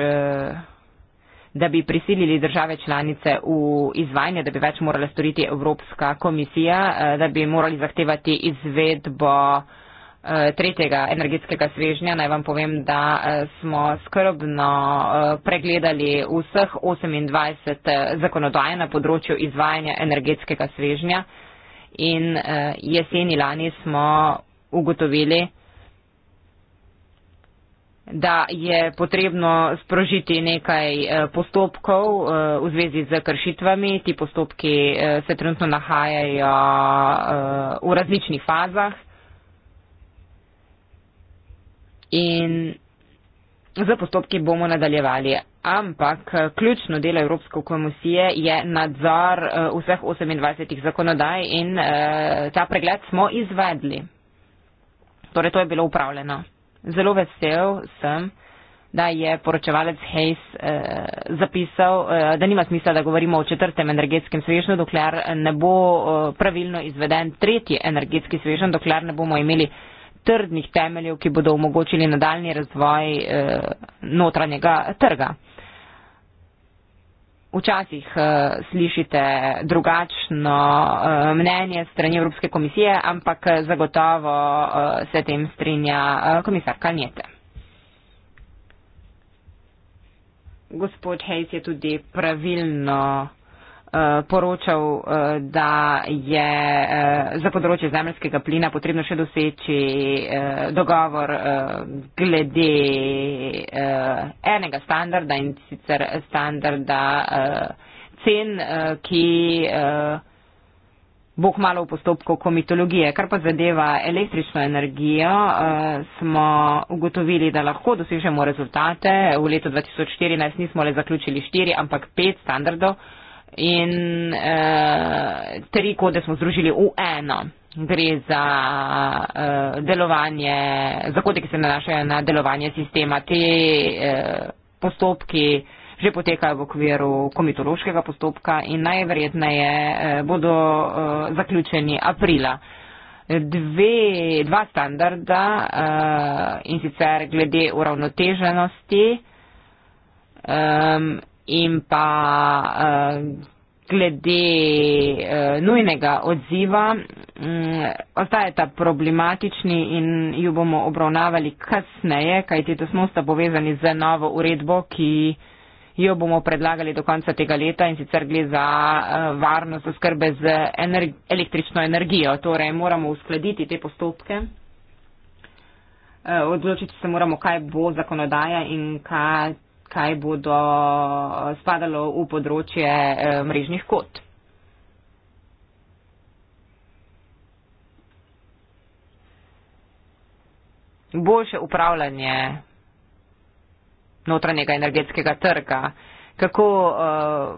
da bi prisilili države članice v izvajanje, da bi več morala storiti Evropska komisija, eh, da bi morali zahtevati izvedbo eh, tretjega energetskega svežnja. Naj vam povem, da eh, smo skrbno pregledali vseh 28 zakonodaje na področju izvajanja energetskega svežnja in jeseni lani smo ugotovili, da je potrebno sprožiti nekaj eh, postopkov eh, v zvezi z kršitvami. Ti postopki eh, se trenutno nahajajo v različnih fazah. In za postopki bomo nadaljevali. Ampak ključno delo Evropske komisije je nadzor vseh 28 zakonodaj in ta pregled smo izvedli. Torej, to je bilo upravljeno zelo vesel sem, da je poročevalec Hayes eh, zapisal, eh, da nima smisla, da govorimo o četrtem energetskem svežnju, dokler ne bo eh, pravilno izveden tretji energetski svežnj, dokler ne bomo imeli trdnih temeljev, ki bodo omogočili nadaljni razvoj eh, notranjega trga. Eh, včasih uh, slišite drugačno uh, mnenje strani Evropske komisije, ampak eh, zagotovo uh, se tem strinja uh, komisar Kalnjete. Gospod Hayes je tudi pravilno Eh, poročal, eh, da je eh, za področje zemljskega plina potrebno še doseči dogovor glede enega standarda in sicer standarda cen, ki bo hmalo v postopku komitologije. Kar pa zadeva električno energijo, smo ugotovili, da lahko dosežemo rezultate. V letu 2014 nismo le zaključili štiri, ampak pet standardov in e, tri kode smo združili v eno. Gre za e, delovanje, za kode, ki se nanašajo na delovanje sistema. Te e, postopki že potekajo v okviru komitološkega postopka in najverjetneje bodo e, zaključeni aprila. Dve, dva standarda e, in sicer glede uravnoteženosti. Ehm, in pa eh, glede eh, nujnega odziva mm, ostajata problematični in ju bomo obravnavali kasneje, kajti to smo sta povezani z novo uredbo, ki jo bomo predlagali do konca tega leta in sicer gre za eh, varnost oskrbe z ener električno energijo. Torej moramo uskladiti te postopke, odločiti se moramo, kaj bo zakonodaja in kaj kaj bodo eh, spadalo v področje eh, mrežnih kot. Boljše upravljanje notranjega energetskega trga, kako eh,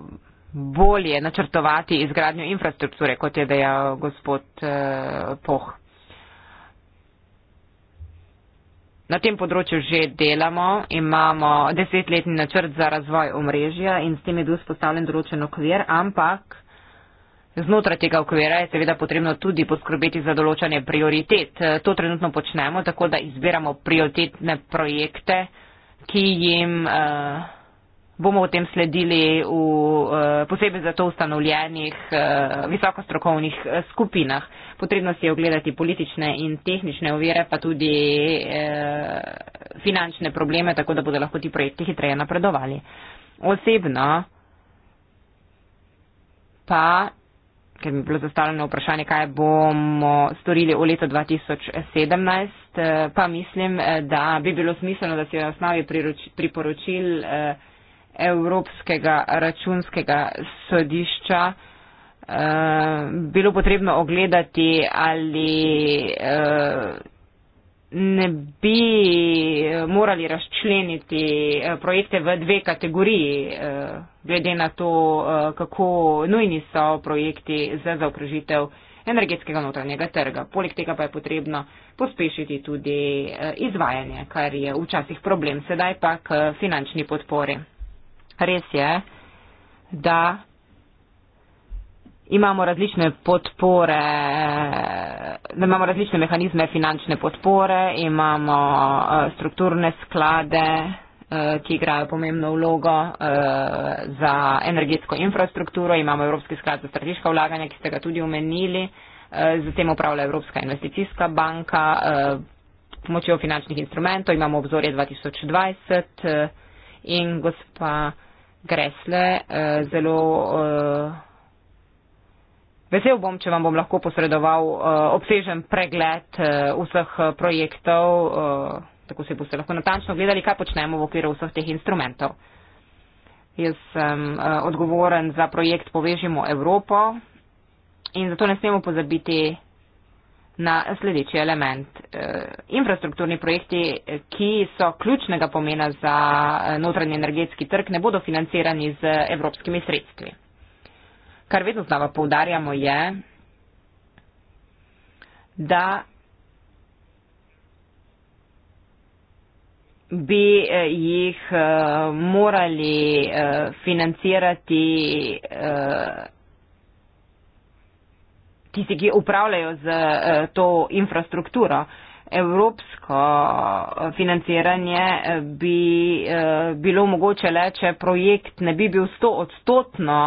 bolje načrtovati izgradnjo infrastrukture, kot je dejal gospod Poh. Na tem področju že delamo, imamo desetletni načrt za razvoj omrežja in s tem je bil spostavljen določen okvir, ampak znotraj tega okvira je seveda potrebno tudi poskrbeti za določanje prioritet. To trenutno počnemo, tako da izbiramo prioritetne projekte, ki jim. Uh, bomo v tem sledili v eh, posebej za to ustanovljenih eh, visokostrokovnih eh, skupinah. Potrebno si je ogledati politične in tehnične ovire, pa tudi finančne probleme, tako da bodo lahko ti projekti hitreje napredovali. Osebno pa, ker mi je bilo zastavljeno vprašanje, kaj bomo storili v letu 2017, pa mislim, da bi bilo smiselno, da se je v osnovi priporočil Evropskega računskega sodišča eh, bilo potrebno ogledati, ali eh, ne bi morali razčleniti eh, projekte v dve kategoriji, glede na to, kako nujni so projekti za zaokrožitev energetskega notranjega trga. Poleg tega pa je potrebno pospešiti tudi izvajanje, kar je včasih problem, sedaj pa k finančni podpori res je, da imamo različne podpore, da imamo različne mehanizme finančne podpore, imamo e, strukturne sklade, e, ki igrajo pomembno vlogo e, za energetsko infrastrukturo, imamo Evropski sklad za strateška vlaganja, ki ste ga tudi omenili, zatem upravlja Evropska investicijska banka pomočjo finančnih instrumentov, imamo obzorje 2020 in gospa gresle. Eh, zelo eh, vesel bom, če vam bom lahko posredoval eh, obsežen pregled vseh projektov, tako se boste lahko natančno gledali, kaj počnemo v okviru vseh teh instrumentov. Jaz sem odgovoren za projekt Povežimo Evropo in zato ne smemo pozabiti na sledeči element. E, infrastrukturni projekti, ki so ključnega pomena za e, notranji energetski trg, ne bodo financirani z evropskimi sredstvi. Kar vedno znova poudarjamo je, da bi e, jih morali financirati tisti, ki upravljajo z eh, to infrastrukturo. Evropsko eh, financiranje eh, bi bilo mogoče le, če projekt ne bi bil sto odstotno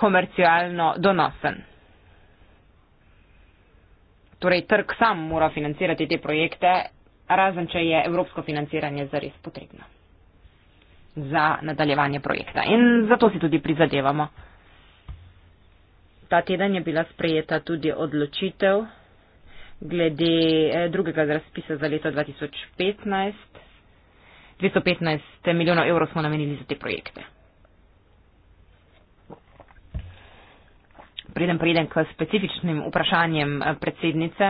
komercialno donosen. Torej, trg sam mora financirati te projekte, razen če je evropsko financiranje zares potrebno za nadaljevanje projekta. In zato si tudi prizadevamo. Ta teden je bila sprejeta tudi odločitev glede eh, drugega razpisa za leto 2015. 215 milijonov evrov smo namenili za te projekte. Preden preidem k specifičnim vprašanjem eh, predsednice,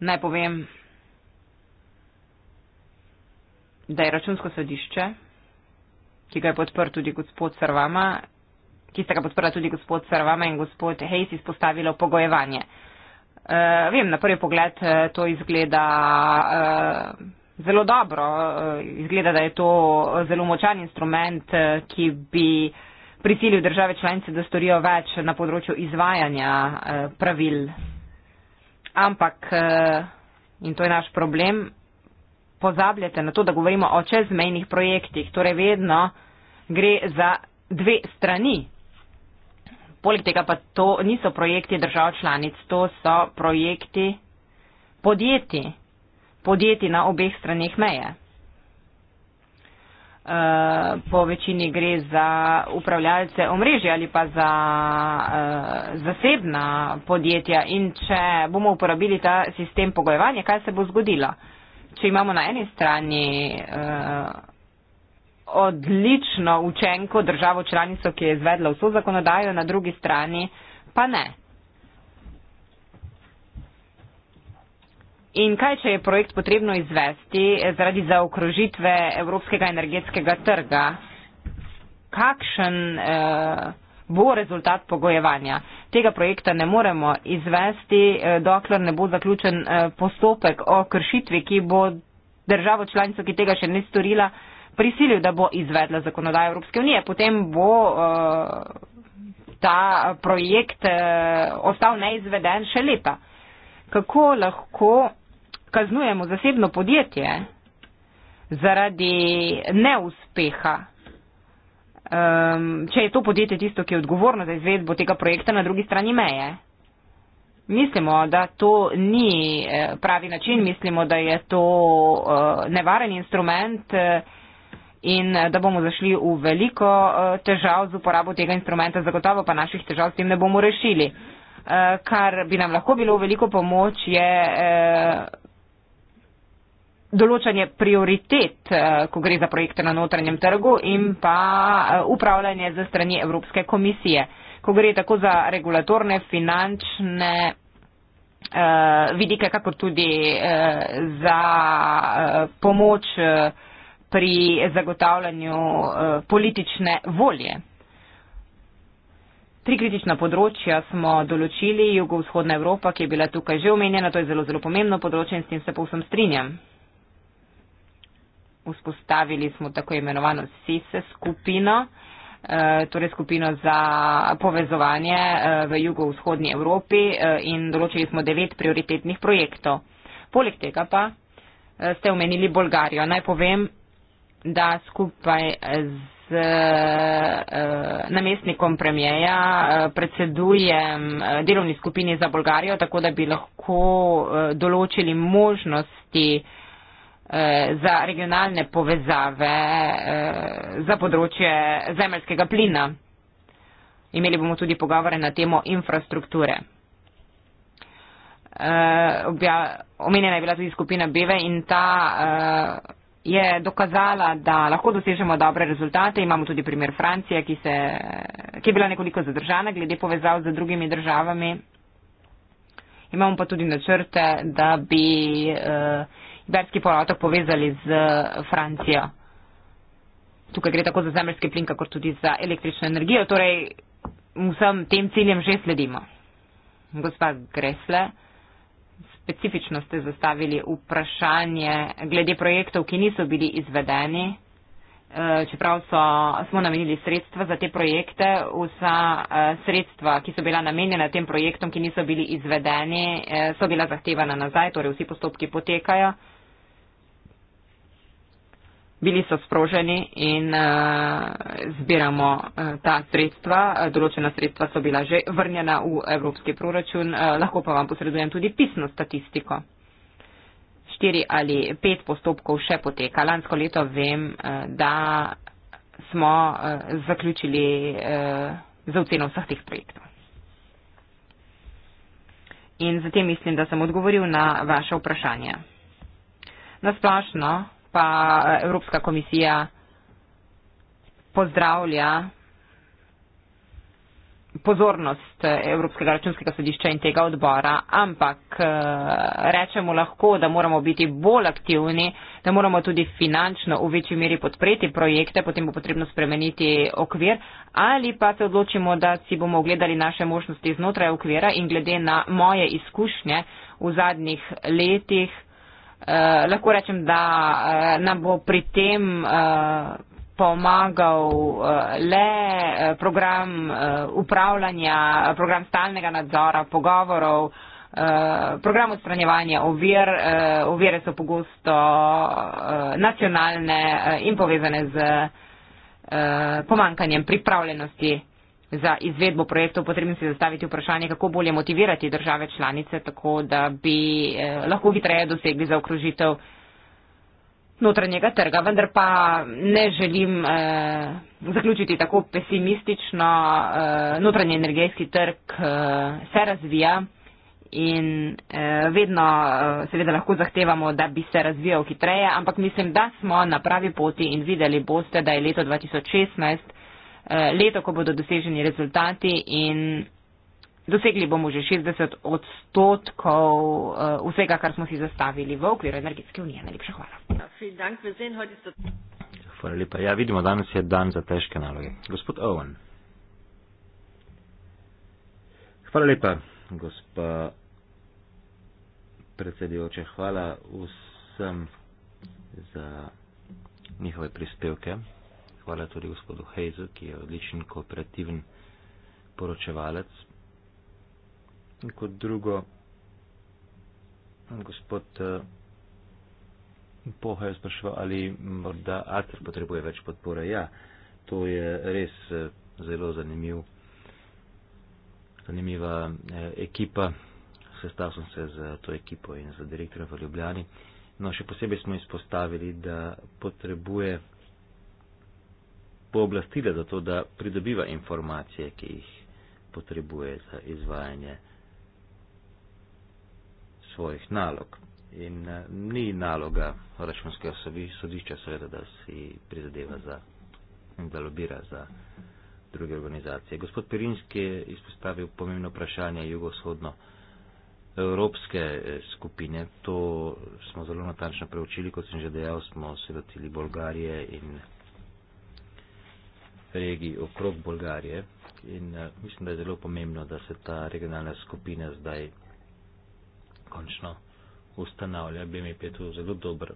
naj povem, da je računsko sodišče ki ga je podprl tudi gospod Srvama, ki sta ga podprla tudi gospod Srvama in gospod Hayes izpostavilo pogojevanje. Uh, eh, vem, na prvi pogled eh, to izgleda uh, zelo dobro, uh, izgleda, da je to zelo močan instrument, uh, ki bi prisilil države članice, da storijo več na področju izvajanja uh, pravil. Ampak, uh, in to je naš problem, pozabljate na to, da govorimo o čezmejnih projektih, torej vedno gre za dve strani. Poleg tega pa to niso projekti držav članic, to so projekti podjetij, podjetij na obeh stranih meje. Uh, po večini gre za upravljalce omrežja ali pa za uh, zasebna podjetja in če bomo uporabili ta sistem pogojevanja, kaj se bo zgodilo? Uh, če imamo na eni strani uh, odlično učenko državo članico, ki je izvedla vso zakonodajo, na drugi strani pa ne. In kaj, če je projekt potrebno izvesti eh, zaradi zaokrožitve evropskega energetskega trga? Kakšen uh, bo rezultat pogojevanja. Tega projekta ne moremo izvesti, eh, dokler ne bo zaključen eh, postopek o kršitvi, ki bo državo članico, ki tega še ni storila, prisilil, da bo izvedla zakonodajo Evropske unije. Potem bo eh, ta projekt ostal neizveden še leta. Kako lahko kaznujemo zasebno podjetje zaradi neuspeha um, če je to podjetje tisto, ki je odgovorno za izvedbo tega projekta na drugi strani meje. Mislimo, da to ni eh, pravi način, mislimo, da je to eh, nevaren instrument eh, in da bomo zašli v veliko težav z uporabo tega instrumenta, zagotovo pa naših težav s tem ne bomo rešili. Kar bi nam lahko bilo v veliko pomoč, je določanje prioritet, eh, ko gre za projekte na notranjem trgu in pa eh, upravljanje za strani Evropske komisije, ko gre tako za regulatorne, finančne eh, vidike, kako tudi za pomoč pri zagotavljanju politične volje. Tri kritična področja smo določili, jugovzhodna Evropa, ki je bila tukaj že omenjena, to je zelo, zelo pomembno področje in s tem se povsem strinjam. Vzpostavili smo tako imenovano SISE skupino, eh, torej skupino za povezovanje eh, v jugovzhodnji Evropi eh, in določili smo devet prioritetnih projektov. Poleg tega pa ste omenili Bolgarijo. Naj povem, da skupaj z namestnikom premjeja predsedujem delovni skupini za Bolgarijo, tako da bi lahko določili možnosti, Eh, za regionalne povezave eh, za področje zemljskega plina. Imeli bomo tudi pogovore na temo infrastrukture. Eh, omenjena je bila tudi skupina Beve in ta je dokazala, da lahko dosežemo dobre rezultate. Imamo tudi primer Francije, ki, se, ki je bila nekoliko zadržana glede povezav z drugimi državami. Imamo pa tudi načrte, da bi eh, Berski polotok povezali z eh, Francijo. Tukaj gre tako za zemljski plin, kot tudi za električno energijo. Torej, vsem tem ciljem že sledimo. Gospa Gresle, specifično ste zastavili vprašanje glede projektov, ki niso bili izvedeni. Eh, čeprav so, smo namenili sredstva za te projekte, vsa eh, sredstva, ki so bila namenjena tem projektom, ki niso bili izvedeni, so bila zahtevana nazaj, torej vsi postopki potekajo. Bili so sproženi in uh, zbiramo uh, ta sredstva. Določena sredstva so bila že vrnjena v evropski proračun, uh, lahko pa vam posredujem tudi pisno statistiko. Štiri ali pet postopkov še poteka. Lansko leto vem, uh, da smo uh, zaključili uh, za oceno vseh teh projektov. In zatem mislim, da sem odgovoril na vaše vprašanje. Nasplašno pa eh, Evropska komisija pozdravlja pozornost eh, Evropskega računskega sodišča in tega odbora, ampak eh, rečemo lahko, da moramo biti bolj aktivni, da moramo tudi finančno v večji meri podpreti projekte, potem bo potrebno spremeniti okvir ali pa se odločimo, da si bomo ogledali naše možnosti znotraj okvira in glede na moje izkušnje v zadnjih letih Eh, lahko rečem, da uh, nam bo pri tem uh, pomagal uh, le program uh, upravljanja, program stalnega nadzora, pogovorov, uh, program odstranjevanja ovir. Uh, ovire so pogosto uh, nacionalne uh, in povezane z uh, pomankanjem pripravljenosti. Za izvedbo projektov potrebno se zastaviti vprašanje, kako bolje motivirati države članice, tako da bi eh, lahko hitreje dosegli za okrožitev notranjega trga. Vendar pa ne želim eh, zaključiti tako pesimistično. Eh, notranji energetski trg eh, se razvija in eh, vedno eh, seveda lahko zahtevamo, da bi se razvijal hitreje, ampak mislim, da smo na pravi poti in videli boste, da je leto 2016 Eh, leto, ko bodo doseženi rezultati in dosegli bomo že 60 odstotkov eh, vsega, kar smo si zastavili v okviru energetske unije. Najlepša hvala. Hvala lepa. Ja, vidimo, danes je dan za težke naloge. Gospod Owen. Hvala lepa, gospa predsedujoča. Hvala vsem za njihove prispevke hvala tudi gospodu Hejzu, ki je odličen kooperativen poročevalec. In kot drugo, gospod eh, Poha je sprašval, ali morda Atr potrebuje več podpore. Ja, to je res eh, zelo zanimiv, zanimiva eh, ekipa. Sestal sem se z to ekipo in z direktorjem v Ljubljani. No, še posebej smo izpostavili, da potrebuje pooblastila za to, da pridobiva informacije, ki jih potrebuje za izvajanje svojih nalog. In eh, ni naloga računskega sodišča, seveda, da si prizadeva za in da lobira za druge organizacije. Gospod Pirinski je izpostavil pomembno vprašanje jugovzhodno evropske eh, skupine. To smo zelo natančno preučili, kot sem že dejal, smo se lotili Bolgarije in regij okrog Bolgarije in uh, mislim, da je zelo pomembno, da se ta regionalna skupina zdaj končno ustanavlja. BMP je tu zelo dober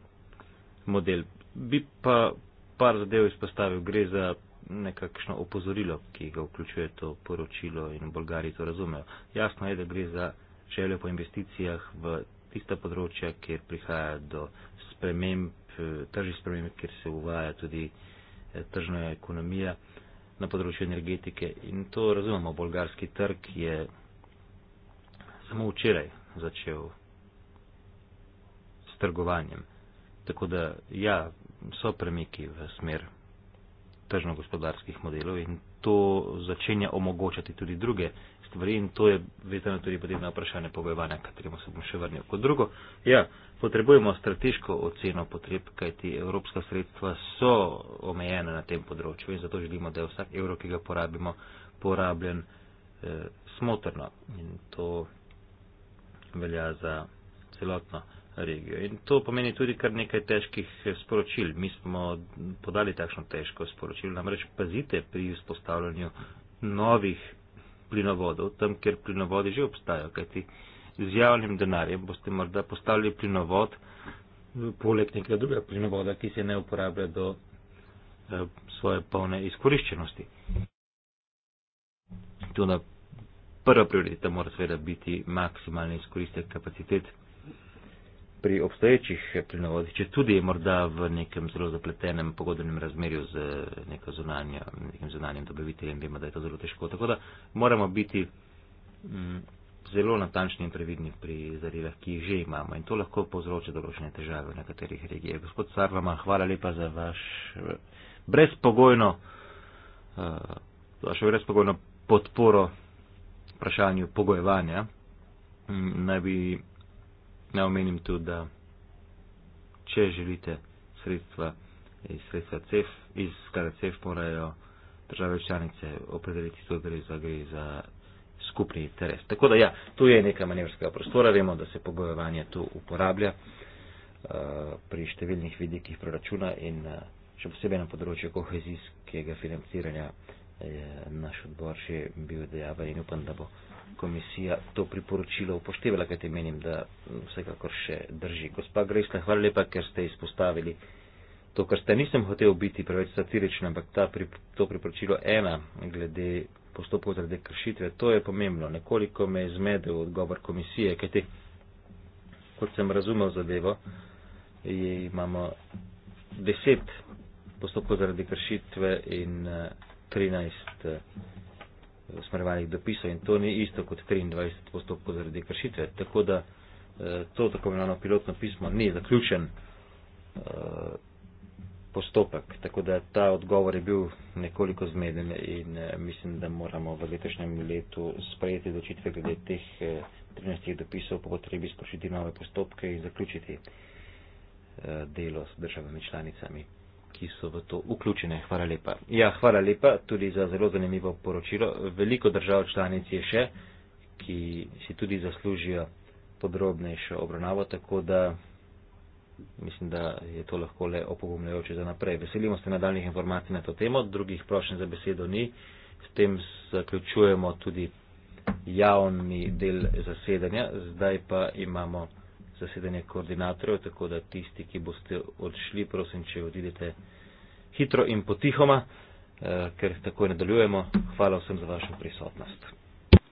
model. Bi pa par zadev izpostavil, gre za nekakšno opozorilo, ki ga vključuje to poročilo in v Bolgariji to razumejo. Jasno je, da gre za željo po investicijah v tista področja, kjer prihaja do sprememb, eh, tržih sprememb, kjer se uvaja tudi uh, tržna ekonomija na področju energetike in to razumemo. Bolgarski trg je samo včeraj začel s trgovanjem. Tako da, ja, so premiki v smer tržno-gospodarskih modelov in to začenja omogočati tudi druge stvari in to je vezano tudi potem na vprašanje pogojevanja, katerimo se bom še vrnil. Kot drugo, ja, potrebujemo strateško oceno potreb, kajti evropska sredstva so omejena na tem področju in zato želimo, da je vsak evro, ki ga porabimo, porabljen eh, smotrno in to velja za celotno regijo. In to pomeni tudi kar nekaj težkih eh, sporočil. Mi smo podali takšno težko sporočilo. Namreč pazite pri vzpostavljanju novih plinovodov, tam, kjer plinovodi že obstajajo, kajti z javnim denarjem boste morda postavili plinovod eh, poleg nekega drugega plinovoda, ki se ne uporablja do eh, svoje polne izkoriščenosti. Tuna prva prioriteta mora seveda biti maksimalni izkoristek kapacitet pri obstoječih plinovodih, če tudi morda v nekem zelo zapletenem pogodbenem razmerju z zunanjo, nekim zunanjim dobaviteljem, vemo, da je to zelo težko. Tako da moramo biti m, mm, zelo natančni in previdni pri zarivah, ki jih že imamo in to lahko povzroča določene težave v nekaterih regijah. Gospod Sarvama, hvala lepa za vaš brezpogojno, uh, vašo brezpogojno podporo vprašanju pogojevanja. Mm, naj bi Ne omenim tu, da če želite sredstva iz sredstva CEF, iz skala CEF morajo države članice opredeliti to, da gre za, gre za skupni interes. Tako da ja, tu je nekaj manevrskega prostora, vemo, da se pobojevanje tu uporablja eh, pri številnih vidikih proračuna in eh, še posebej na področju kohezijskega financiranja je naš odbor še bil dejaven in upam, da bo komisija to priporočilo upoštevala, kajte menim, da vsekakor še drži. Gospa Grejsla, hvala lepa, ker ste izpostavili to, kar ste. Nisem hotel biti preveč satiričen, ampak ta, to priporočilo ena glede postopkov zaradi kršitve, to je pomembno. Nekoliko me je zmedel odgovor komisije, kajte, kot sem razumel zadevo, imamo deset postopkov zaradi kršitve in eh, trinajst. Uh, usmerjevanih dopisov in to ni isto kot 23 postopkov zaradi kršitve. Tako da eh, to tako imenovano pilotno pismo ni zaključen eh, postopek. Tako da ta odgovor je bil nekoliko zmeden in eh, mislim, da moramo v letošnjem letu sprejeti odločitve glede teh 13 dopisov, po potrebi sprošiti nove postopke in zaključiti delo s državami članicami ki so v to vključene. Hvala lepa. Ja, hvala lepa tudi za zelo zanimivo poročilo. Veliko držav članic je še, ki si tudi zaslužijo podrobnejšo obravnavo, tako da mislim, da je to lahko le opogumljajoče za naprej. Veselimo se nadaljnih informacij na to temo, drugih prošenj za besedo ni. S tem zaključujemo tudi javni del zasedanja. Zdaj pa imamo zasedanje koordinatorjev, tako da tisti, ki boste odšli, prosim, če odidete hitro in potihoma, eh, ker takoj nadaljujemo. Hvala vsem za vašo prisotnost.